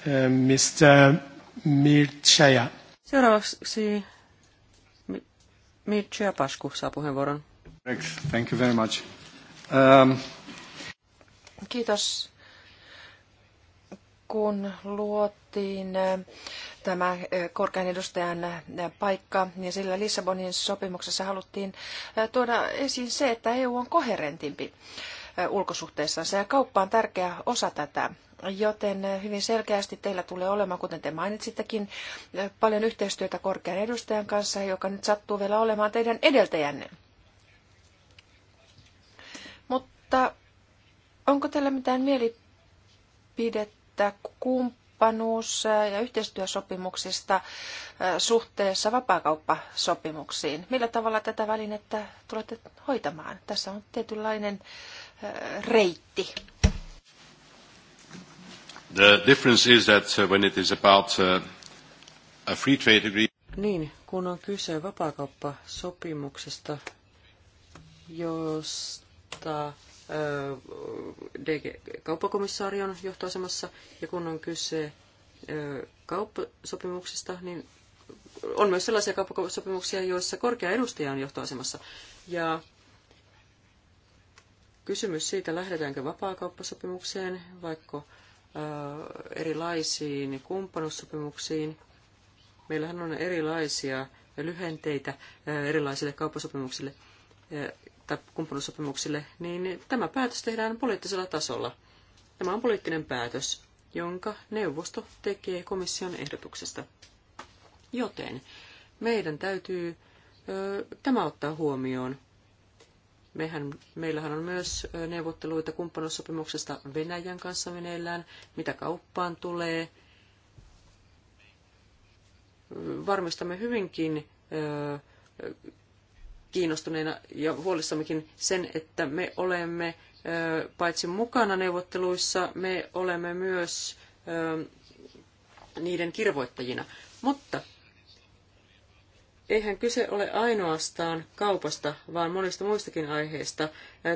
Eh, Mr. Mircea. Seuraavaksi Mircea Pasku saa puheenvuoron. Thank you very much. Um... Kiitos. Kun luotiin eh, tämä eh, korkean edustajan paikka, niin sillä Lissabonin sopimuksessa haluttiin tuoda esiin se, että EU on koherentimpi ulkosuhteissansa ja kauppa on tärkeä osa tätä. Joten hyvin selkeästi teillä tulee olemaan, kuten te mainitsittekin, paljon yhteistyötä korkean edustajan kanssa, joka nyt sattuu vielä olemaan teidän edeltäjänne. Mutta onko teillä mitään mielipidettä kumppanuus- ja yhteistyösopimuksista suhteessa vapaakauppasopimuksiin? Millä tavalla tätä välinettä tulette hoitamaan? Tässä on tietynlainen reitti. The difference is that uh, when it is about uh, a free trade agreement. Niin, kun on kyse vapaakauppasopimuksesta, josta DG-kauppakomissaari on johtoasemassa, ja kun on kyse kauppasopimuksesta, niin on myös sellaisia kauppasopimuksia, joissa korkea edustaja on johtoasemassa. Ja Kysymys siitä, lähdetäänkö vapaakauppasopimukseen vaikka äh, erilaisiin kumppanussopimuksiin. Meillähän on erilaisia lyhenteitä äh, erilaisille kauppasopimuksille äh, tai kumppanussopimuksille, niin tämä päätös tehdään poliittisella tasolla. Tämä on poliittinen päätös, jonka neuvosto tekee komission ehdotuksesta. Joten meidän täytyy ö, tämä ottaa huomioon Mehän, meillähän on myös neuvotteluita kumppanuussopimuksesta Venäjän kanssa meneillään, mitä kauppaan tulee. Varmistamme hyvinkin kiinnostuneina ja huolissammekin sen, että me olemme paitsi mukana neuvotteluissa, me olemme myös niiden kirvoittajina. Mutta eihän kyse ole ainoastaan kaupasta, vaan monista muistakin aiheista.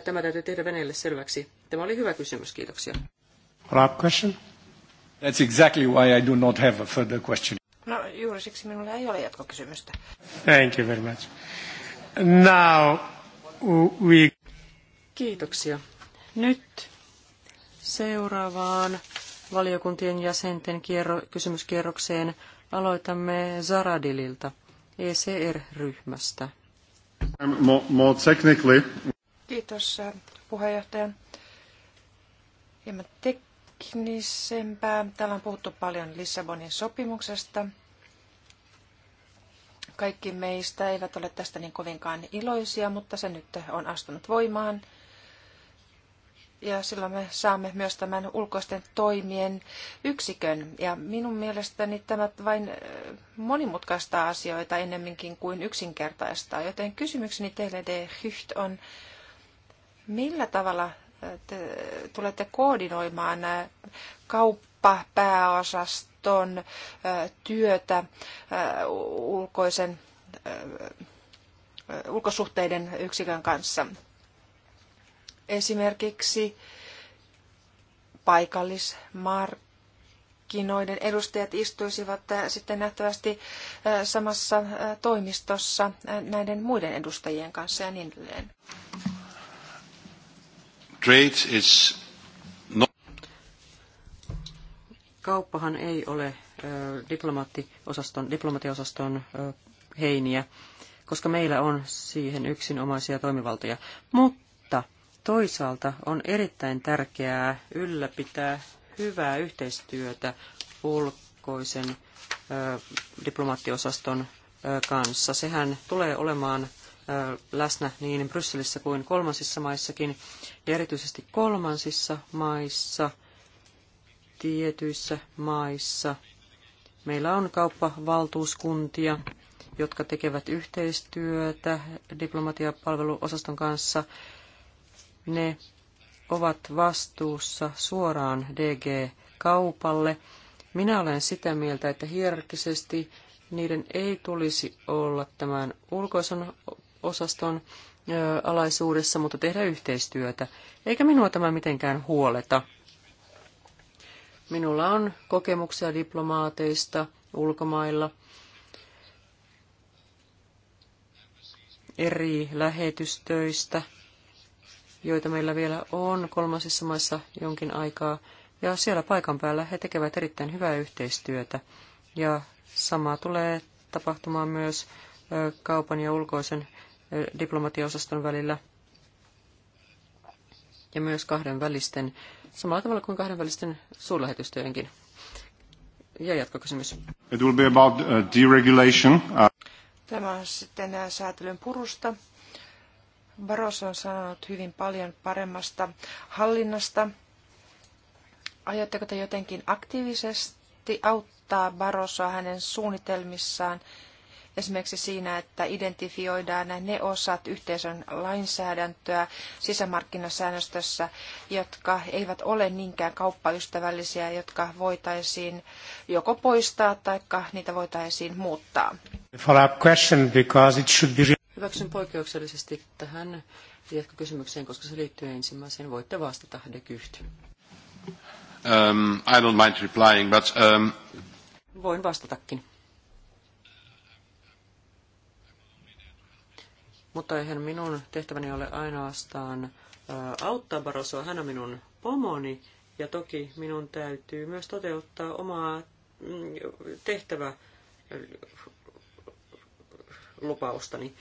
Tämä täytyy tehdä Venäjälle selväksi. Tämä oli hyvä kysymys, kiitoksia. That's exactly why I do not have a further question. No juuri siksi minulla ei ole jatkokysymystä. Thank you very much. Now we... Kiitoksia. Nyt seuraavaan valiokuntien jäsenten kysymyskierrokseen aloitamme Zaradililta. ECR-ryhmästä. Kiitos äh, puheenjohtaja. Hieman teknisempää. Täällä on puhuttu paljon Lissabonin sopimuksesta. Kaikki meistä eivät ole tästä niin kovinkaan iloisia, mutta se nyt on astunut voimaan – ja silloin me saamme myös tämän ulkoisten toimien yksikön. Ja minun mielestäni tämä vain monimutkaistaa asioita ennemminkin kuin yksinkertaistaa. Joten kysymykseni teille de Hyht on, millä tavalla te tulette koordinoimaan kauppapääosaston työtä ulkoisen ulkosuhteiden yksikön kanssa esimerkiksi paikallismarkkinoiden edustajat istuisivat äh, sitten nähtävästi äh, samassa äh, toimistossa näiden muiden edustajien kanssa ja niin edelleen. Trade is not... Kauppahan ei ole diplomaattiosaston, diplomatiaosaston heiniä, koska meillä on siihen yksinomaisia toimivaltoja. Mutta Toisaalta on erittäin tärkeää ylläpitää hyvää yhteistyötä ulkoisen diplomaattiosaston kanssa. Sehän tulee olemaan läsnä niin Brysselissä kuin kolmansissa maissakin, ja erityisesti kolmansissa maissa, tietyissä maissa. Meillä on kauppavaltuuskuntia, jotka tekevät yhteistyötä diplomatiapalveluosaston kanssa, ne ovat vastuussa suoraan DG-kaupalle. Minä olen sitä mieltä, että hierarkisesti niiden ei tulisi olla tämän ulkoisen osaston alaisuudessa, mutta tehdä yhteistyötä. Eikä minua tämä mitenkään huoleta. Minulla on kokemuksia diplomaateista ulkomailla, eri lähetystöistä – joita meillä vielä on kolmasissa maissa jonkin aikaa, ja siellä paikan päällä he tekevät erittäin hyvää yhteistyötä. Ja sama tulee tapahtumaan myös kaupan ja ulkoisen diplomatiaosaston välillä ja myös kahdenvälisten, samalla tavalla kuin kahdenvälisten suurlähetystöjenkin. Ja jatkokysymys. It will be about uh, deregulation. Uh, Tämä on sitten säätelyn purusta. Barroso on sanonut hyvin paljon paremmasta hallinnasta. Aiotteko te jotenkin aktiivisesti auttaa Barrosoa hänen suunnitelmissaan, esimerkiksi siinä, että identifioidaan ne osat yhteisön lainsäädäntöä sisämarkkinasäännöstössä, jotka eivät ole niinkään kauppaystävällisiä, jotka voitaisiin joko poistaa tai niitä voitaisiin muuttaa? question because it should be Hyväksyn poikkeuksellisesti tähän jatkokysymykseen, koska se liittyy ensimmäiseen. Voitte vastata, De Kyht. Um, I don't mind replying, but... Um... Voin vastatakin. Mutta eihän minun tehtäväni ole ainoastaan auttaa Barosoa, hän on minun pomoni, ja toki minun täytyy myös toteuttaa omaa mm, tehtävä lupaustani.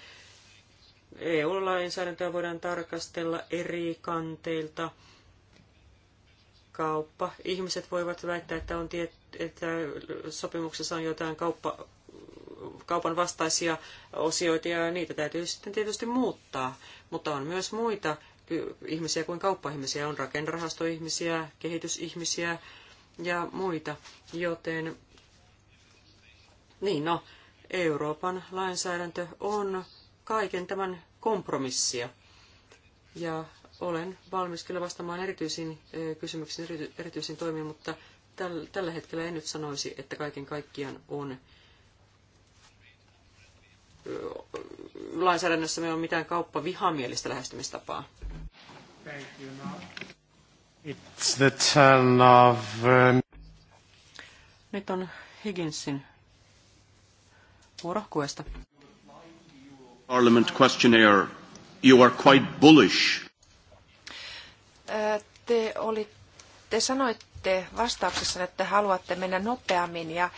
EU-lainsäädäntöä voidaan tarkastella eri kanteilta. Kauppa. Ihmiset voivat väittää, että, on tiet, että sopimuksessa on jotain kauppa, kaupan vastaisia osioita ja niitä täytyy sitten tietysti muuttaa. Mutta on myös muita ihmisiä kuin kauppaihmisiä, on rakennerahastoihmisiä, kehitysihmisiä ja muita. Joten niin no, Euroopan lainsäädäntö on kaiken tämän kompromissia. Ja olen valmis kyllä vastaamaan erityisiin kysymyksiin, erityisiin toimiin, mutta tällä hetkellä en nyt sanoisi, että kaiken kaikkiaan on lainsäädännössä me on mitään kauppavihamielistä lähestymistapaa. It's the turn of... Um, nyt on Higginsin vuoro kuesta. Parliament questionnaire, you are quite bullish. Te, oli, te sanoitte vastauksessa, että haluatte mennä nopeammin ja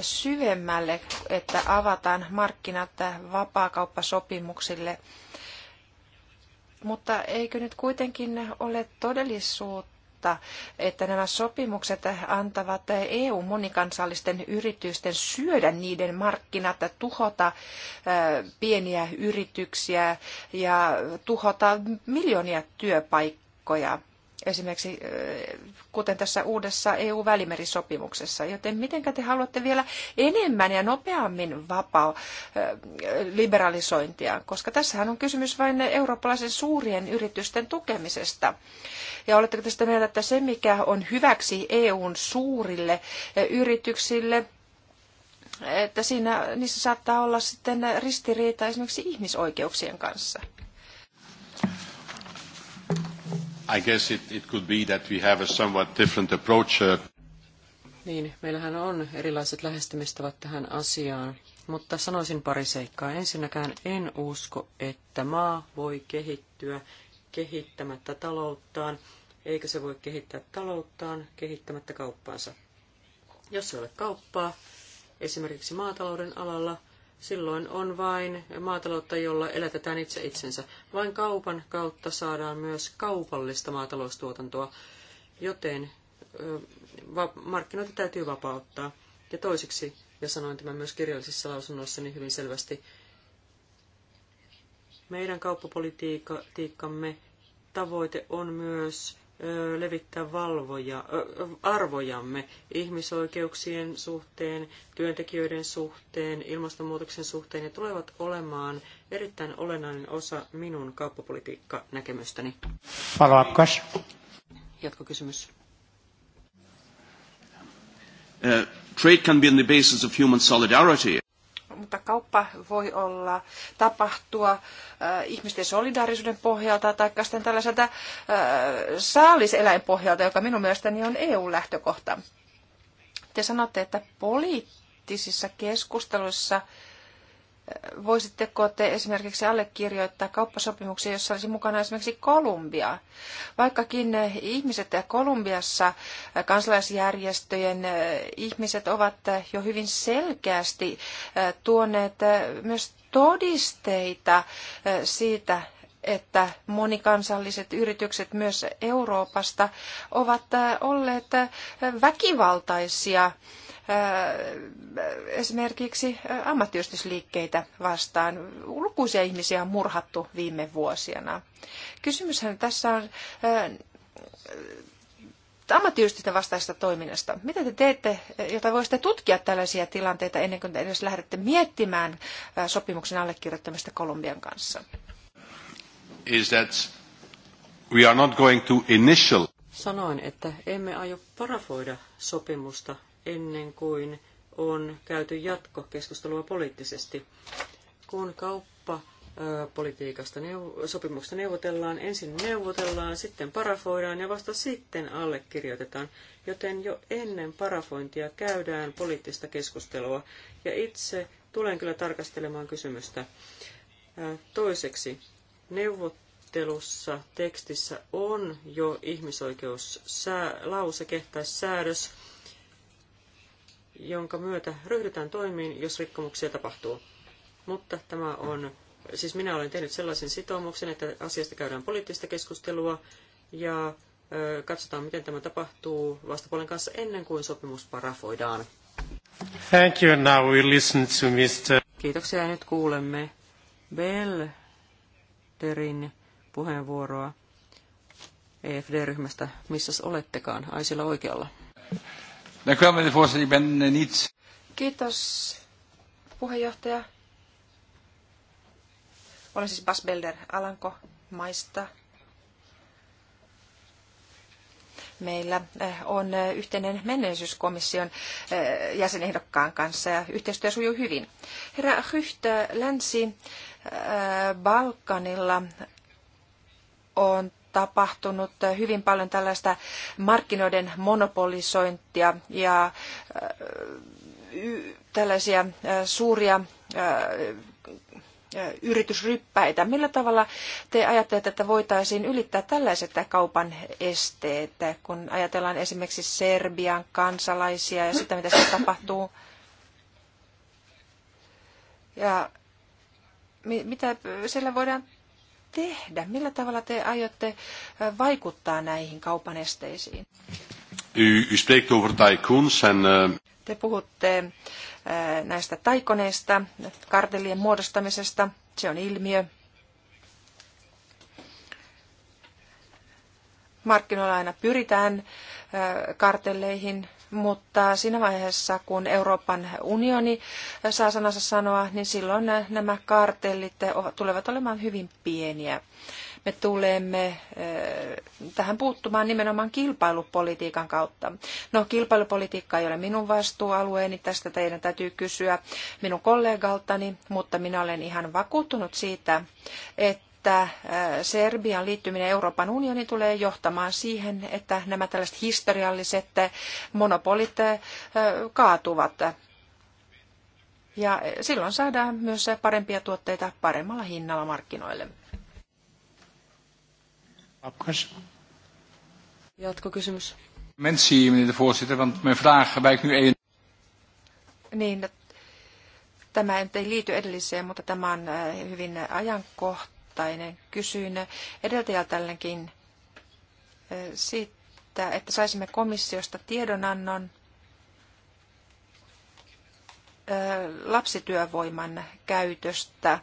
syvemmälle, että avataan markkinat vapaakauppasopimuksille. Mutta eikö nyt kuitenkin ole todellisuutta? totta, että nämä sopimukset antavat EU-monikansallisten yritysten syödä niiden markkinat, tuhota pieniä yrityksiä ja tuhota miljoonia työpaikkoja esimerkiksi kuten tässä uudessa EU-välimerisopimuksessa. Joten miten te haluatte vielä enemmän ja nopeammin vapaa liberalisointia, koska tässähän on kysymys vain eurooppalaisen suurien yritysten tukemisesta. Ja oletteko te sitä mieltä, että se mikä on hyväksi EUn suurille yrityksille, että siinä, niissä saattaa olla sitten ristiriita esimerkiksi ihmisoikeuksien kanssa? I guess it, it could be that we have a somewhat different approach. Uh, niin, meillähän on erilaiset lähestymistavat tähän asiaan, mutta sanoisin pari seikkaa. Ensinnäkään en usko, että maa voi kehittyä kehittämättä talouttaan, eikä se voi kehittää talouttaan kehittämättä kauppaansa. Jos ei ole kauppaa, esimerkiksi maatalouden alalla, Silloin on vain maataloutta, jolla elätetään itse itsensä. Vain kaupan kautta saadaan myös kaupallista maataloustuotantoa, joten markkinoita täytyy vapauttaa. Ja toiseksi, ja sanoin tämän myös kirjallisessa lausunnossani hyvin selvästi, meidän kauppapolitiikkamme tavoite on myös levittää valvoja, arvojamme ihmisoikeuksien suhteen, työntekijöiden suhteen, ilmastonmuutoksen suhteen ja tulevat olemaan erittäin olennainen osa minun kauppapolitiikka-näkemystäni. Palaakas. Jatkokysymys. Uh, trade can be on the basis of human solidarity mutta kauppa voi olla tapahtua äh, ihmisten solidaarisuuden pohjalta tai sitten tällaiselta äh, saaliseläinpohjalta, joka minun mielestäni on EU-lähtökohta. Te sanotte, että poliittisissa keskusteluissa voisitteko te esimerkiksi allekirjoittaa kauppasopimuksen, jossa olisi mukana esimerkiksi Kolumbia? Vaikkakin ihmiset Kolumbiassa, kansalaisjärjestöjen ihmiset ovat jo hyvin selkeästi tuoneet myös todisteita siitä, että monikansalliset yritykset myös Euroopasta ovat olleet väkivaltaisia esimerkiksi ammattiyhdistysliikkeitä vastaan. Lukuisia ihmisiä on murhattu viime vuosina. Kysymyshän tässä on ammattiyhdistyksen vastaista toiminnasta. Mitä te teette, jota voisitte tutkia tällaisia tilanteita ennen kuin te edes lähdette miettimään sopimuksen allekirjoittamista Kolumbian kanssa? Is that we are not going to initial. Sanoin, että emme aio parafoida sopimusta ennen kuin on käyty jatkokeskustelua poliittisesti. Kun kauppa politiikasta sopimuksesta neuvotellaan, ensin neuvotellaan, sitten parafoidaan ja vasta sitten allekirjoitetaan, joten jo ennen parafointia käydään poliittista keskustelua. Ja itse tulen kyllä tarkastelemaan kysymystä. Toiseksi, neuvottelussa tekstissä on jo ihmisoikeuslauseke tai säädös, jonka myötä ryhdytään toimiin, jos rikkomuksia tapahtuu. Mutta tämä on, siis minä olen tehnyt sellaisen sitoumuksen, että asiasta käydään poliittista keskustelua ja katsotaan, miten tämä tapahtuu vastapuolen kanssa ennen kuin sopimus parafoidaan. Thank you. Now we listen to Mr. Kiitoksia. Nyt kuulemme Belderin puheenvuoroa EFD-ryhmästä. Missä olettekaan? Ai siellä oikealla. Eh, Kiitos, puheenjohtaja. Olen siis Bas Belder Alanko maista. Meillä eh, on eh, yhteinen menneisyyskomission jäsenehdokkaan kanssa ja yhteistyö sujuu hyvin. Herra Hyhtö, Länsi-Balkanilla on tapahtunut hyvin paljon tällaista markkinoiden monopolisointia ja äh, tällaisia äh, suuria äh, yritysryppäitä. Millä tavalla te ajattelette, että voitaisiin ylittää tällaiset kaupan esteet, kun ajatellaan esimerkiksi Serbian kansalaisia ja sitä, mitä se tapahtuu? Ja mitä siellä voidaan tehdä? Millä tavalla te aiotte vaikuttaa näihin kaupan esteisiin? Eh, te puhutte näistä taikoneista, kartellien muodostamisesta. Se on ilmiö. Markkinoilla aina pyritään kartelleihin, mutta siinä vaiheessa, kun Euroopan unioni saa sanansa sanoa, niin silloin nämä kartellit tulevat olemaan hyvin pieniä. Me tulemme eh, tähän puuttumaan nimenomaan kilpailupolitiikan kautta. No, kilpailupolitiikka ei ole minun vastuualueeni, tästä teidän täytyy kysyä minun kollegaltani, mutta minä olen ihan vakuuttunut siitä, että että äh, Serbian liittyminen Euroopan unioniin tulee johtamaan siihen, että nämä tällaiset historialliset äh, monopolit äh, kaatuvat. Ja silloin saadaan myös parempia tuotteita paremmalla hinnalla markkinoille. Jatkokysymys. Niin, tämä ei liity edelliseen, mutta tämä on hyvin ajankohtainen tämänkaltainen. Kysyin edeltäjältällekin siitä, että saisimme komissiosta tiedonannon lapsityövoiman käytöstä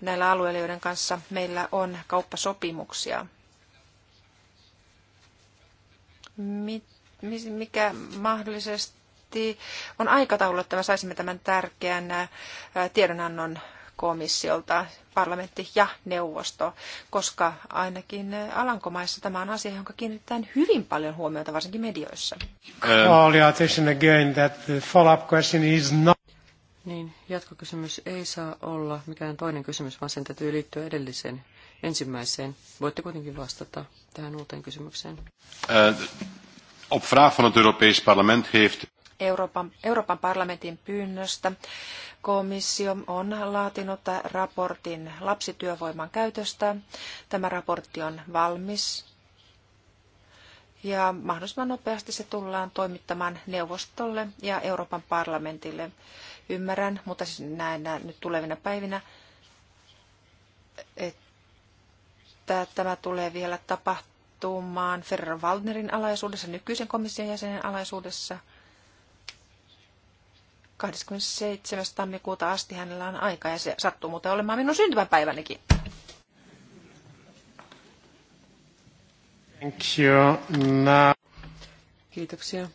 näillä alueilla, joiden kanssa meillä on kauppasopimuksia. Mikä mahdollisesti on aikataulu, että me saisimme tämän tärkeän tiedonannon komissiolta, parlamentti ja neuvosto, koska ainakin Alankomaissa tämä on asia, jonka kiinnitetään hyvin paljon huomiota, varsinkin medioissa. Niin, jatkokysymys ei saa olla mikään toinen kysymys, vaan sen täytyy liittyä edelliseen ensimmäiseen. Voitte kuitenkin vastata tähän uuteen kysymykseen. Äh, op vraag van het Europees Parlement heeft Euroopan, Euroopan parlamentin pyynnöstä Komissio on laatinut raportin lapsityövoiman käytöstä. Tämä raportti on valmis ja mahdollisimman nopeasti se tullaan toimittamaan neuvostolle ja Euroopan parlamentille. Ymmärrän, mutta siis näen nyt tulevina päivinä, että tämä tulee vielä tapahtumaan Ferrer Waldnerin alaisuudessa, nykyisen komission jäsenen alaisuudessa – 27. tammikuuta asti hänellä on aika ja se sattuu muuten olemaan minun syntymäpäivänikin. Thank you. Kiitoksia.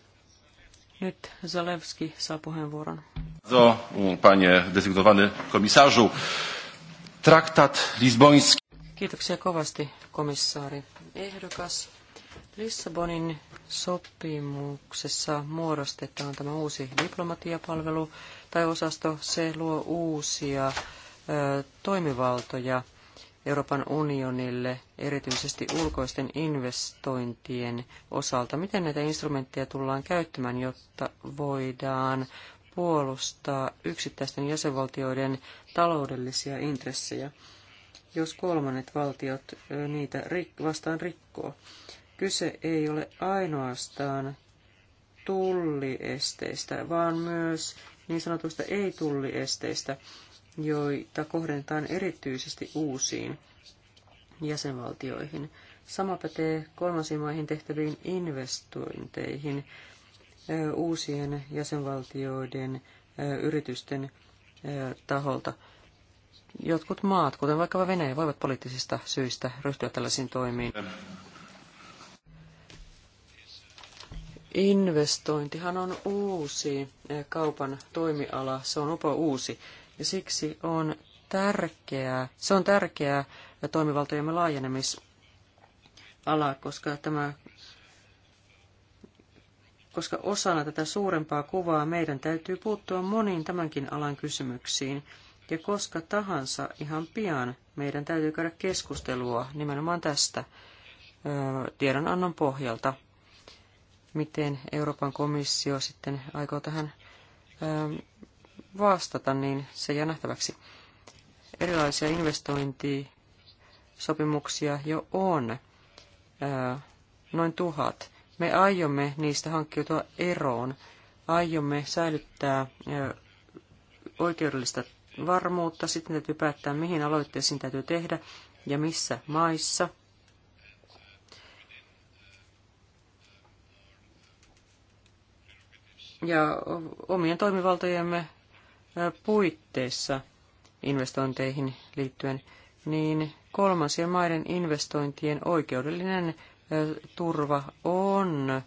Nyt Zalewski saa puheenvuoron. Do, panie desygnowany komisarzu. Traktat lisboński. Kiitoksia kovasti, komissaari ehdokas. Lissabonin sopimuksessa muodostetaan tämä uusi diplomatiapalvelu tai osasto. Se luo uusia ö, toimivaltoja Euroopan unionille, erityisesti ulkoisten investointien osalta. Miten näitä instrumentteja tullaan käyttämään, jotta voidaan puolustaa yksittäisten jäsenvaltioiden taloudellisia intressejä, jos kolmannet valtiot niitä vastaan rikkoo? kyse ei ole ainoastaan tulliesteistä, vaan myös niin sanotuista ei-tulliesteistä, joita kohdentaan erityisesti uusiin jäsenvaltioihin. Sama pätee kolmansiin maihin tehtäviin investointeihin uusien jäsenvaltioiden yritysten taholta. Jotkut maat, kuten vaikka Venäjä, voivat poliittisista syistä ryhtyä tällaisiin toimiin. Investointihan on uusi kaupan toimiala, se on upo uusi, ja siksi on tärkeää, se on tärkeää toimivaltojemme laajenemisala, koska tämä koska osana tätä suurempaa kuvaa meidän täytyy puuttua moniin tämänkin alan kysymyksiin. Ja koska tahansa ihan pian meidän täytyy käydä keskustelua nimenomaan tästä tiedonannon pohjalta miten Euroopan komissio sitten aikoo tähän vastata, niin se jää nähtäväksi. Erilaisia investointisopimuksia jo on, noin tuhat. Me aiomme niistä hankkiutua eroon. Aiomme säilyttää oikeudellista varmuutta. Sitten täytyy päättää, mihin aloitteisiin täytyy tehdä ja missä maissa – ja omien toimivaltojemme puitteissa investointeihin liittyen, niin kolmansien maiden investointien oikeudellinen turva on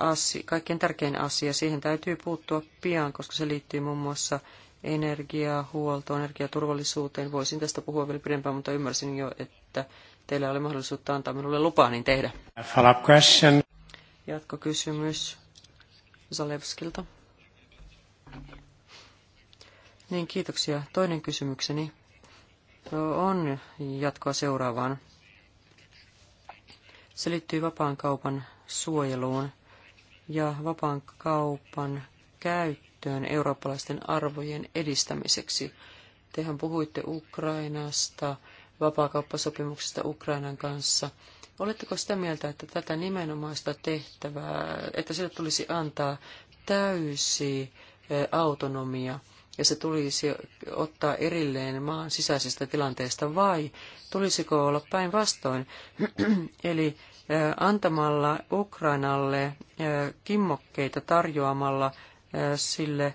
asia, kaikkein tärkein asia. Siihen täytyy puuttua pian, koska se liittyy muun muassa energiahuoltoon, energiaturvallisuuteen. Voisin tästä puhua vielä pidempään, mutta ymmärsin jo, että teillä oli mahdollisuutta antaa minulle lupaa niin tehdä. Jatkokysymys. Zalevskilta. Niin, kiitoksia. Toinen kysymykseni on jatkoa seuraavaan. Se liittyy vapaan kaupan suojeluun ja vapaan kaupan käyttöön eurooppalaisten arvojen edistämiseksi. Tehän puhuitte Ukrainasta, vapaakauppasopimuksesta Ukrainan kanssa – Oletteko sitä mieltä, että tätä nimenomaista tehtävää, että sille tulisi antaa täysi eh, autonomia ja se tulisi ottaa erilleen maan sisäisestä tilanteesta vai tulisiko olla päinvastoin? Eli eh, antamalla Ukrainalle eh, kimmokkeita tarjoamalla sille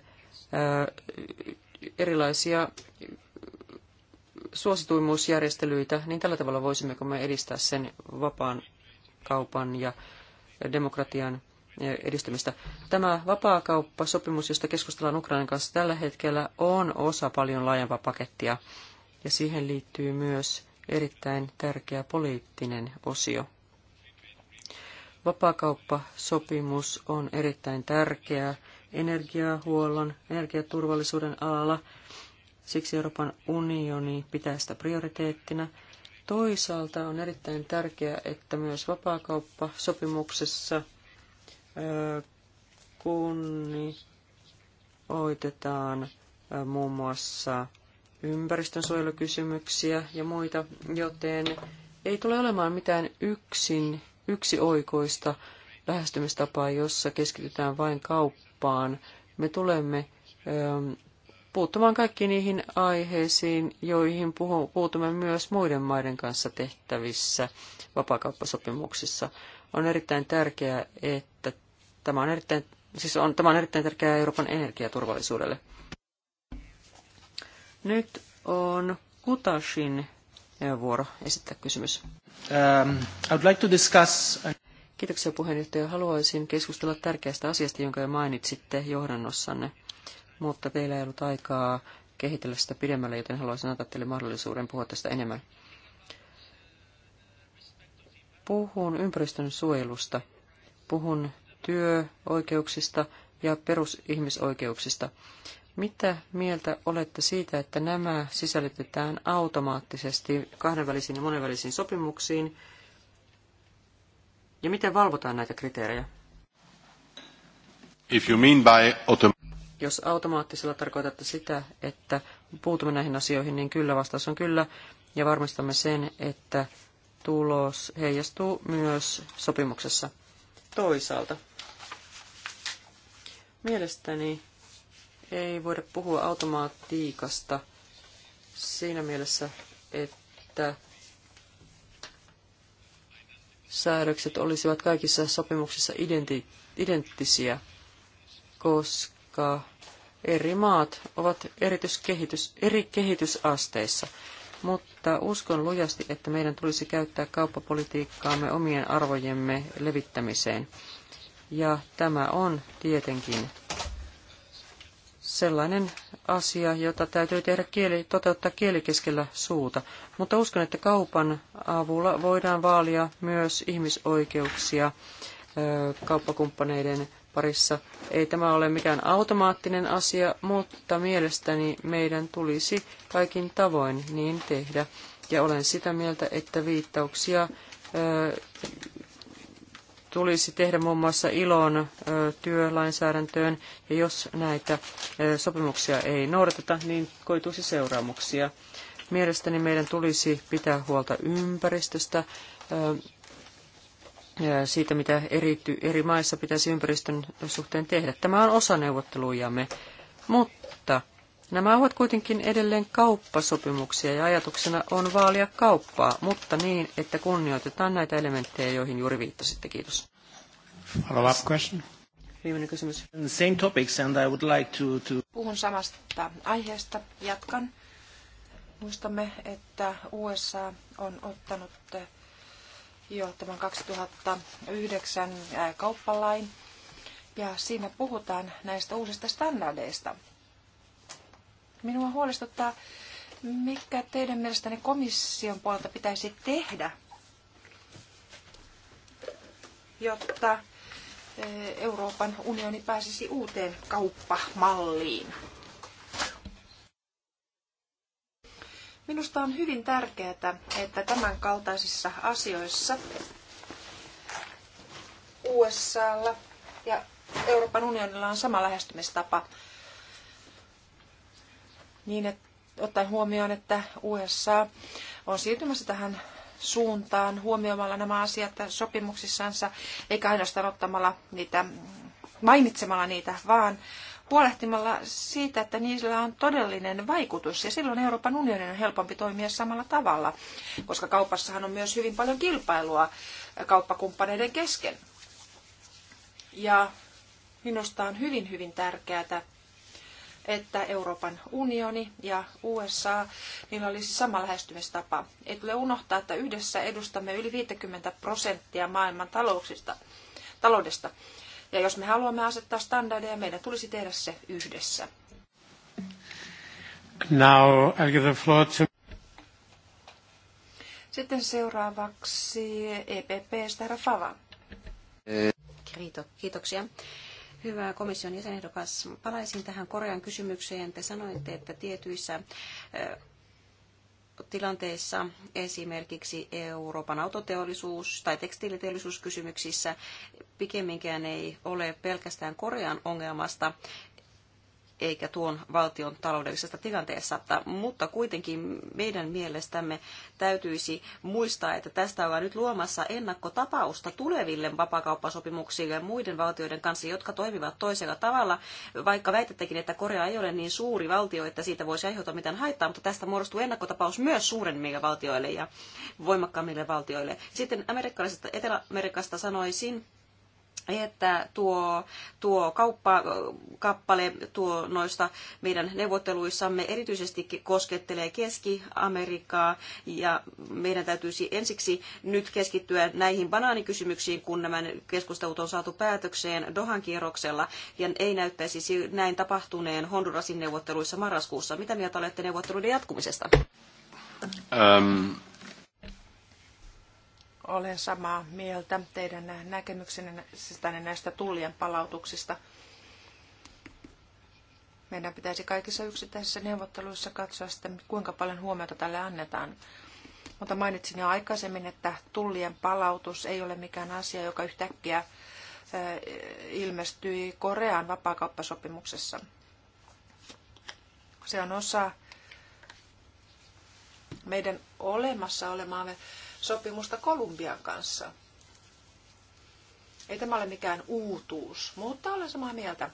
erilaisia suosituimmuusjärjestelyitä, niin tällä tavalla voisimmeko me edistää sen vapaan kaupan ja demokratian edistymistä. Tämä vapaakauppasopimus, josta keskustellaan Ukrainan kanssa tällä hetkellä, on osa paljon laajempaa pakettia. Ja siihen liittyy myös erittäin tärkeä poliittinen osio. Vapaakauppasopimus on erittäin tärkeä energiahuollon, energiaturvallisuuden alalla Siksi Euroopan unioni pitää sitä prioriteettina. Toisaalta on erittäin tärkeää, että myös sopimuksessa kunnioitetaan muun muassa ympäristönsuojelukysymyksiä ja muita, joten ei tule olemaan mitään yksin, yksioikoista lähestymistapaa, jossa keskitytään vain kauppaan. Me tulemme puuttumaan kaikkiin niihin aiheisiin, joihin puutumme myös muiden maiden kanssa tehtävissä vapaakauppasopimuksissa. On erittäin tärkeää, että tämä on erittäin, siis on, tämä on erittäin tärkeää Euroopan energiaturvallisuudelle. Nyt on Kutashin eh, vuoro esittää kysymys. Um, I would like to discuss... Kiitoksia puheenjohtaja. Haluaisin keskustella tärkeästä asiasta, jonka jo mainitsitte johdannossanne mutta teillä ei ollut aikaa kehitellä sitä pidemmälle, joten haluaisin antaa teille mahdollisuuden puhua tästä enemmän. Puhun ympäristön suojelusta, puhun työoikeuksista ja perusihmisoikeuksista. Mitä mieltä olette siitä, että nämä sisällytetään automaattisesti kahdenvälisiin ja monenvälisiin sopimuksiin? Ja miten valvotaan näitä kriteerejä? If you mean by autom- jos automaattisella tarkoitatte sitä, että puutumme näihin asioihin, niin kyllä vastaus on kyllä. Ja varmistamme sen, että tulos heijastuu myös sopimuksessa. Toisaalta mielestäni ei voida puhua automaattiikasta siinä mielessä, että säädökset olisivat kaikissa sopimuksissa identi- identtisiä, koska koska eri maat ovat eri kehitysasteissa. Mutta uskon lujasti, että meidän tulisi käyttää kauppapolitiikkaamme omien arvojemme levittämiseen. Ja tämä on tietenkin sellainen asia, jota täytyy tehdä kieli, toteuttaa kieli keskellä suuta. Mutta uskon, että kaupan avulla voidaan vaalia myös ihmisoikeuksia kauppakumppaneiden parissa. Ei tämä ole mikään automaattinen asia, mutta mielestäni meidän tulisi kaikin tavoin niin tehdä. Ja olen sitä mieltä, että viittauksia tulisi tehdä muun muassa ilon työlainsäädäntöön, ja jos näitä sopimuksia ei noudateta, niin koituisi seuraamuksia. Mielestäni meidän tulisi pitää huolta ympäristöstä, siitä, mitä eri, eri maissa pitäisi ympäristön suhteen tehdä. Tämä on osa neuvottelujamme, mutta nämä ovat kuitenkin edelleen kauppasopimuksia ja ajatuksena on vaalia kauppaa, mutta niin, että kunnioitetaan näitä elementtejä, joihin juuri viittasitte. Kiitos. Follow up question. Viimeinen kysymys. Same topics and I would like to, to... Puhun samasta aiheesta. Jatkan. Muistamme, että USA on ottanut jo tämän 2009 kauppalain. Ja siinä puhutaan näistä uusista standardeista. Minua huolestuttaa, mikä teidän mielestänne komission puolelta pitäisi tehdä, jotta Euroopan unioni pääsisi uuteen kauppamalliin. Minusta on hyvin tärkeää, että tämän kaltaisissa asioissa USAlla ja Euroopan unionilla on sama lähestymistapa niin, että ottaen huomioon, että USA on siirtymässä tähän suuntaan huomioimalla nämä asiat sopimuksissansa, eikä ainoastaan ottamalla niitä, mainitsemalla niitä, vaan huolehtimalla siitä, että niillä on todellinen vaikutus. Ja silloin Euroopan unionin on helpompi toimia samalla tavalla, koska kaupassahan on myös hyvin paljon kilpailua kauppakumppaneiden kesken. Ja minusta on hyvin, hyvin tärkeää, että Euroopan unioni ja USA, niillä olisi sama lähestymistapa. Ei tule unohtaa, että yhdessä edustamme yli 50 prosenttia maailman talouksista, taloudesta. Ja jos me haluamme asettaa standardeja, meidän tulisi tehdä se yhdessä. Now I'll give the floor to... Sitten seuraavaksi EPPstä herra Fava. kiitoksia. Hyvä komission jäsenehdokas. Palaisin tähän Korean kysymykseen. Te sanoitte, että tietyissä tilanteissa, esimerkiksi Euroopan autoteollisuus- tai tekstiiliteollisuuskysymyksissä, pikemminkään ei ole pelkästään Korean ongelmasta eikä tuon valtion taloudellisesta tilanteessa. Mutta kuitenkin meidän mielestämme täytyisi muistaa, että tästä ollaan nyt luomassa ennakkotapausta tuleville vapakauppasopimuksille muiden valtioiden kanssa, jotka toimivat toisella tavalla, vaikka väitettekin, että Korea ei ole niin suuri valtio, että siitä voisi aiheuttaa mitään haittaa, mutta tästä muodostuu ennakkotapaus myös suuremmille valtioille ja voimakkaammille valtioille. Sitten amerikkalaisesta, Etelä-Amerikasta sanoisin, että tuo, tuo kauppakappale tuo noista meidän neuvotteluissamme erityisesti koskettelee Keski-Amerikkaa ja meidän täytyisi ensiksi nyt keskittyä näihin banaanikysymyksiin, kun nämä keskustelut on saatu päätökseen Dohan kierroksella ja ei näyttäisi näin tapahtuneen Hondurasin neuvotteluissa marraskuussa. Mitä mieltä olette neuvotteluiden jatkumisesta? Um olen samaa mieltä teidän näkemyksenne näistä tullien palautuksista. Meidän pitäisi kaikissa yksittäisissä neuvotteluissa katsoa sitten, kuinka paljon huomiota tälle annetaan. Mutta mainitsin jo aikaisemmin, että tullien palautus ei ole mikään asia, joka yhtäkkiä ilmestyi Korean vapaakauppasopimuksessa. Se on osa meidän olemassa olemaamme sopimusta Kolumbian kanssa. Ei tämä ole mikään uutuus, mutta olen samaa mieltä.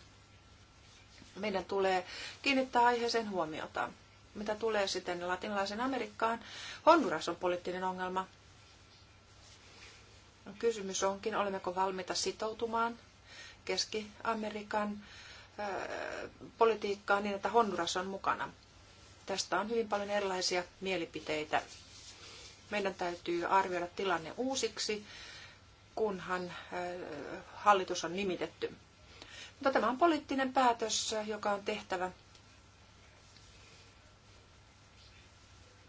Meidän tulee kiinnittää aiheeseen huomiota. Mitä tulee sitten latinalaisen Amerikkaan, Honduras on poliittinen ongelma. Kysymys onkin, olemmeko valmiita sitoutumaan Keski-Amerikan politiikkaan niin, että Honduras on mukana. Tästä on hyvin paljon erilaisia mielipiteitä meidän täytyy arvioida tilanne uusiksi, kunhan hallitus on nimitetty. Mutta tämä on poliittinen päätös, joka on tehtävä.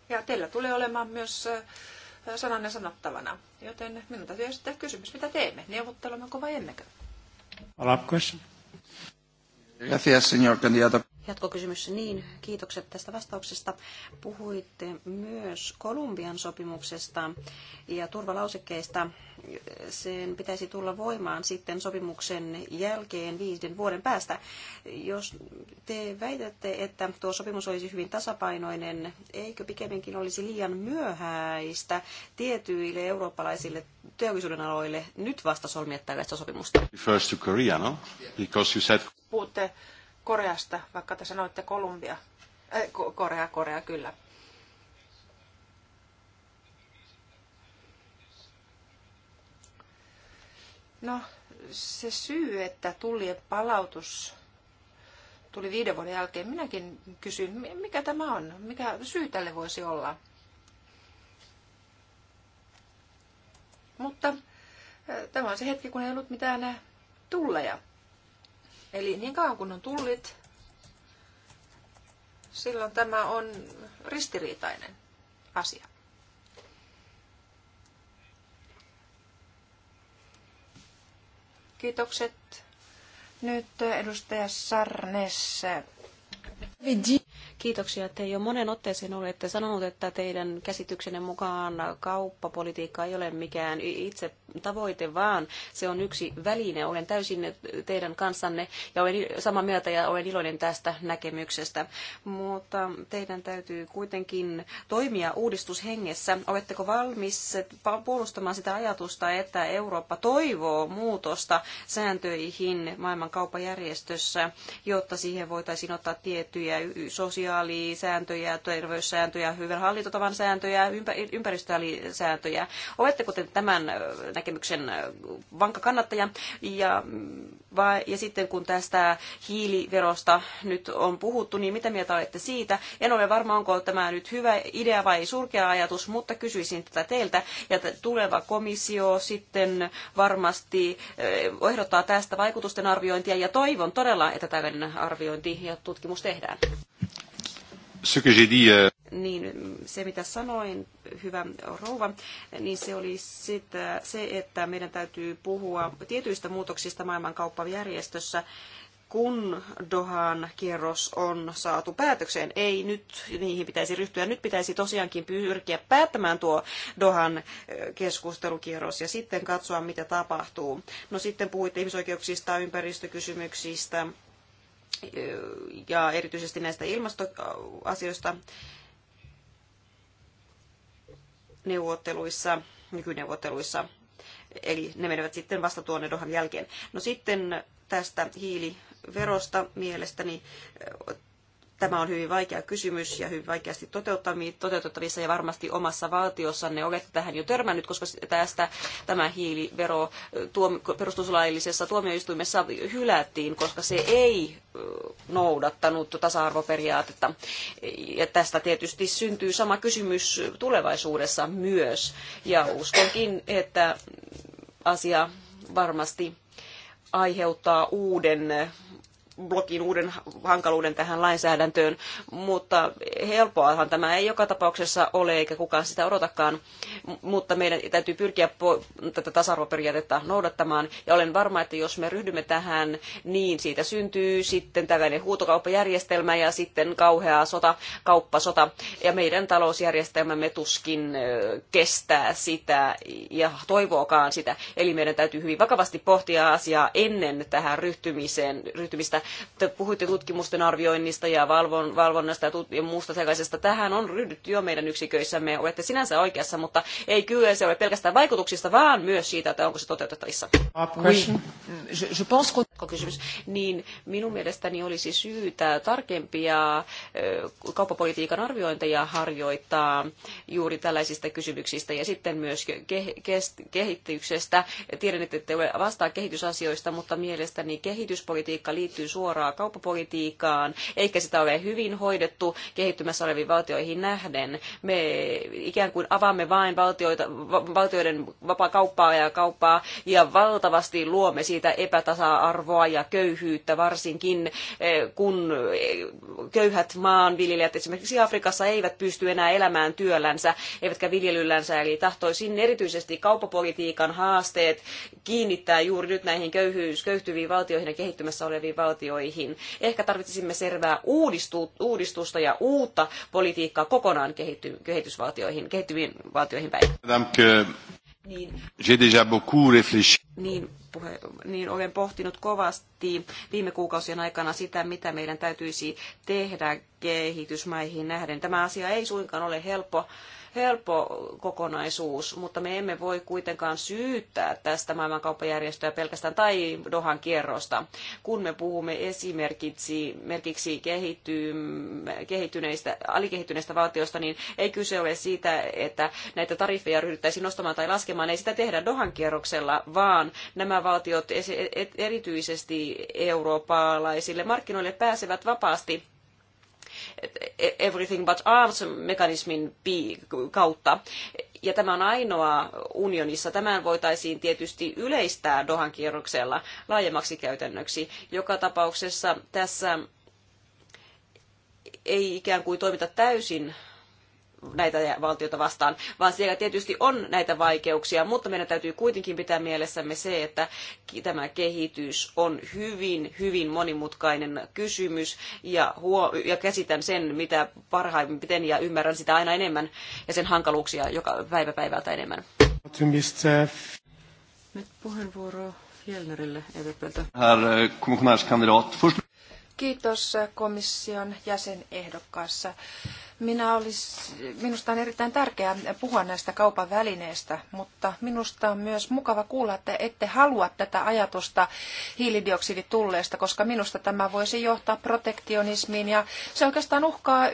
Ja teillä tulee olemaan myös sananne sanottavana. Joten minun täytyy esittää kysymys, mitä teemme? Neuvottelemmeko vai emmekö? Olaf question. Gracias, señor candidato. Jatkokysymys niin, kiitokset tästä vastauksesta. Puhuitte myös Kolumbian sopimuksesta ja turvalausekkeista. Sen pitäisi tulla voimaan sitten sopimuksen jälkeen viiden vuoden päästä. Jos te väitätte, että tuo sopimus olisi hyvin tasapainoinen, eikö pikemminkin olisi liian myöhäistä tietyille eurooppalaisille teollisuuden aloille nyt vasta solmia tällaista sopimusta? First to Korea, no? Because you said... Puhutte Koreasta, vaikka te sanoitte Kolumbia. Äh, Korea, Korea, kyllä. No, se syy, että tullien palautus tuli viiden vuoden jälkeen, minäkin kysyin, mikä tämä on, mikä syy tälle voisi olla. Mutta äh, tämä on se hetki, kun ei ollut mitään tulleja. Eli niin kauan kun on tullit, silloin tämä on ristiriitainen asia. Kiitokset. Nyt edustaja Sarnes. Kiitoksia. Te jo monen otteeseen olette sanonut, että teidän käsityksenne mukaan kauppapolitiikka ei ole mikään itse tavoite, vaan se on yksi väline. Olen täysin teidän kanssanne ja olen samaa mieltä ja olen iloinen tästä näkemyksestä. Mutta teidän täytyy kuitenkin toimia uudistushengessä. Oletteko valmis puolustamaan sitä ajatusta, että Eurooppa toivoo muutosta sääntöihin maailman kauppajärjestössä, jotta siihen voitaisiin ottaa tiettyjä sosiaalisia sosiaalisääntöjä, terveyssääntöjä, hyvän hallintotavan sääntöjä, ympäristösääntöjä. Oletteko te tämän näkemyksen vankka kannattaja? Ja, mm, vai, ja sitten kun tästä hiiliverosta nyt on puhuttu, niin mitä mieltä olette siitä? En ole varma, onko tämä nyt hyvä idea vai surkea ajatus, mutta kysyisin tätä teiltä. Ja tuleva komissio sitten varmasti ehdottaa tästä vaikutusten arviointia ja toivon todella, että tällainen arviointi ja tutkimus tehdään. Euh, niin, se mitä sanoin, hyvä rouva, niin se oli sitä, se, että meidän täytyy puhua tietyistä muutoksista maailmankauppajärjestössä, kun Dohan kierros on saatu päätökseen. Ei nyt niihin pitäisi ryhtyä. Nyt pitäisi tosiaankin pyrkiä päättämään tuo Dohan keskustelukierros ja sitten katsoa, mitä tapahtuu. No sitten puhuitte ihmisoikeuksista, ympäristökysymyksistä ja erityisesti näistä ilmastoasioista neuvotteluissa, nykyneuvotteluissa. Eli ne menevät sitten vasta tuonne Dohan jälkeen. No sitten tästä hiiliverosta mielestäni Tämä on hyvin vaikea kysymys ja hyvin vaikeasti toteutettavissa ja varmasti omassa valtiossanne olette tähän jo törmännyt, koska tästä tämä hiilivero tuom, perustuslaillisessa tuomioistuimessa hylättiin, koska se ei noudattanut tasa-arvoperiaatetta. Ja tästä tietysti syntyy sama kysymys tulevaisuudessa myös. Ja uskonkin, että asia varmasti aiheuttaa uuden blogin uuden hankaluuden tähän lainsäädäntöön, mutta helpoahan tämä ei joka tapauksessa ole, eikä kukaan sitä odotakaan, mutta meidän täytyy pyrkiä tätä tasa-arvoperiaatetta noudattamaan, ja olen varma, että jos me ryhdymme tähän, niin siitä syntyy sitten tällainen huutokauppajärjestelmä ja sitten kauhea sota, kauppasota, ja meidän talousjärjestelmämme tuskin kestää sitä ja toivookaan sitä, eli meidän täytyy hyvin vakavasti pohtia asiaa ennen tähän ryhtymiseen, ryhtymistä te puhuitte tutkimusten arvioinnista ja valvon, valvonnasta ja, tut- ja muusta sellaisesta. Tähän on ryhdytty jo meidän yksiköissämme. Olette sinänsä oikeassa, mutta ei kyllä se ole pelkästään vaikutuksista, vaan myös siitä, että onko se toteutettavissa. Kysymys. Niin minun mielestäni olisi syytä tarkempia kauppapolitiikan arviointeja harjoittaa juuri tällaisista kysymyksistä ja sitten myös kehityksestä. Tiedän, että ette vastaa kehitysasioista, mutta mielestäni kehityspolitiikka liittyy suoraa kauppapolitiikkaan, eikä sitä ole hyvin hoidettu kehittymässä oleviin valtioihin nähden. Me ikään kuin avaamme vain valtioita, valtioiden vapaa kauppaa ja kauppaa ja valtavasti luomme siitä epätasa-arvoa ja köyhyyttä varsinkin, eh, kun eh, köyhät maanviljelijät esimerkiksi Afrikassa eivät pysty enää elämään työllänsä, eivätkä viljelyllänsä. Eli tahtoisin erityisesti kauppapolitiikan haasteet kiinnittää juuri nyt näihin köyhyys, köyhtyviin valtioihin ja kehittymässä oleviin valtioihin jäsenvaltioihin. Ehkä tarvitsisimme selvää uudistusta ja uutta politiikkaa kokonaan kehitty, kehitysvaltioihin, kehittyviin valtioihin päin. Niin. J'ai déjà beaucoup Niin, puhe, niin olen pohtinut kovasti viime kuukausien aikana sitä, mitä meidän täytyisi tehdä kehitysmaihin nähden. Tämä asia ei suinkaan ole helppo helppo kokonaisuus, mutta me emme voi kuitenkaan syyttää tästä maailmankauppajärjestöä pelkästään tai Dohan kierrosta. Kun me puhumme esimerkiksi merkiksi kehittyneistä, alikehittyneistä valtioista, niin ei kyse ole siitä, että näitä tariffeja ryhdyttäisiin nostamaan tai laskemaan. Ei sitä tehdä Dohan kierroksella, vaan nämä valtiot e-, erityisesti eurooppalaisille markkinoille pääsevät vapaasti Everything But Arms-mekanismin kautta. Ja tämä on ainoa unionissa. Tämän voitaisiin tietysti yleistää Dohan kierroksella laajemmaksi käytännöksi. Joka tapauksessa tässä ei ikään kuin toimita täysin näitä valtioita vastaan, vaan siellä tietysti on näitä vaikeuksia, mutta meidän täytyy kuitenkin pitää mielessämme se, että tämä kehitys on hyvin, hyvin monimutkainen kysymys ja, huo- ja käsitän sen, mitä parhaiten ja ymmärrän sitä aina enemmän ja sen hankaluuksia joka päivä päivältä enemmän. Nyt puheenvuoro Fjellnerille EVPltä. Herr eh, Kiitos eh, komission jäsenehdokkaassa. Minä olis, minusta on erittäin tärkeää puhua näistä kaupan välineistä, mutta minusta on myös mukava kuulla, että ette halua tätä ajatusta hiilidioksiditulleesta, koska minusta tämä voisi johtaa protektionismiin ja se oikeastaan uhkaa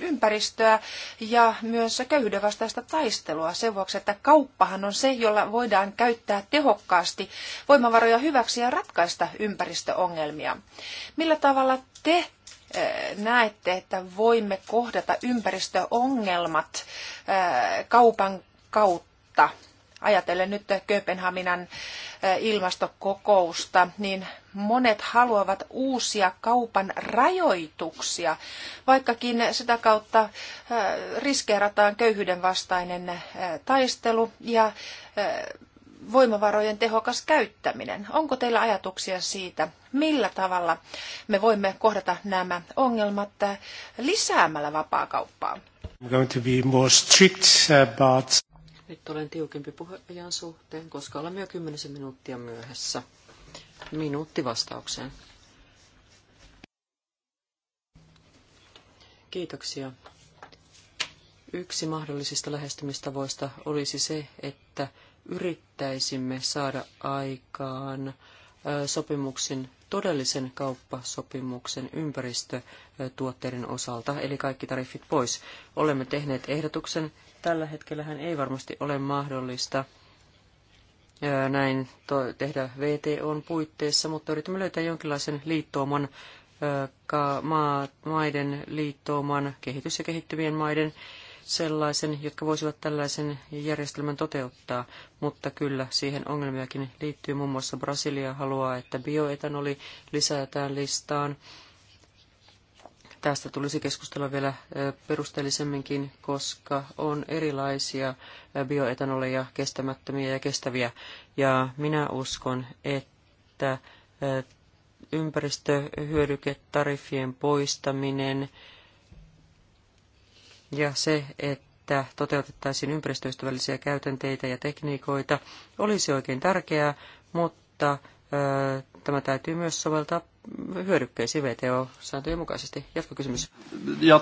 ympäristöä ja myös köyhyyden vastaista taistelua sen vuoksi, että kauppahan on se, jolla voidaan käyttää tehokkaasti voimavaroja hyväksi ja ratkaista ympäristöongelmia. Millä tavalla te näette, että voimme kohdata ympäristöongelmat kaupan kautta? Ajatellen nyt Kööpenhaminan ilmastokokousta, niin monet haluavat uusia kaupan rajoituksia, vaikkakin sitä kautta riskeerataan köyhyyden vastainen taistelu ja voimavarojen tehokas käyttäminen. Onko teillä ajatuksia siitä, millä tavalla me voimme kohdata nämä ongelmat lisäämällä vapaakauppaa? I'm going to be more strict about... Nyt olen tiukempi puheenjohtajan suhteen, koska olemme jo kymmenisen minuuttia myöhässä. Minuutti vastaukseen. Kiitoksia. Yksi mahdollisista lähestymistavoista olisi se, että yrittäisimme saada aikaan sopimuksen todellisen kauppasopimuksen ympäristötuotteiden osalta, eli kaikki tariffit pois. Olemme tehneet ehdotuksen. Tällä hetkellähän ei varmasti ole mahdollista näin tehdä VTOn puitteissa, mutta yritämme löytää jonkinlaisen liittooman maiden liittooman kehitys- ja kehittyvien maiden sellaisen, jotka voisivat tällaisen järjestelmän toteuttaa, mutta kyllä siihen ongelmiakin liittyy. Muun muassa Brasilia haluaa, että bioetanoli lisätään listaan. Tästä tulisi keskustella vielä perusteellisemminkin, koska on erilaisia bioetanoleja, kestämättömiä ja kestäviä. Ja minä uskon, että ympäristöhyödyketariffien poistaminen, ja se, että toteutettaisiin ympäristöystävällisiä käytänteitä ja tekniikoita, olisi oikein tärkeää, mutta tämä täytyy myös soveltaa hyödykkeisiin VTO-sääntöjen mukaisesti. Jatkokysymys. Ja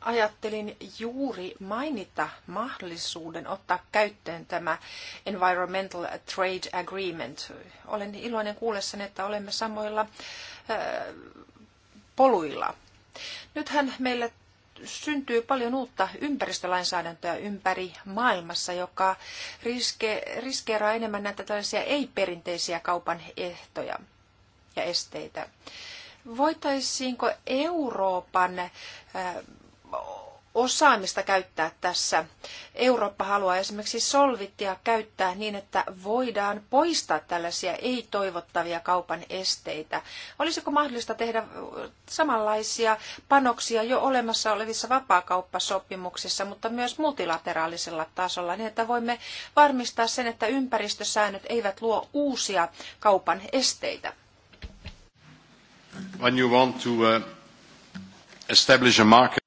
Ajattelin juuri mainita mahdollisuuden ottaa käyttöön tämä Environmental Trade Agreement. Olen iloinen kuullessani, että olemme samoilla poluilla. Nythän meillä syntyy paljon uutta ympäristölainsäädäntöä ympäri maailmassa, joka riske, riskeeraa enemmän näitä tällaisia ei-perinteisiä kaupan ehtoja ja esteitä. Voitaisiinko Euroopan osaamista käyttää tässä. Eurooppa haluaa esimerkiksi solvittia käyttää niin, että voidaan poistaa tällaisia ei-toivottavia kaupan esteitä. Olisiko mahdollista tehdä samanlaisia panoksia jo olemassa olevissa vapaakauppasopimuksissa, mutta myös multilateraalisella tasolla, niin että voimme varmistaa sen, että ympäristösäännöt eivät luo uusia kaupan esteitä? When you want to, uh, establish a market.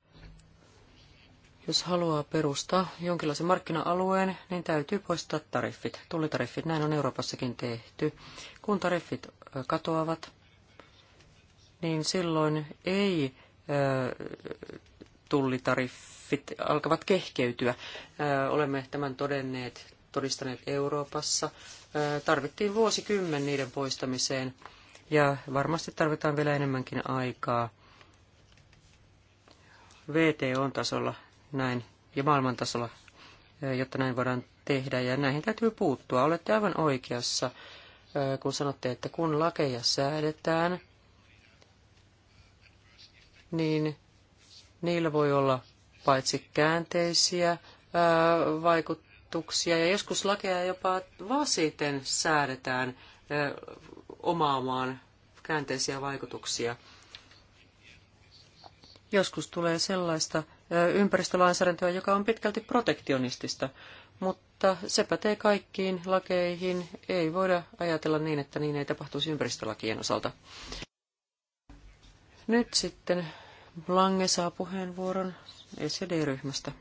Jos haluaa perustaa jonkinlaisen markkina-alueen, niin täytyy poistaa tariffit, tullitariffit. Näin on Euroopassakin tehty. Kun tariffit katoavat, niin silloin ei tullitariffit alkavat kehkeytyä. Olemme tämän todenneet, todistaneet Euroopassa. Tarvittiin vuosikymmen niiden poistamiseen ja varmasti tarvitaan vielä enemmänkin aikaa. VTO-tasolla näin ja maailman tasolla, jotta näin voidaan tehdä ja näihin täytyy puuttua. Olette aivan oikeassa, kun sanotte, että kun lakeja säädetään, niin niillä voi olla paitsi käänteisiä vaikutuksia ja joskus lakeja jopa vasiten säädetään omaamaan käänteisiä vaikutuksia. Joskus tulee sellaista ympäristölainsäädäntöä, joka on pitkälti protektionistista, mutta se pätee kaikkiin lakeihin. Ei voida ajatella niin, että niin ei tapahtuisi ympäristölakien osalta. Nyt sitten Lange saa puheenvuoron SED-ryhmästä.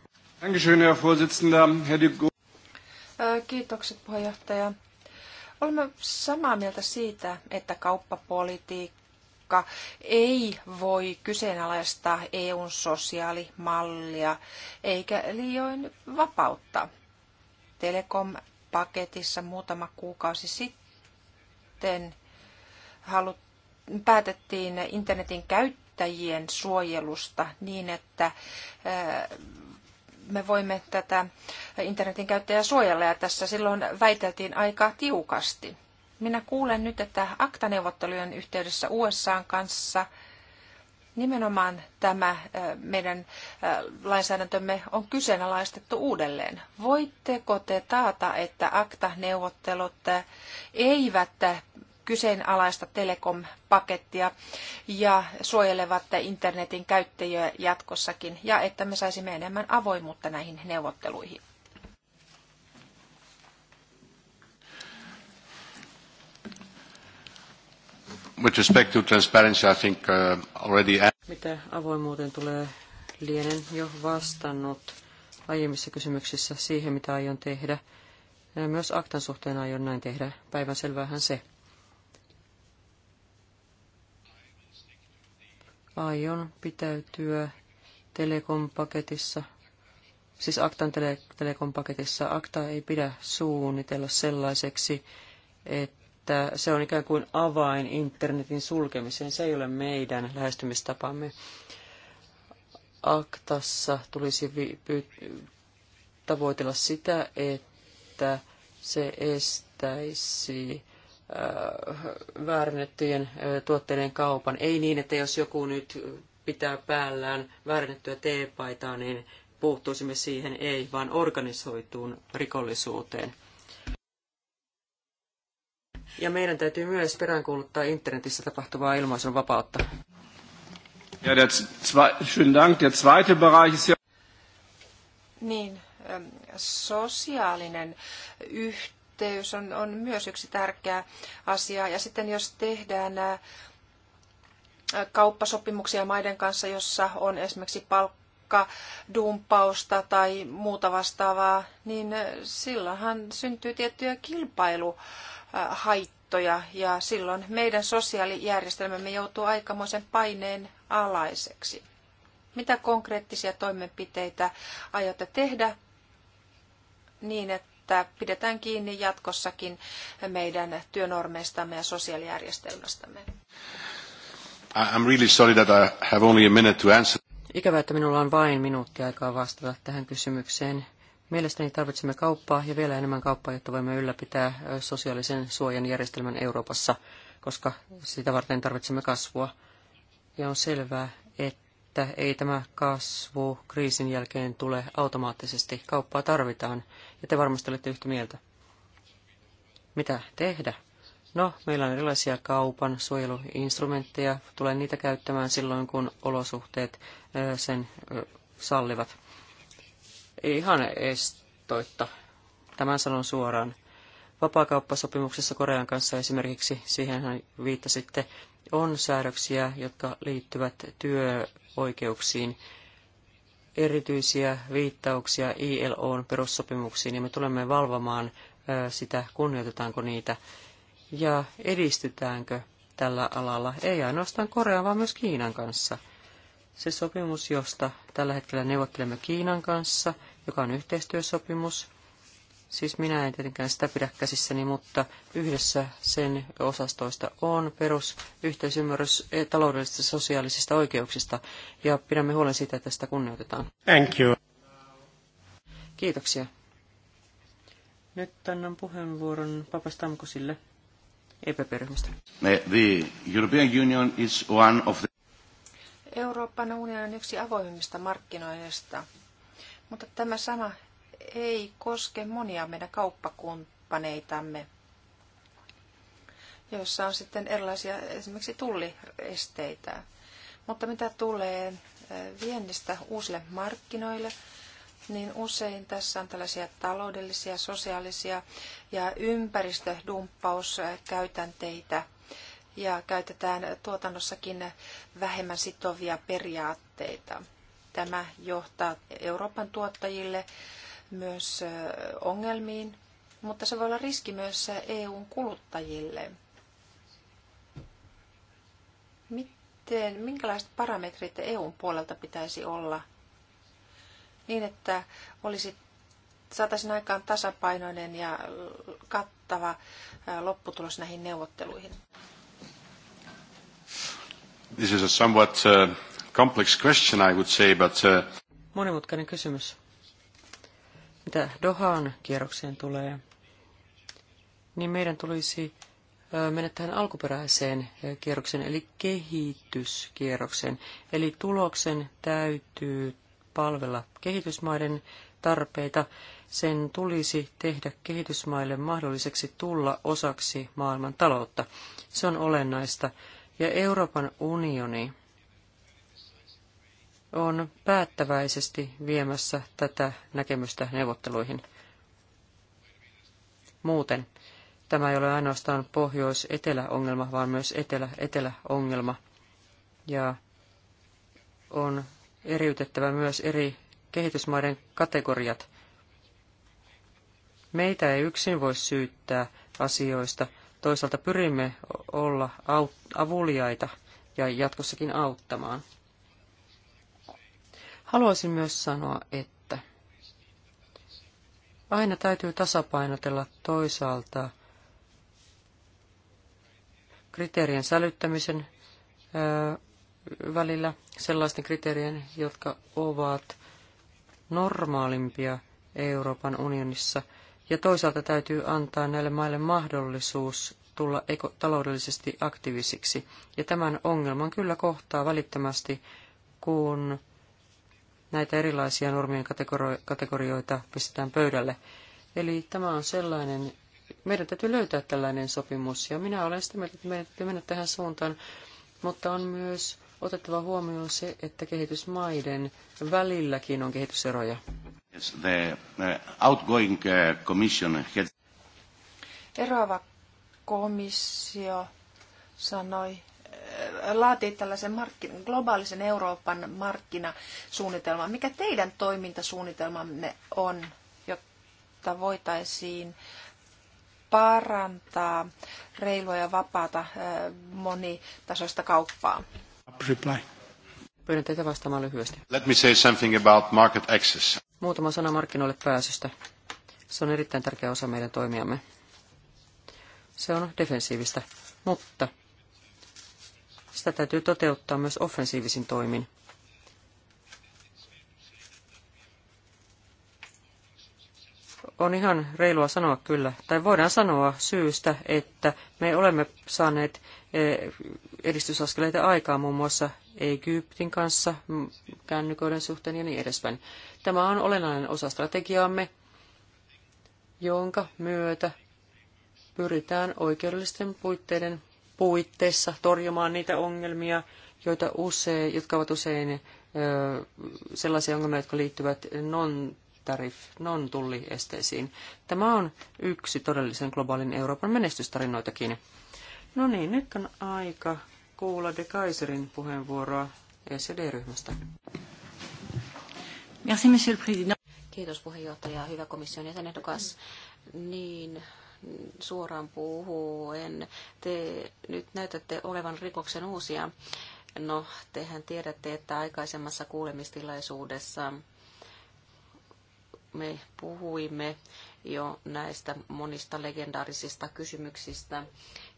Kiitokset puheenjohtaja. Olemme samaa mieltä siitä, että kauppapolitiikka Kreikka ei voi kyseenalaistaa EUn sosiaalimallia eikä liioin vapautta. Telekom-paketissa muutama kuukausi sitten halut, päätettiin internetin käyttäjien suojelusta niin, että me voimme tätä internetin käyttäjää suojella ja tässä silloin väiteltiin aika tiukasti. Minä kuulen nyt, että aktaneuvottelujen yhteydessä USA kanssa nimenomaan tämä äh, meidän äh, lainsäädäntömme on kyseenalaistettu uudelleen. Voitteko te taata, että akta-neuvottelut äh, eivät kyseenalaista telekom-pakettia ja suojelevat internetin käyttäjiä jatkossakin, ja että me saisimme enemmän avoimuutta näihin neuvotteluihin? With respect to transparency, I think uh, already... Mitä avoimuuteen tulee, lienen jo vastannut aiemmissa kysymyksissä siihen, mitä aion tehdä. Myös aktan suhteen aion näin tehdä. Päivän se. Aion pitäytyä telekompaketissa, siis aktan tele- telekompaketissa. Akta ei pidä suunnitella sellaiseksi, että että se on ikään kuin avain internetin sulkemiseen. Se ei ole meidän lähestymistapamme. Aktassa tulisi tavoitella sitä, että se estäisi äh, väärennettyjen äh, tuotteiden kaupan. Ei niin, että jos joku nyt pitää päällään väärennettyä teepaitaa, niin puuttuisimme siihen ei, vaan organisoituun rikollisuuteen. Ja meidän täytyy myös peräänkuuluttaa internetissä tapahtuvaa ilmaisun vapautta. Ja, der, zwei, schönen Dank. Der zweite Bereich ist ja... Niin, ähm, sosiaalinen yhteys on, on myös yksi tärkeä asia. Ja sitten jos tehdään äh, kauppasopimuksia maiden kanssa, jossa on esimerkiksi palkka, dumppausta tai muuta vastaavaa, niin silloinhan syntyy tiettyjä kilpailuhaittoja ja silloin meidän sosiaalijärjestelmämme joutuu aikamoisen paineen alaiseksi. Mitä konkreettisia toimenpiteitä aiotte tehdä niin, että pidetään kiinni jatkossakin meidän työnormeistamme ja sosiaalijärjestelmästämme? I'm really sorry that I have only a minute to answer. Ikävä, että minulla on vain minuutti aikaa vastata tähän kysymykseen. Mielestäni tarvitsemme kauppaa ja vielä enemmän kauppaa, jotta voimme ylläpitää sosiaalisen suojan järjestelmän Euroopassa, koska sitä varten tarvitsemme kasvua. Ja on selvää, että ei tämä kasvu kriisin jälkeen tule automaattisesti. Kauppaa tarvitaan, ja te varmasti olette yhtä mieltä. Mitä tehdä? No, meillä on erilaisia kaupan suojeluinstrumentteja. Tulen niitä käyttämään silloin, kun olosuhteet sen sallivat. Ihan estoitta. Tämän sanon suoraan. Vapaakauppasopimuksessa Korean kanssa esimerkiksi, siihen viittasitte, on säädöksiä, jotka liittyvät työoikeuksiin, erityisiä viittauksia ILOn perussopimuksiin, ja me tulemme valvomaan sitä, kunnioitetaanko niitä ja edistytäänkö tällä alalla, ei ainoastaan Korean, vaan myös Kiinan kanssa. Se sopimus, josta tällä hetkellä neuvottelemme Kiinan kanssa, joka on yhteistyösopimus, siis minä en tietenkään sitä pidä käsissäni, mutta yhdessä sen osastoista on perusyhteisymmärrys e, taloudellisista ja sosiaalisista oikeuksista, ja pidämme huolen siitä, että sitä kunnioitetaan. Thank you. Kiitoksia. Nyt annan puheenvuoron Papastamkosille. EPP-ryhmästä. The European Union is one of the... Euroopan unioni on yksi avoimimmista markkinoista, mutta tämä sama ei koske monia meidän kauppakumppaneitamme, joissa on sitten erilaisia esimerkiksi tulliesteitä. Mutta mitä tulee eh, viennistä uusille markkinoille, niin usein tässä on tällaisia taloudellisia, sosiaalisia ja ympäristödumppauskäytänteitä ja käytetään tuotannossakin vähemmän sitovia periaatteita. Tämä johtaa Euroopan tuottajille myös ongelmiin, mutta se voi olla riski myös EUn kuluttajille. Miten, minkälaiset parametrit EUn puolelta pitäisi olla – niin, että olisi, saataisiin aikaan tasapainoinen ja kattava lopputulos näihin neuvotteluihin? This is a somewhat uh, complex question, I would say, but... Uh... Monimutkainen kysymys. Mitä Dohaan kierrokseen tulee, niin meidän tulisi mennä tähän alkuperäiseen kierrokseen, eli kehityskierrokseen. Eli tuloksen täytyy palvella kehitysmaiden tarpeita. Sen tulisi tehdä kehitysmaille mahdolliseksi tulla osaksi maailman taloutta. Se on olennaista. Ja Euroopan unioni on päättäväisesti viemässä tätä näkemystä neuvotteluihin. Muuten tämä ei ole ainoastaan pohjois-etelä-ongelma, vaan myös etelä-etelä-ongelma. Ja on eriytettävä myös eri kehitysmaiden kategoriat. Meitä ei yksin voi syyttää asioista. Toisaalta pyrimme olla avuliaita ja jatkossakin auttamaan. Haluaisin myös sanoa, että aina täytyy tasapainotella toisaalta kriteerien sälyttämisen välillä sellaisten kriteerien, jotka ovat normaalimpia Euroopan unionissa. Ja toisaalta täytyy antaa näille maille mahdollisuus tulla taloudellisesti aktiivisiksi. Ja tämän ongelman kyllä kohtaa välittömästi, kun näitä erilaisia normien kategorioita pistetään pöydälle. Eli tämä on sellainen, meidän täytyy löytää tällainen sopimus, ja minä olen sitä mieltä, että meidän täytyy mennä tähän suuntaan, mutta on myös otettava huomioon se, että kehitysmaiden välilläkin on kehityseroja. Yes, the outgoing uh, commission Eroava komissio sanoi, äh, laatii tällaisen globaalisen Euroopan markkinasuunnitelman. Mikä teidän toimintasuunnitelmanne on, jotta voitaisiin parantaa reilua ja vapaata äh, monitasoista kauppaa? reply. Pyydän teitä vastaamaan lyhyesti. Let me say something about market access. Muutama sana markkinoille pääsystä. Se on erittäin tärkeä osa meidän toimiamme. Se on defensiivistä, mutta sitä täytyy toteuttaa myös offensiivisin toimin. on ihan reilua sanoa kyllä, tai voidaan sanoa syystä, että me olemme saaneet eh, edistysaskeleita aikaa muun muassa Egyptin kanssa, kännyköiden suhteen ja niin edespäin. Tämä on olennainen osa strategiaamme, jonka myötä pyritään oikeudellisten puitteiden puitteissa torjumaan niitä ongelmia, joita usein, jotka ovat usein eh, sellaisia ongelmia, jotka liittyvät non tariff, non-tulliesteisiin. Tämä on yksi todellisen globaalin Euroopan menestystarinoitakin. No niin, nyt on aika kuulla De Kaiserin puheenvuoroa ECD-ryhmästä. Merci, monsieur le président. Kiitos puheenjohtaja, hyvä komission jäsenehdokas. Niin, suoraan puhuen, te nyt näytätte olevan rikoksen uusia. No, tehän tiedätte, että aikaisemmassa kuulemistilaisuudessa me puhuimme jo näistä monista legendaarisista kysymyksistä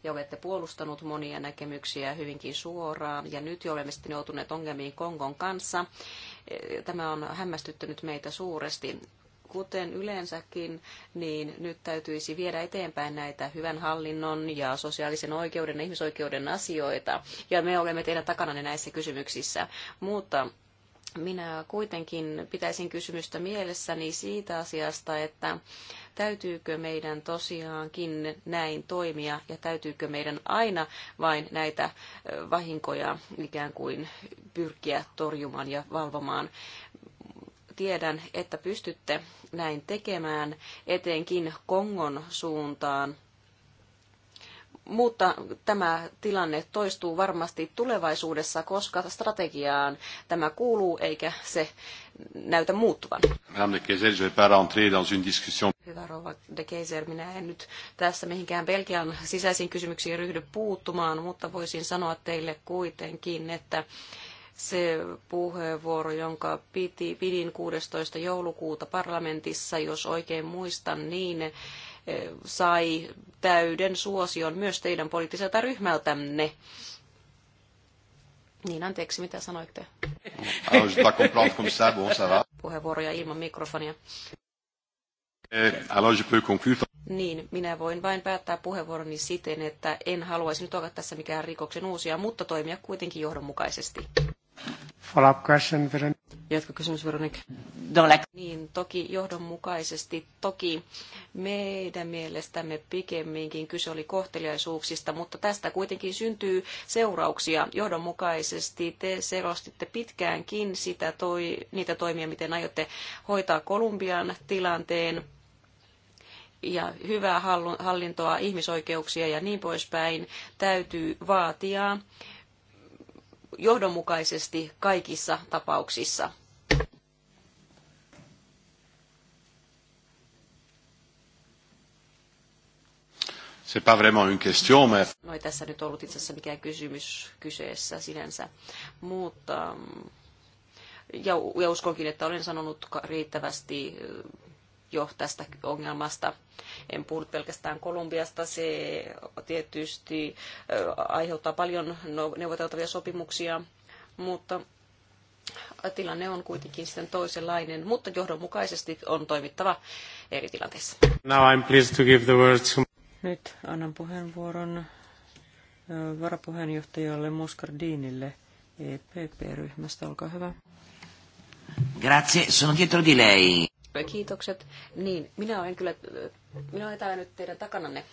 ja olette puolustanut monia näkemyksiä hyvinkin suoraan. Ja nyt jo olemme sitten joutuneet ongelmiin Kongon kanssa. Tämä on hämmästyttänyt meitä suuresti kuten yleensäkin, niin nyt täytyisi viedä eteenpäin näitä hyvän hallinnon ja sosiaalisen oikeuden ja ihmisoikeuden asioita. Ja me olemme teidän takana näissä kysymyksissä. Mutta minä kuitenkin pitäisin kysymystä mielessäni siitä asiasta, että täytyykö meidän tosiaankin näin toimia ja täytyykö meidän aina vain näitä vahinkoja ikään kuin pyrkiä torjumaan ja valvomaan. Tiedän, että pystytte näin tekemään etenkin Kongon suuntaan mutta tämä tilanne toistuu varmasti tulevaisuudessa, koska strategiaan tämä kuuluu eikä se näytä muuttuvan. Madame de je vais pas rentrer dans une discussion. Hyvä rouva de Keiser, minä en nyt tässä mihinkään Belgian sisäisiin kysymyksiin ryhdy puuttumaan, mutta voisin sanoa teille kuitenkin, että se puheenvuoro, jonka piti, pidin 16. joulukuuta parlamentissa, jos oikein muistan, niin sai täyden suosion myös teidän poliittiselta ryhmältänne. Niin, anteeksi, mitä sanoitte? Ah, Puheenvuoroja ilman mikrofonia. Eh, niin, minä voin vain päättää puheenvuoroni siten, että en haluaisi nyt olla tässä mikään rikoksen uusia, mutta toimia kuitenkin johdonmukaisesti. Follow-up question, Jatkokysymys, Veronik. Niin, toki johdonmukaisesti, toki meidän mielestämme pikemminkin kyse oli kohteliaisuuksista, mutta tästä kuitenkin syntyy seurauksia johdonmukaisesti. Te selostitte pitkäänkin sitä toi, niitä toimia, miten aiotte hoitaa Kolumbian tilanteen ja hyvää hallintoa, ihmisoikeuksia ja niin poispäin täytyy vaatia johdonmukaisesti kaikissa tapauksissa. C'est pas vraiment une question, mais... No ei tässä nyt ollut itse asiassa mikään kysymys kyseessä sinänsä, mutta... Mm, ja, ja uskonkin, että olen sanonut riittävästi jo tästä ongelmasta. En puhu pelkästään Kolumbiasta, se tietysti aiheuttaa paljon no-, neuvoteltavia sopimuksia, mutta tilanne on kuitenkin sitten toisenlainen, mutta johdonmukaisesti on toimittava eri tilanteissa. Now I'm pleased to give the word to... Nyt annan puheenvuoron varapuheenjohtajalle Moscardinille EPP-ryhmästä. Olkaa hyvä. Grazie, sono dietro di lei. Kiitokset. Niin, minä olen kyllä, minä olen täällä nyt teidän takananne.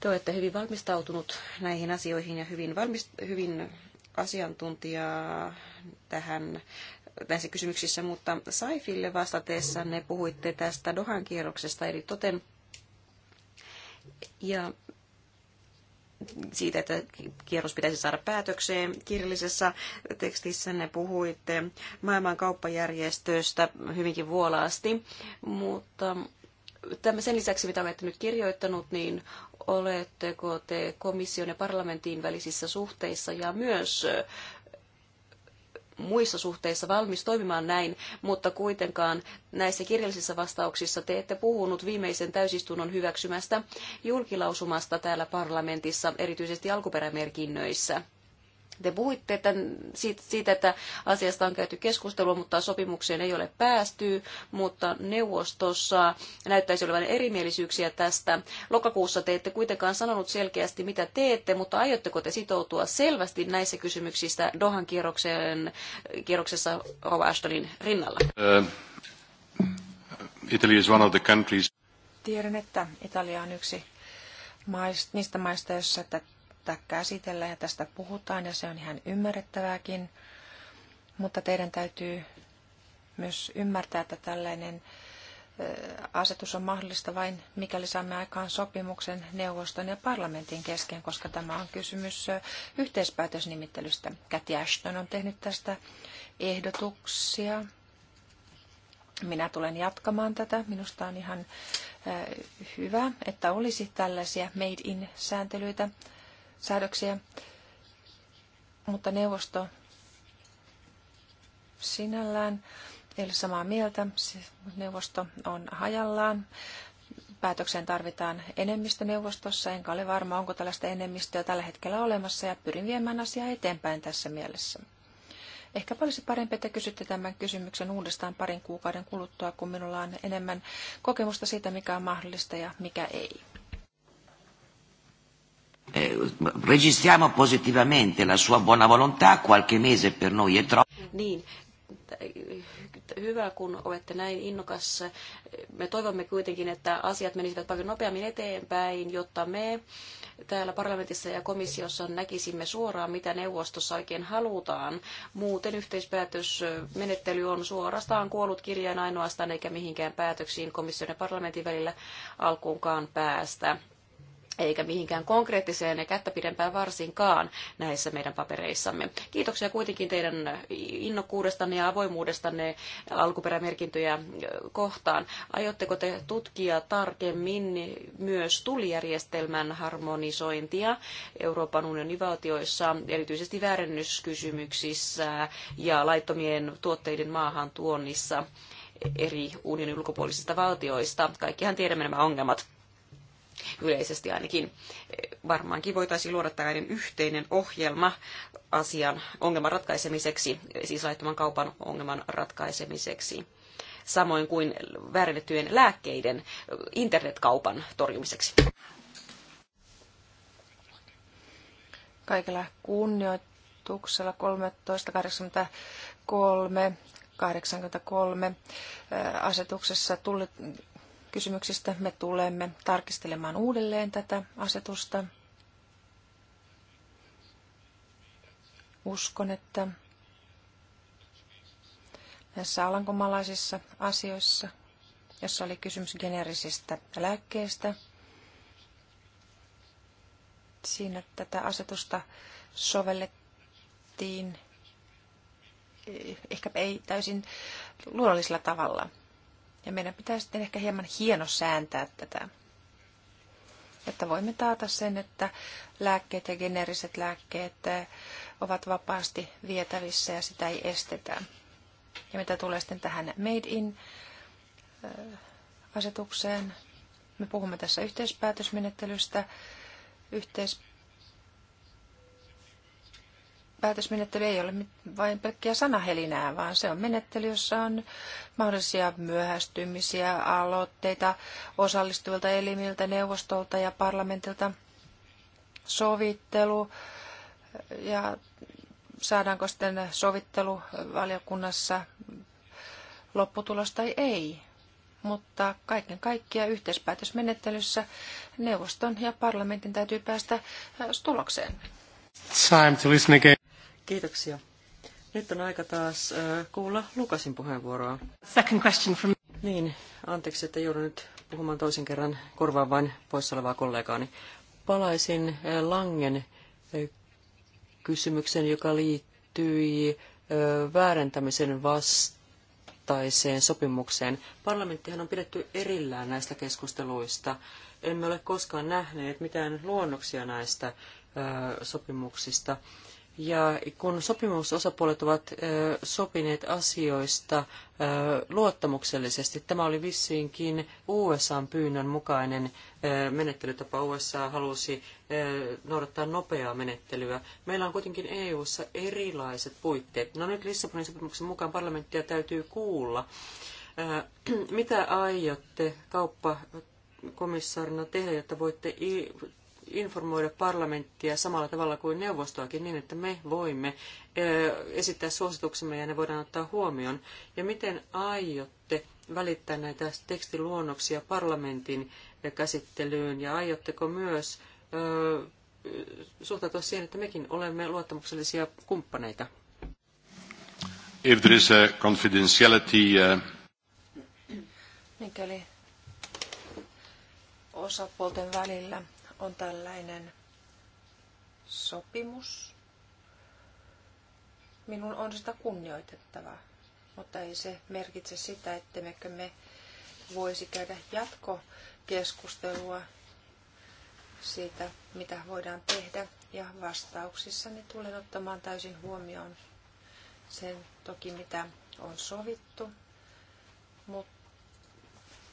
Te olette hyvin valmistautunut näihin asioihin ja hyvin, valmist, hyvin asiantuntijaa tähän näissä kysymyksissä, mutta Saifille ne puhuitte tästä Dohan kierroksesta, eli toten ja siitä, että kierros pitäisi saada päätökseen. Kirjallisessa ne puhuitte maailman kauppajärjestöstä hyvinkin vuolaasti, mutta sen lisäksi, mitä olette nyt kirjoittanut, niin oletteko te komission ja parlamentin välisissä suhteissa ja myös muissa suhteissa valmis toimimaan näin, mutta kuitenkaan näissä kirjallisissa vastauksissa te ette puhunut viimeisen täysistunnon hyväksymästä julkilausumasta täällä parlamentissa, erityisesti alkuperämerkinnöissä. Te puhuitte siitä, että asiasta on käyty keskustelua, mutta sopimukseen ei ole päästy, mutta neuvostossa näyttäisi olevan erimielisyyksiä tästä. Lokakuussa te ette kuitenkaan sanonut selkeästi, mitä teette, mutta aiotteko te sitoutua selvästi näissä kysymyksissä Dohan kierroksen, kierroksessa Rova Ashtonin rinnalla? Uh, Italy is one of the countries. Tiedän, että Italia on yksi maista, niistä maista, joissa tätä käsitellään ja tästä puhutaan ja se on ihan ymmärrettävääkin. Mutta teidän täytyy myös ymmärtää, että tällainen asetus on mahdollista vain, mikäli saamme aikaan sopimuksen neuvoston ja parlamentin kesken, koska tämä on kysymys yhteispäätösnimittelystä. Cathy Ashton on tehnyt tästä ehdotuksia. Minä tulen jatkamaan tätä. Minusta on ihan hyvä, että olisi tällaisia made-in-sääntelyitä säädöksiä, mutta neuvosto sinällään ei ole samaa mieltä. Neuvosto on hajallaan. Päätökseen tarvitaan enemmistö neuvostossa, enkä ole varma, onko tällaista enemmistöä tällä hetkellä olemassa, ja pyrin viemään asiaa eteenpäin tässä mielessä. Ehkä olisi parempi, että kysytte tämän kysymyksen uudestaan parin kuukauden kuluttua, kun minulla on enemmän kokemusta siitä, mikä on mahdollista ja mikä ei. Eh, registriamo positivamente la sua buona volontà, qualche mese per noi è troppo. Niin, hyvä, kun olette näin innokas. Me toivomme kuitenkin, että asiat menisivät paljon nopeammin eteenpäin, jotta me täällä parlamentissa ja komissiossa näkisimme suoraan, mitä neuvostossa oikein halutaan. Muuten yhteispäätösmenettely on suorastaan kuollut kirjain ainoastaan, eikä mihinkään päätöksiin komission ja parlamentin välillä alkuunkaan päästä eikä mihinkään konkreettiseen ja kättä pidempään varsinkaan näissä meidän papereissamme. Kiitoksia kuitenkin teidän innokkuudestanne ja avoimuudestanne alkuperämerkintöjä kohtaan. Aiotteko te tutkia tarkemmin myös tulijärjestelmän harmonisointia Euroopan unionin valtioissa, erityisesti väärennyskysymyksissä ja laittomien tuotteiden maahantuonnissa eri unionin ulkopuolisista valtioista? Kaikkihan tiedämme nämä ongelmat yleisesti ainakin. Varmaankin voitaisiin luoda tällainen yhteinen ohjelma asian ongelman ratkaisemiseksi, siis laittoman kaupan ongelman ratkaisemiseksi samoin kuin väärennettyjen lääkkeiden internetkaupan torjumiseksi. Kaikilla kunnioituksella 1383 83 asetuksessa tuli kysymyksistä. Me tulemme tarkistelemaan uudelleen tätä asetusta. Uskon, että näissä alankomalaisissa asioissa, jossa oli kysymys generisistä lääkkeistä, siinä tätä asetusta sovellettiin eh, ehkä ei täysin luonnollisella tavalla – ja meidän pitää sitten ehkä hieman sääntää tätä, että voimme taata sen, että lääkkeet ja geneeriset lääkkeet ovat vapaasti vietävissä ja sitä ei estetä. Ja mitä tulee sitten tähän Made in äh, asetukseen, me puhumme tässä yhteispäätösmenettelystä. yhteis päätösmenettely ei ole vain pelkkiä sanahelinää, vaan se on menettely, jossa on mahdollisia myöhästymisiä, aloitteita osallistuvilta elimiltä, neuvostolta ja parlamentilta, sovittelu ja saadaanko sitten sovitteluvaliokunnassa lopputulos tai ei. Mutta kaiken kaikkiaan yhteispäätösmenettelyssä neuvoston ja parlamentin täytyy päästä äh, tulokseen. Time to listen again. Kiitoksia. Nyt on aika taas kuulla Lukasin puheenvuoroa. Second question from... Niin, anteeksi, että joudun nyt puhumaan toisen kerran korvaan vain poissa olevaa kollegaani. Palaisin Langen kysymykseen, joka liittyi väärentämisen vastaiseen sopimukseen. Parlamenttihan on pidetty erillään näistä keskusteluista. Emme ole koskaan nähneet mitään luonnoksia näistä sopimuksista. Ja kun sopimusosapuolet ovat sopineet asioista luottamuksellisesti, tämä oli vissiinkin USAn pyynnön mukainen menettelytapa. USA halusi noudattaa nopeaa menettelyä. Meillä on kuitenkin EU:ssa erilaiset puitteet. No nyt Lissabonin sopimuksen mukaan parlamenttia täytyy kuulla. Mitä aiotte kauppakomissaarina tehdä, jotta voitte informoida parlamenttia samalla tavalla kuin neuvostoakin niin, että me voimme esittää suosituksemme ja ne voidaan ottaa huomioon. Ja miten aiotte välittää näitä tekstiluonnoksia parlamentin käsittelyyn ja aiotteko myös suhtautua siihen, että mekin olemme luottamuksellisia kumppaneita? If there is a confidentiality, uh... Mikäli osapuolten välillä on tällainen sopimus. Minun on sitä kunnioitettava, mutta ei se merkitse sitä, ettemmekö me voisi käydä jatkokeskustelua siitä, mitä voidaan tehdä. Ja vastauksissani tulen ottamaan täysin huomioon sen toki, mitä on sovittu, mutta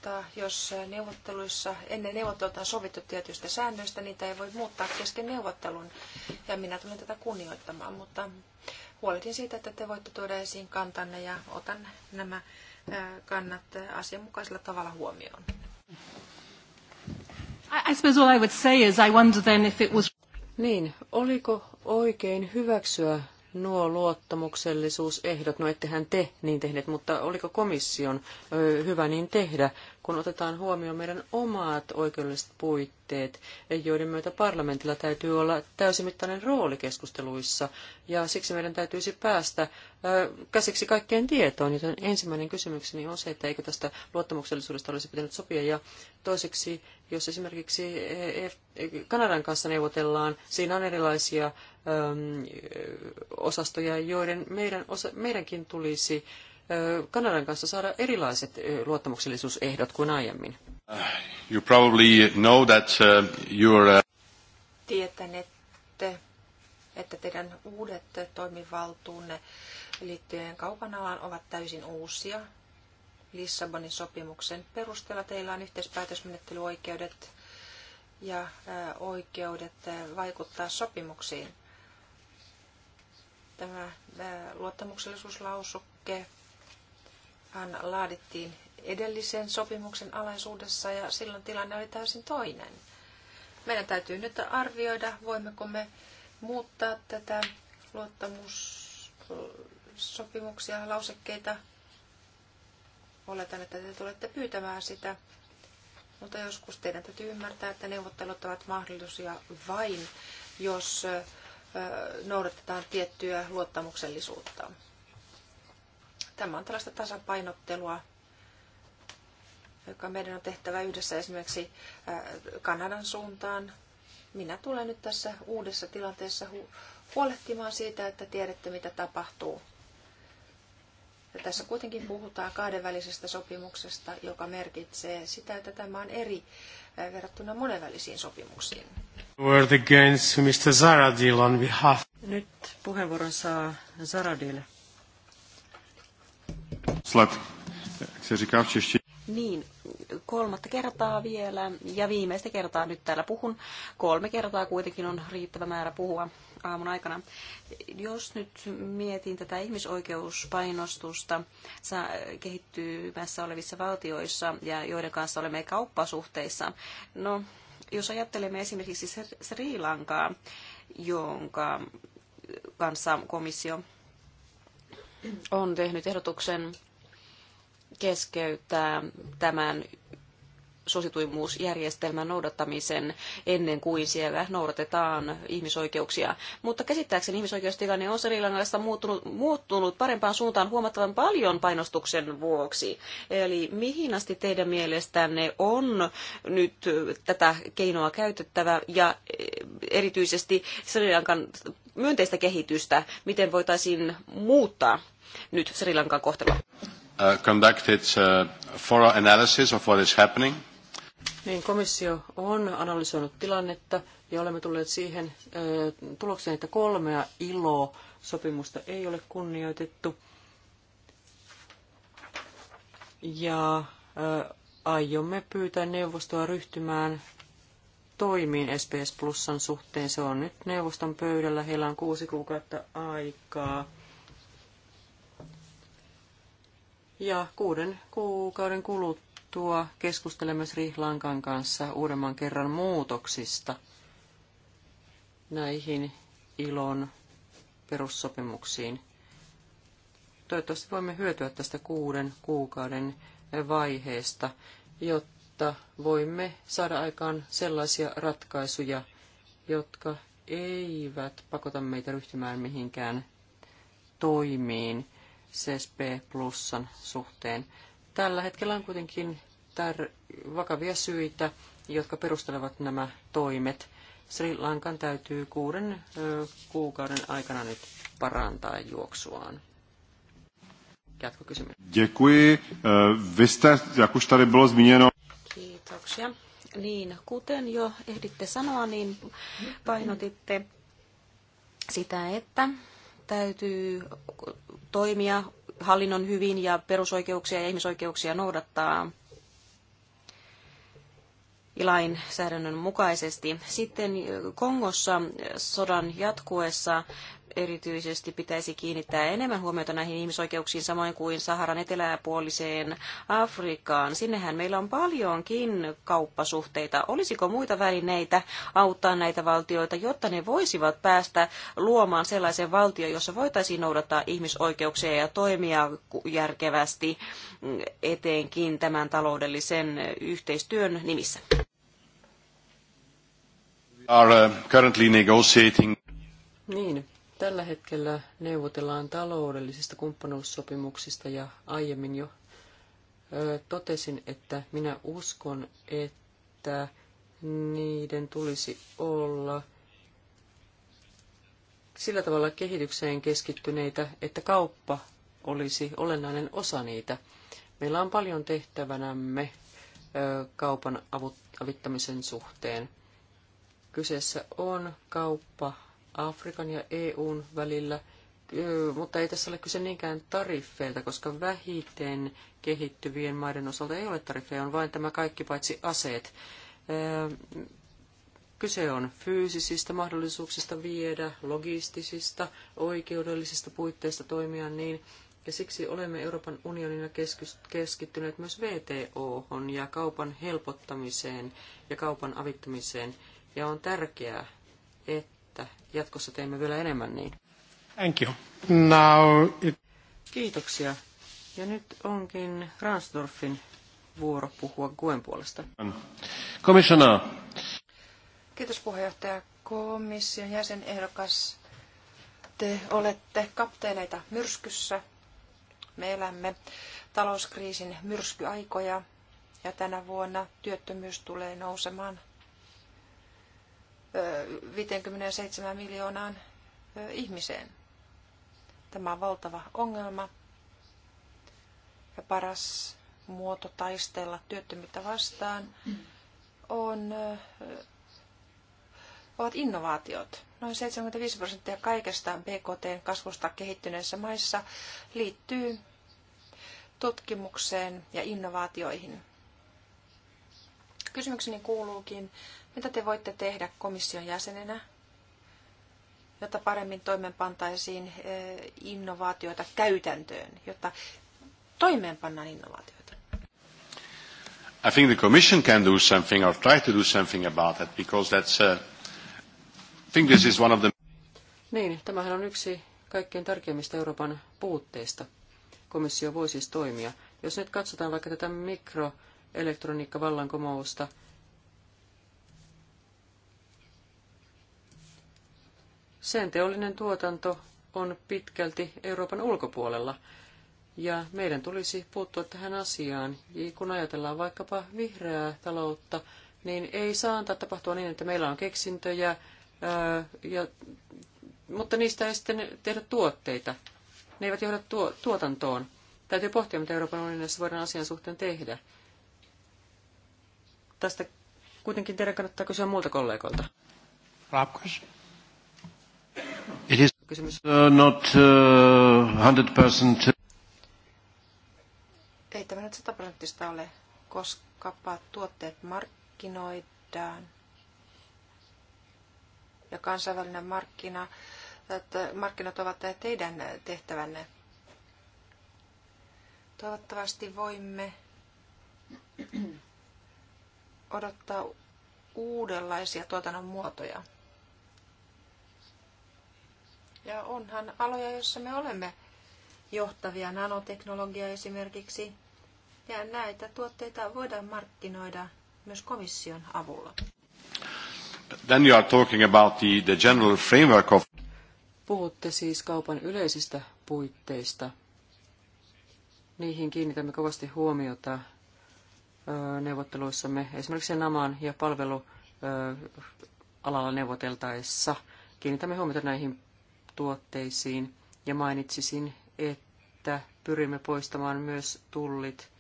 mutta jos neuvotteluissa, ennen neuvotteluita on sovittu tietyistä säännöistä, niitä ei voi muuttaa kesken neuvottelun. Ja minä tulen tätä kunnioittamaan, mutta huolehdin siitä, että te voitte tuoda esiin kantanne ja otan nämä kannat asianmukaisella tavalla huomioon. I suppose all I would say is I wonder then if it was... Niin, oliko oikein hyväksyä nuo luottamuksellisuusehdot, no ettehän te niin tehneet, mutta oliko komission hyvä niin tehdä, kun otetaan huomioon meidän omat oikeudelliset puitteet, joiden myötä parlamentilla täytyy olla täysimittainen rooli keskusteluissa, ja siksi meidän täytyisi päästä käsiksi kaikkeen tietoon, joten ensimmäinen kysymykseni on se, että eikö tästä luottamuksellisuudesta olisi pitänyt sopia, ja toiseksi, jos esimerkiksi e Kanadan kanssa neuvotellaan, siinä on erilaisia Ähm, osastoja, joiden meidän, osa, meidänkin tulisi Kanadan kanssa saada erilaiset luottamuksellisuusehdot kuin aiemmin. You probably know that uh, you're... Uh, Tietänette, että teidän uudet toimivaltuunne liittyen kaupan alaan ovat täysin uusia. Lissabonin sopimuksen perusteella teillä on yhteispäätösmenettelyoikeudet ja oikeudet vaikuttaa sopimuksiin. Tämä luottamuksellisuuslausukke hän laadittiin edellisen sopimuksen alaisuudessa ja silloin tilanne oli täysin toinen. Meidän täytyy nyt arvioida, voimmeko me muuttaa tätä luottamussopimuksia, lausekkeita. Oletan, että te tulette pyytämään sitä, mutta joskus teidän täytyy ymmärtää, että neuvottelut ovat mahdollisia vain, jos noudatetaan tiettyä luottamuksellisuutta. Tämä on tällaista tasapainottelua, joka meidän on tehtävä yhdessä esimerkiksi Kanadan suuntaan. Minä tulen nyt tässä uudessa tilanteessa huolehtimaan siitä, että tiedätte mitä tapahtuu. Ja tässä kuitenkin puhutaan kahdenvälisestä sopimuksesta, joka merkitsee sitä, että tämä on eri Äh, verrattuna monenvälisiin sopimuksiin. Word against Mr. Zaradil on behalf. Nyt puheenvuoron saa Zaradil. Slat. Niin, kolmatta kertaa vielä ja viimeistä kertaa nyt täällä puhun. Kolme kertaa kuitenkin on riittävä määrä puhua aamun aikana. Jos nyt mietin tätä ihmisoikeuspainostusta kehittyvässä olevissa valtioissa ja joiden kanssa olemme kauppasuhteissa, no jos ajattelemme esimerkiksi Sri Lankaa, jonka kanssa komissio on tehnyt ehdotuksen keskeyttää tämän suosituimmuusjärjestelmän noudattamisen ennen kuin siellä noudatetaan ihmisoikeuksia. Mutta käsittääkseni ihmisoikeustilanne on Sri Lankassa muuttunut, muuttunut parempaan suuntaan huomattavan paljon painostuksen vuoksi. Eli mihin asti teidän mielestänne on nyt tätä keinoa käytettävä ja erityisesti Sri Lankan myönteistä kehitystä, miten voitaisiin muuttaa nyt Sri Lankan kohtelua? Uh, conducted uh, thorough analysis of what is happening niin, komissio on analysoinut tilannetta ja olemme tulleet siihen ö, tulokseen, että kolmea ILO-sopimusta ei ole kunnioitettu. Ja ö, aiomme pyytää neuvostoa ryhtymään toimiin SPS Plusan suhteen. Se on nyt neuvoston pöydällä. Heillä on kuusi kuukautta aikaa. Ja kuuden kuukauden kuluttua tuo keskustelemme Sri Lankan kanssa uudemman kerran muutoksista näihin ilon perussopimuksiin. Toivottavasti voimme hyötyä tästä kuuden kuukauden vaiheesta, jotta voimme saada aikaan sellaisia ratkaisuja, jotka eivät pakota meitä ryhtymään mihinkään toimiin CSP Plussan suhteen. Tällä hetkellä on kuitenkin vakavia syitä, jotka perustelevat nämä toimet. Sri Lankan täytyy kuuden kuukauden aikana nyt parantaa juoksuaan. Jatkokysymys. Děkuji. E, vy jak už tady bylo zmíněno... Kiitoksia. Niin, kuten jo ehditte sanoa, niin painotitte sitä, että täytyy toimia hallinnon hyvin ja perusoikeuksia ja ihmisoikeuksia noudattaa lainsäädännön mukaisesti. Sitten Kongossa sodan jatkuessa erityisesti pitäisi kiinnittää enemmän huomiota näihin ihmisoikeuksiin, samoin kuin Saharan eteläpuoliseen Afrikaan. Sinnehän meillä on paljonkin kauppasuhteita. Olisiko muita välineitä auttaa näitä valtioita, jotta ne voisivat päästä luomaan sellaisen valtio, jossa voitaisiin noudattaa ihmisoikeuksia ja toimia järkevästi eteenkin tämän taloudellisen yhteistyön nimissä? Are uh, currently negotiating. Niin, Tällä hetkellä neuvotellaan taloudellisista kumppanuussopimuksista ja aiemmin jo totesin, että minä uskon, että niiden tulisi olla sillä tavalla kehitykseen keskittyneitä, että kauppa olisi olennainen osa niitä. Meillä on paljon tehtävänämme kaupan avittamisen suhteen. Kyseessä on kauppa Afrikan ja EUn välillä, mutta ei tässä ole kyse niinkään tariffeilta, koska vähiten kehittyvien maiden osalta ei ole tariffeja, on vain tämä kaikki paitsi aseet. Kyse on fyysisistä mahdollisuuksista viedä, logistisista, oikeudellisista puitteista toimia niin, ja siksi olemme Euroopan unionina keskittyneet myös VTO ja kaupan helpottamiseen ja kaupan avittamiseen. Ja on tärkeää, että että jatkossa teemme vielä enemmän niin. Thank you. Now it... Kiitoksia. Ja nyt onkin Ransdorfin vuoro puhua Guen puolesta. Komissionaa. Kiitos puheenjohtaja. Komission jäsenehdokas, te olette kapteeneita myrskyssä. Me elämme talouskriisin myrskyaikoja ja tänä vuonna työttömyys tulee nousemaan 57 miljoonaan ihmiseen. Tämä on valtava ongelma ja paras muoto taistella työttömyyttä vastaan on, ovat innovaatiot. Noin 75 prosenttia kaikesta BKT kasvusta kehittyneissä maissa liittyy tutkimukseen ja innovaatioihin. Kysymykseni kuuluukin, mitä te voitte tehdä komission jäsenenä, jotta paremmin toimeenpantaisiin eh, innovaatioita käytäntöön, jotta toimeenpannaan innovaatioita? I think the Commission can do something or try to do something about that because that's a, eh, I think this is one of the... Niin, tämähän on yksi kaikkein tärkeimmistä Euroopan puutteista. Komissio voi siis toimia. Jos nyt katsotaan vaikka tätä mikroelektroniikkavallankumousta, Sen teollinen tuotanto on pitkälti Euroopan ulkopuolella. Ja meidän tulisi puuttua tähän asiaan. Ja kun ajatellaan vaikkapa vihreää taloutta, niin ei saa antaa tapahtua niin, että meillä on keksintöjä, ää, ja, mutta niistä ei sitten tehdä tuotteita. Ne eivät johda tuo, tuotantoon. Täytyy pohtia, mitä Euroopan unionissa voidaan asian suhteen tehdä. Tästä kuitenkin teidän kannattaa kysyä muilta kollegoilta. Rapkas. It is uh, not uh, Ei tämä nyt sataprosenttista ole, koska tuotteet markkinoidaan ja kansainvälinen markkina, että markkinat ovat teidän tehtävänne. Toivottavasti voimme odottaa uudenlaisia tuotannon muotoja. Ja onhan aloja, joissa me olemme johtavia, nanoteknologia esimerkiksi. Ja näitä tuotteita voidaan markkinoida myös komission avulla. Then you are talking about the, the general framework of... Puhutte siis kaupan yleisistä puitteista. Niihin kiinnitämme kovasti huomiota neuvotteluissamme, esimerkiksi NAMAN ja palvelualalla neuvoteltaessa. Kiinnitämme huomiota näihin tuotteisiin. Ja mainitsisin, että pyrimme poistamaan myös tullit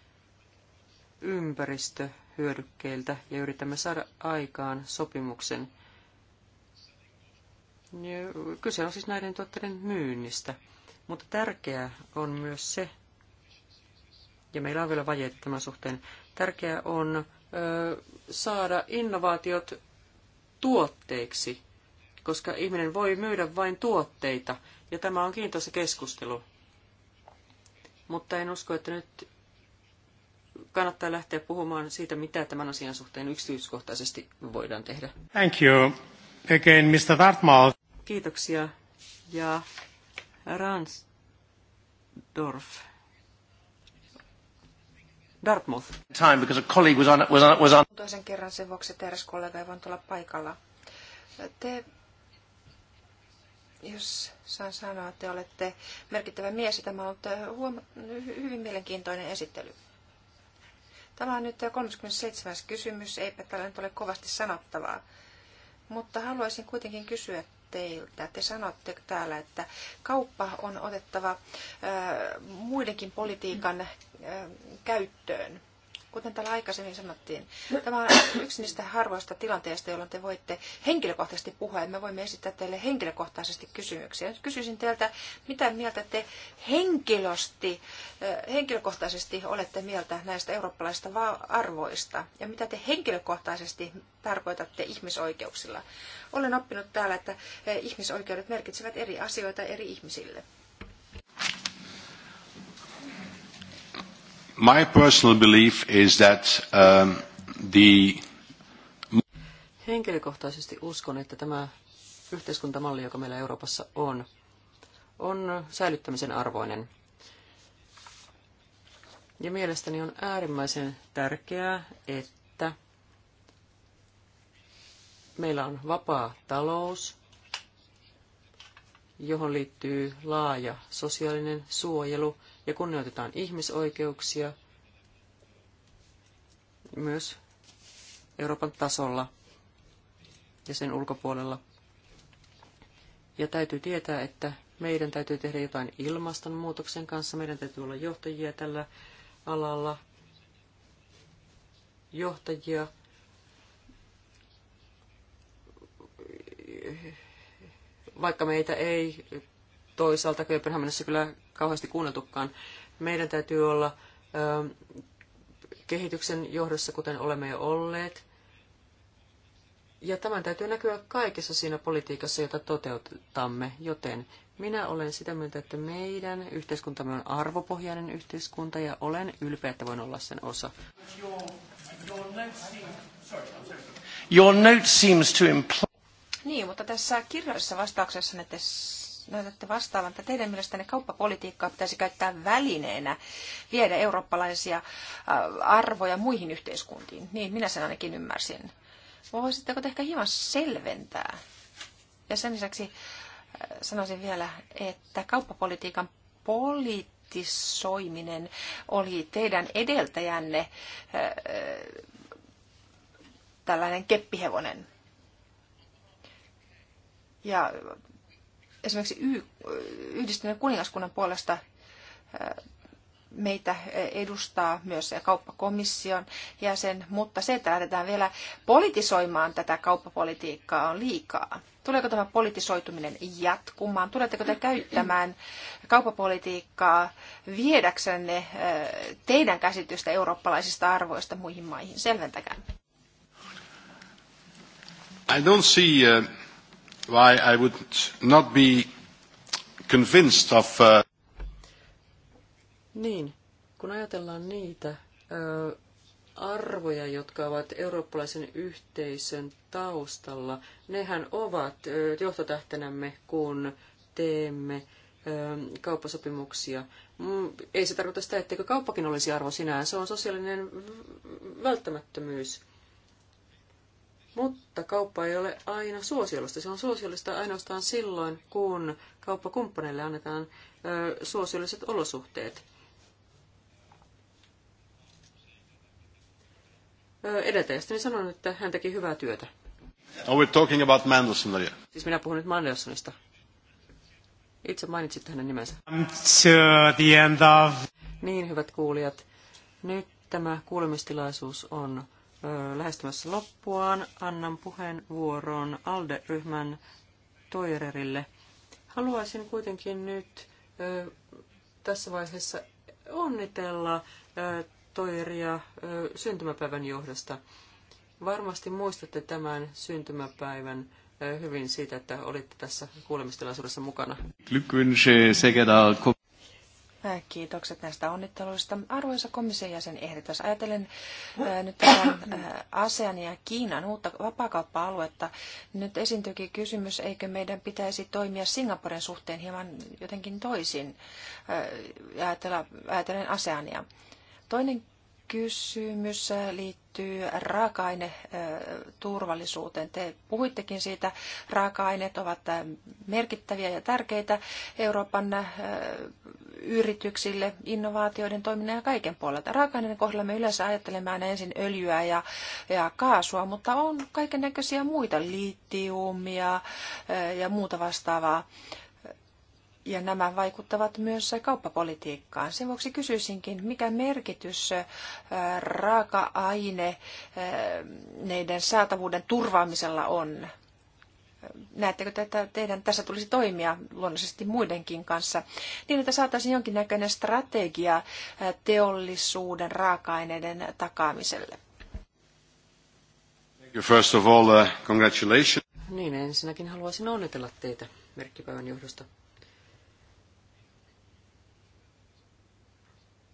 ympäristöhyödykkeiltä ja yritämme saada aikaan sopimuksen. Kyse on siis näiden tuotteiden myynnistä. Mutta tärkeää on myös se, ja meillä on vielä vajeita tämän suhteen, tärkeää on ö, saada innovaatiot tuotteiksi koska ihminen voi myydä vain tuotteita, ja tämä on kiintoisa keskustelu. Mutta en usko, että nyt kannattaa lähteä puhumaan siitä, mitä tämän asian suhteen yksityiskohtaisesti voidaan tehdä. Thank you. Again, Mr. Dartmouth. Kiitoksia. Ja Ransdorf. Dartmouth. Time because a colleague was on, was on, was on. Toisen kerran sen vuoksi että eräs kollega ei voinut olla paikalla. Te jos saan sanoa, että olette merkittävä mies tämä on ollut eh, hyvin mielenkiintoinen esittely. Tämä on nyt 37. Eh, kysymys, eipä tällä nyt ole kovasti sanottavaa. Mutta haluaisin kuitenkin kysyä teiltä. Te sanotte täällä, että kauppa on otettava eh, muidenkin politiikan käyttöön. Kuten täällä aikaisemmin sanottiin, tämä on yksi niistä harvoista tilanteista, jolloin te voitte henkilökohtaisesti puhua ja me voimme esittää teille henkilökohtaisesti kysymyksiä. Nyt kysyisin teiltä, mitä mieltä te henkilösti, henkilökohtaisesti olette mieltä näistä eurooppalaisista arvoista ja mitä te henkilökohtaisesti tarkoitatte ihmisoikeuksilla. Olen oppinut täällä, että ihmisoikeudet merkitsevät eri asioita eri ihmisille. My personal belief is that um, the... Henkilökohtaisesti uskon, että tämä yhteiskuntamalli, joka meillä Euroopassa on, on säilyttämisen arvoinen. Ja mielestäni on äärimmäisen tärkeää, että meillä on vapaa talous, johon liittyy laaja sosiaalinen suojelu ja kunnioitetaan ihmisoikeuksia myös Euroopan tasolla ja sen ulkopuolella. Ja täytyy tietää, että meidän täytyy tehdä jotain ilmastonmuutoksen kanssa, meidän täytyy olla johtajia tällä alalla, johtajia vaikka meitä ei toisaalta Kööpenhaminassa kyllä kauheasti kuunneltukaan, meidän täytyy olla kehityksen johdossa, kuten olemme jo olleet. Ja tämän täytyy näkyä kaikessa siinä politiikassa, jota toteutamme, joten minä olen sitä mieltä, että meidän yhteiskuntamme on arvopohjainen yhteiskunta ja olen ylpeä, että voin olla sen osa. Your niin, mutta tässä kirjallisessa vastauksessa te näytätte vastaavan, että teidän mielestänne kauppapolitiikkaa pitäisi käyttää välineenä viedä eurooppalaisia arvoja muihin yhteiskuntiin. Niin, minä sen ainakin ymmärsin. Voisitteko te ehkä hieman selventää? Ja sen lisäksi sanoisin vielä, että kauppapolitiikan politisoiminen oli teidän edeltäjänne tällainen keppihevonen. Ja esimerkiksi yhdistyneen kuningaskunnan puolesta meitä edustaa myös kauppakomission jäsen, mutta se, että lähdetään vielä politisoimaan tätä kauppapolitiikkaa on liikaa. Tuleeko tämä politisoituminen jatkumaan? Tuletteko te käyttämään kauppapolitiikkaa viedäksenne teidän käsitystä eurooppalaisista arvoista muihin maihin? Selventäkää. I don't see, uh why I would not be convinced of... Uh... Niin, kun ajatellaan niitä ö, arvoja, jotka ovat eurooppalaisen yhteisön taustalla, nehän ovat ö, johtotähtenämme, kun teemme kauppasopimuksia. Mm, ei se tarkoita sitä, etteikö kauppakin olisi arvo sinään. Se on sosiaalinen välttämättömyys. Mutta kauppa ei ole aina suosiollista. Se on suosiollista ainoastaan silloin, kun kauppakumppaneille annetaan ö, suosiolliset olosuhteet. Edeltäjästäni sanon, että hän teki hyvää työtä. Are we talking about Mandelson Siis minä puhun nyt Mandelsonista. Itse mainitsit hänen nimensä. To the end of... Niin, hyvät kuulijat. Nyt tämä kuulemistilaisuus on lähestymässä loppuaan. Annan puheenvuoron ALDE-ryhmän Toirerille. Haluaisin kuitenkin nyt tässä vaiheessa onnitella Toiria syntymäpäivän johdosta. Varmasti muistatte tämän syntymäpäivän hyvin siitä, että olitte tässä kuulemistilaisuudessa mukana. Äh, kiitokset näistä onnitteluista. Arvoisa komission jäsen ehdotus, ajatellen ää, äh, nyt tämän äh, ASEAN ja Kiinan uutta vapaakauppa-aluetta. Nyt esiintyykin kysymys, eikö meidän pitäisi toimia Singaporen suhteen hieman jotenkin toisin, ää, ajatellen ASEANia. Toinen kysymys liittyy raaka-aineturvallisuuteen. Te puhuittekin siitä, raaka-aineet ovat merkittäviä ja tärkeitä Euroopan yrityksille, innovaatioiden toiminnan ja kaiken puolelta. Raaka-aineiden kohdalla me yleensä ajattelemme aina ensin öljyä ja, ja kaasua, mutta on kaiken näköisiä muita, litiumia eh, ja muuta vastaavaa. Ja nämä vaikuttavat myös kauppapolitiikkaan. Sen vuoksi kysyisinkin, mikä merkitys eh, raaka-aineiden eh, saatavuuden turvaamisella on? näettekö, että teidän tässä tulisi toimia luonnollisesti muidenkin kanssa, niin että saataisiin jonkinnäköinen strategia teollisuuden raaka-aineiden takaamiselle? First of all, uh, congratulations. Niin, ensinnäkin haluaisin onnitella teitä merkkipäivän johdosta.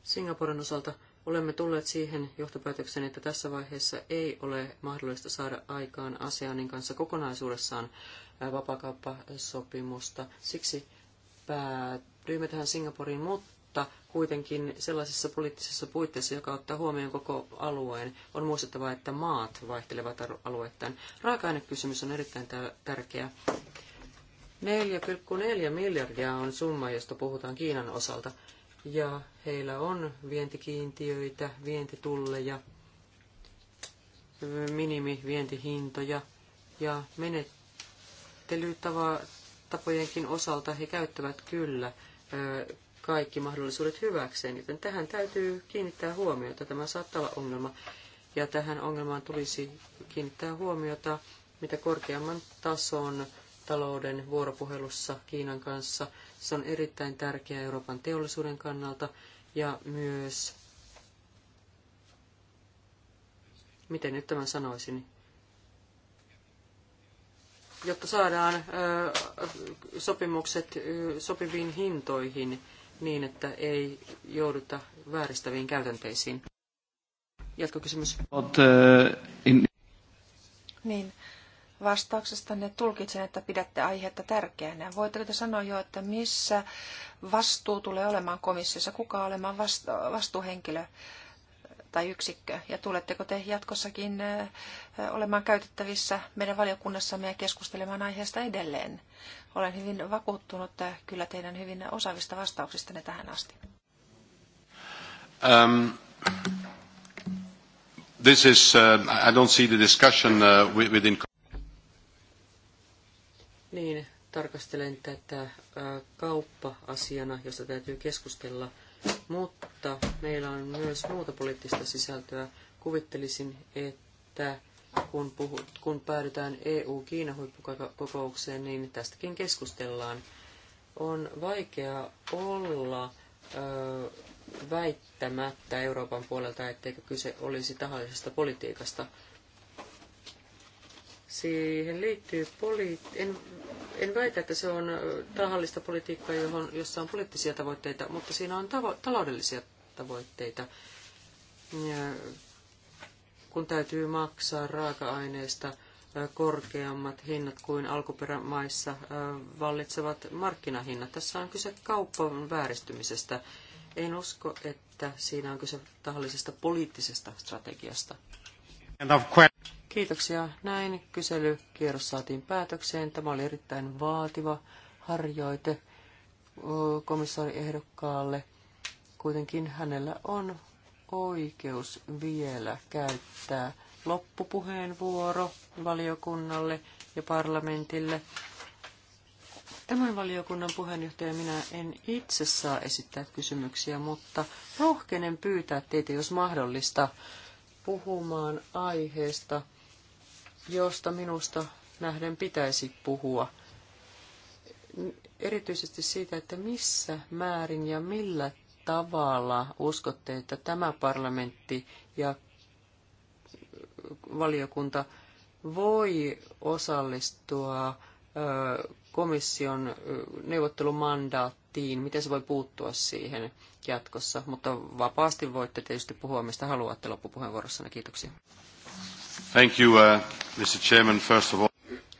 Singaporen osalta Olemme tulleet siihen johtopäätökseen, että tässä vaiheessa ei ole mahdollista saada aikaan ASEANin kanssa kokonaisuudessaan vapakauppasopimusta. Siksi päädyimme tähän Singaporiin, mutta kuitenkin sellaisessa poliittisessa puitteissa, joka ottaa huomioon koko alueen, on muistettava, että maat vaihtelevat alueittain. Raaka-ainekysymys on erittäin tärkeä. 4,4 miljardia on summa, josta puhutaan Kiinan osalta ja heillä on vientikiintiöitä, vientitulleja, minimivientihintoja ja menettelytapojenkin osalta he käyttävät kyllä kaikki mahdollisuudet hyväkseen, joten tähän täytyy kiinnittää huomiota. Tämä saattaa olla ongelma. Ja tähän ongelmaan tulisi kiinnittää huomiota mitä korkeamman tason talouden vuoropuhelussa Kiinan kanssa – se on erittäin tärkeää Euroopan teollisuuden kannalta ja myös, miten nyt tämän sanoisin, jotta saadaan sopimukset sopiviin hintoihin niin, että ei jouduta vääristäviin käytänteisiin. Jatkokysymys. Niin, vastauksestanne tulkitsen, että pidätte aihetta tärkeänä. Voitteko te sanoa jo, että missä vastuu tulee olemaan komissiossa, kuka olemaan vastuuhenkilö tai yksikkö, ja tuletteko te jatkossakin eh, olemaan käytettävissä meidän valiokunnassamme ja keskustelemaan aiheesta edelleen? Olen hyvin vakuuttunut että eh, kyllä teidän hyvin osaavista vastauksistanne tähän asti. Um. This is, uh, I don't see the discussion uh, within tarkastelen tätä kauppa-asiana, josta täytyy keskustella, mutta meillä on myös muuta poliittista sisältöä. Kuvittelisin, että kun, puhu, kun päädytään EU-Kiina-huippukokoukseen, niin tästäkin keskustellaan. On vaikea olla ö, väittämättä Euroopan puolelta, etteikö kyse olisi tahallisesta politiikasta. Siihen liittyy poli- en en väitä, että se on tahallista politiikkaa, johon, jossa on poliittisia tavoitteita, mutta siinä on tavo- taloudellisia tavoitteita, ja kun täytyy maksaa raaka-aineista korkeammat hinnat kuin alkuperämaissa vallitsevat markkinahinnat. Tässä on kyse kaupan vääristymisestä. En usko, että siinä on kyse tahallisesta poliittisesta strategiasta. Kiitoksia. Näin kyselykierros saatiin päätökseen. Tämä oli erittäin vaativa harjoite komissaariehdokkaalle. Kuitenkin hänellä on oikeus vielä käyttää loppupuheenvuoro valiokunnalle ja parlamentille. Tämän valiokunnan puheenjohtaja minä en itse saa esittää kysymyksiä, mutta rohkenen pyytää teitä, jos mahdollista, puhumaan aiheesta, josta minusta nähden pitäisi puhua. Erityisesti siitä, että missä määrin ja millä tavalla uskotte, että tämä parlamentti ja valiokunta voi osallistua komission neuvottelumandaattiin tiin, miten se voi puuttua siihen jatkossa. Mutta vapaasti voitte tietysti puhua, mistä haluatte loppupuheenvuorossanne. Kiitoksia. Thank you, uh, Mr. Chairman, first of all.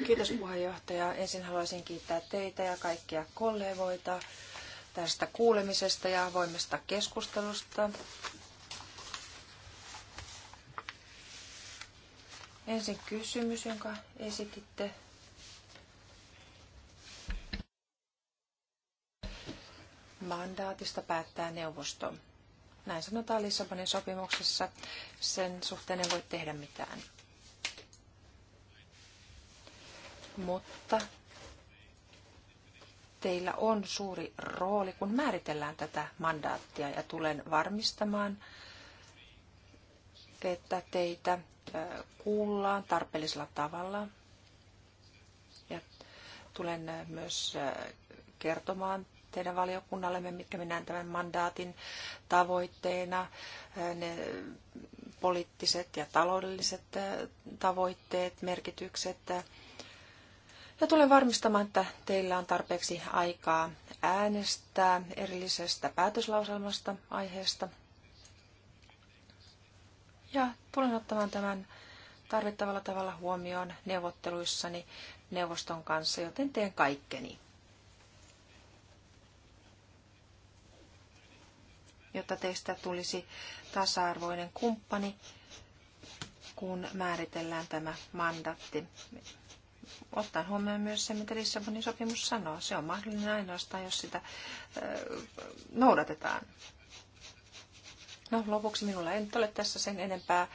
Kiitos puheenjohtaja. Ensin haluaisin kiittää teitä ja kaikkia kollegoita tästä kuulemisesta ja avoimesta keskustelusta. Ensin kysymys, jonka esititte mandaatista päättää neuvosto. Näin sanotaan Lissabonin sopimuksessa. Sen suhteen ei voi tehdä mitään. Mutta teillä on suuri rooli, kun määritellään tätä mandaattia ja tulen varmistamaan, että teitä kuullaan tarpeellisella tavalla. Ja tulen myös kertomaan teidän valiokunnallemme, mitkä minä tämän mandaatin tavoitteena, ne poliittiset ja taloudelliset tavoitteet, merkitykset. Ja tulen varmistamaan, että teillä on tarpeeksi aikaa äänestää erillisestä päätöslauselmasta aiheesta. Ja tulen ottamaan tämän tarvittavalla tavalla huomioon neuvotteluissani neuvoston kanssa, joten teen kaikkeni. jotta teistä tulisi tasa-arvoinen kumppani, kun määritellään tämä mandatti. Ottaen huomioon myös se, mitä Lissabonin sopimus sanoo. Se on mahdollinen ainoastaan, jos sitä noudatetaan. No, lopuksi minulla ei nyt ole tässä sen enempää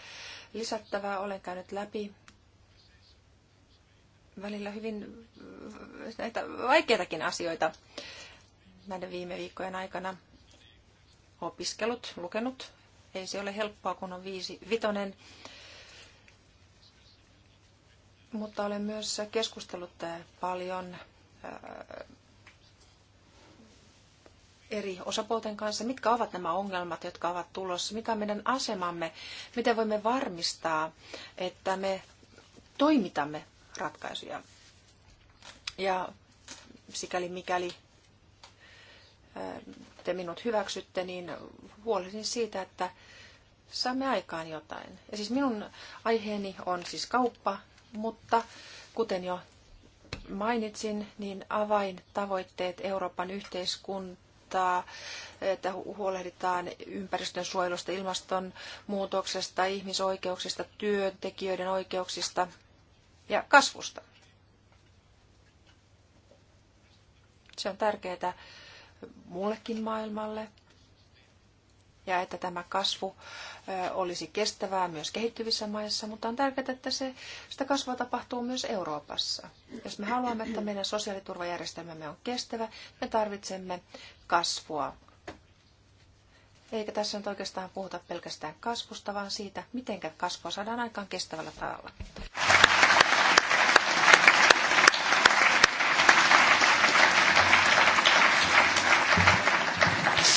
lisättävää. Olen käynyt läpi välillä hyvin näitä vaikeitakin asioita näiden viime viikkojen aikana opiskellut, lukenut. Ei se ole helppoa, kun on viisi, vitonen. Mutta olen myös keskustellut paljon äh, eri osapuolten kanssa, mitkä ovat nämä ongelmat, jotka ovat tulossa, mikä on meidän asemamme, miten voimme varmistaa, että me toimitamme ratkaisuja. Ja sikäli mikäli äh, te minut hyväksytte, niin huolisin siitä, että saamme aikaan jotain. Ja siis minun aiheeni on siis kauppa, mutta kuten jo mainitsin, niin avaintavoitteet Euroopan yhteiskuntaa, että huolehditaan ympäristön suojelusta, ilmastonmuutoksesta, ihmisoikeuksista, työntekijöiden oikeuksista ja kasvusta. Se on tärkeää muullekin maailmalle ja että tämä kasvu olisi kestävää myös kehittyvissä maissa, mutta on tärkeää, että se, sitä kasvua tapahtuu myös Euroopassa. Jos me haluamme, että meidän sosiaaliturvajärjestelmämme on kestävä, me tarvitsemme kasvua. Eikä tässä nyt oikeastaan puhuta pelkästään kasvusta, vaan siitä, miten kasvua saadaan aikaan kestävällä tavalla.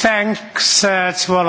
thanks uh, to all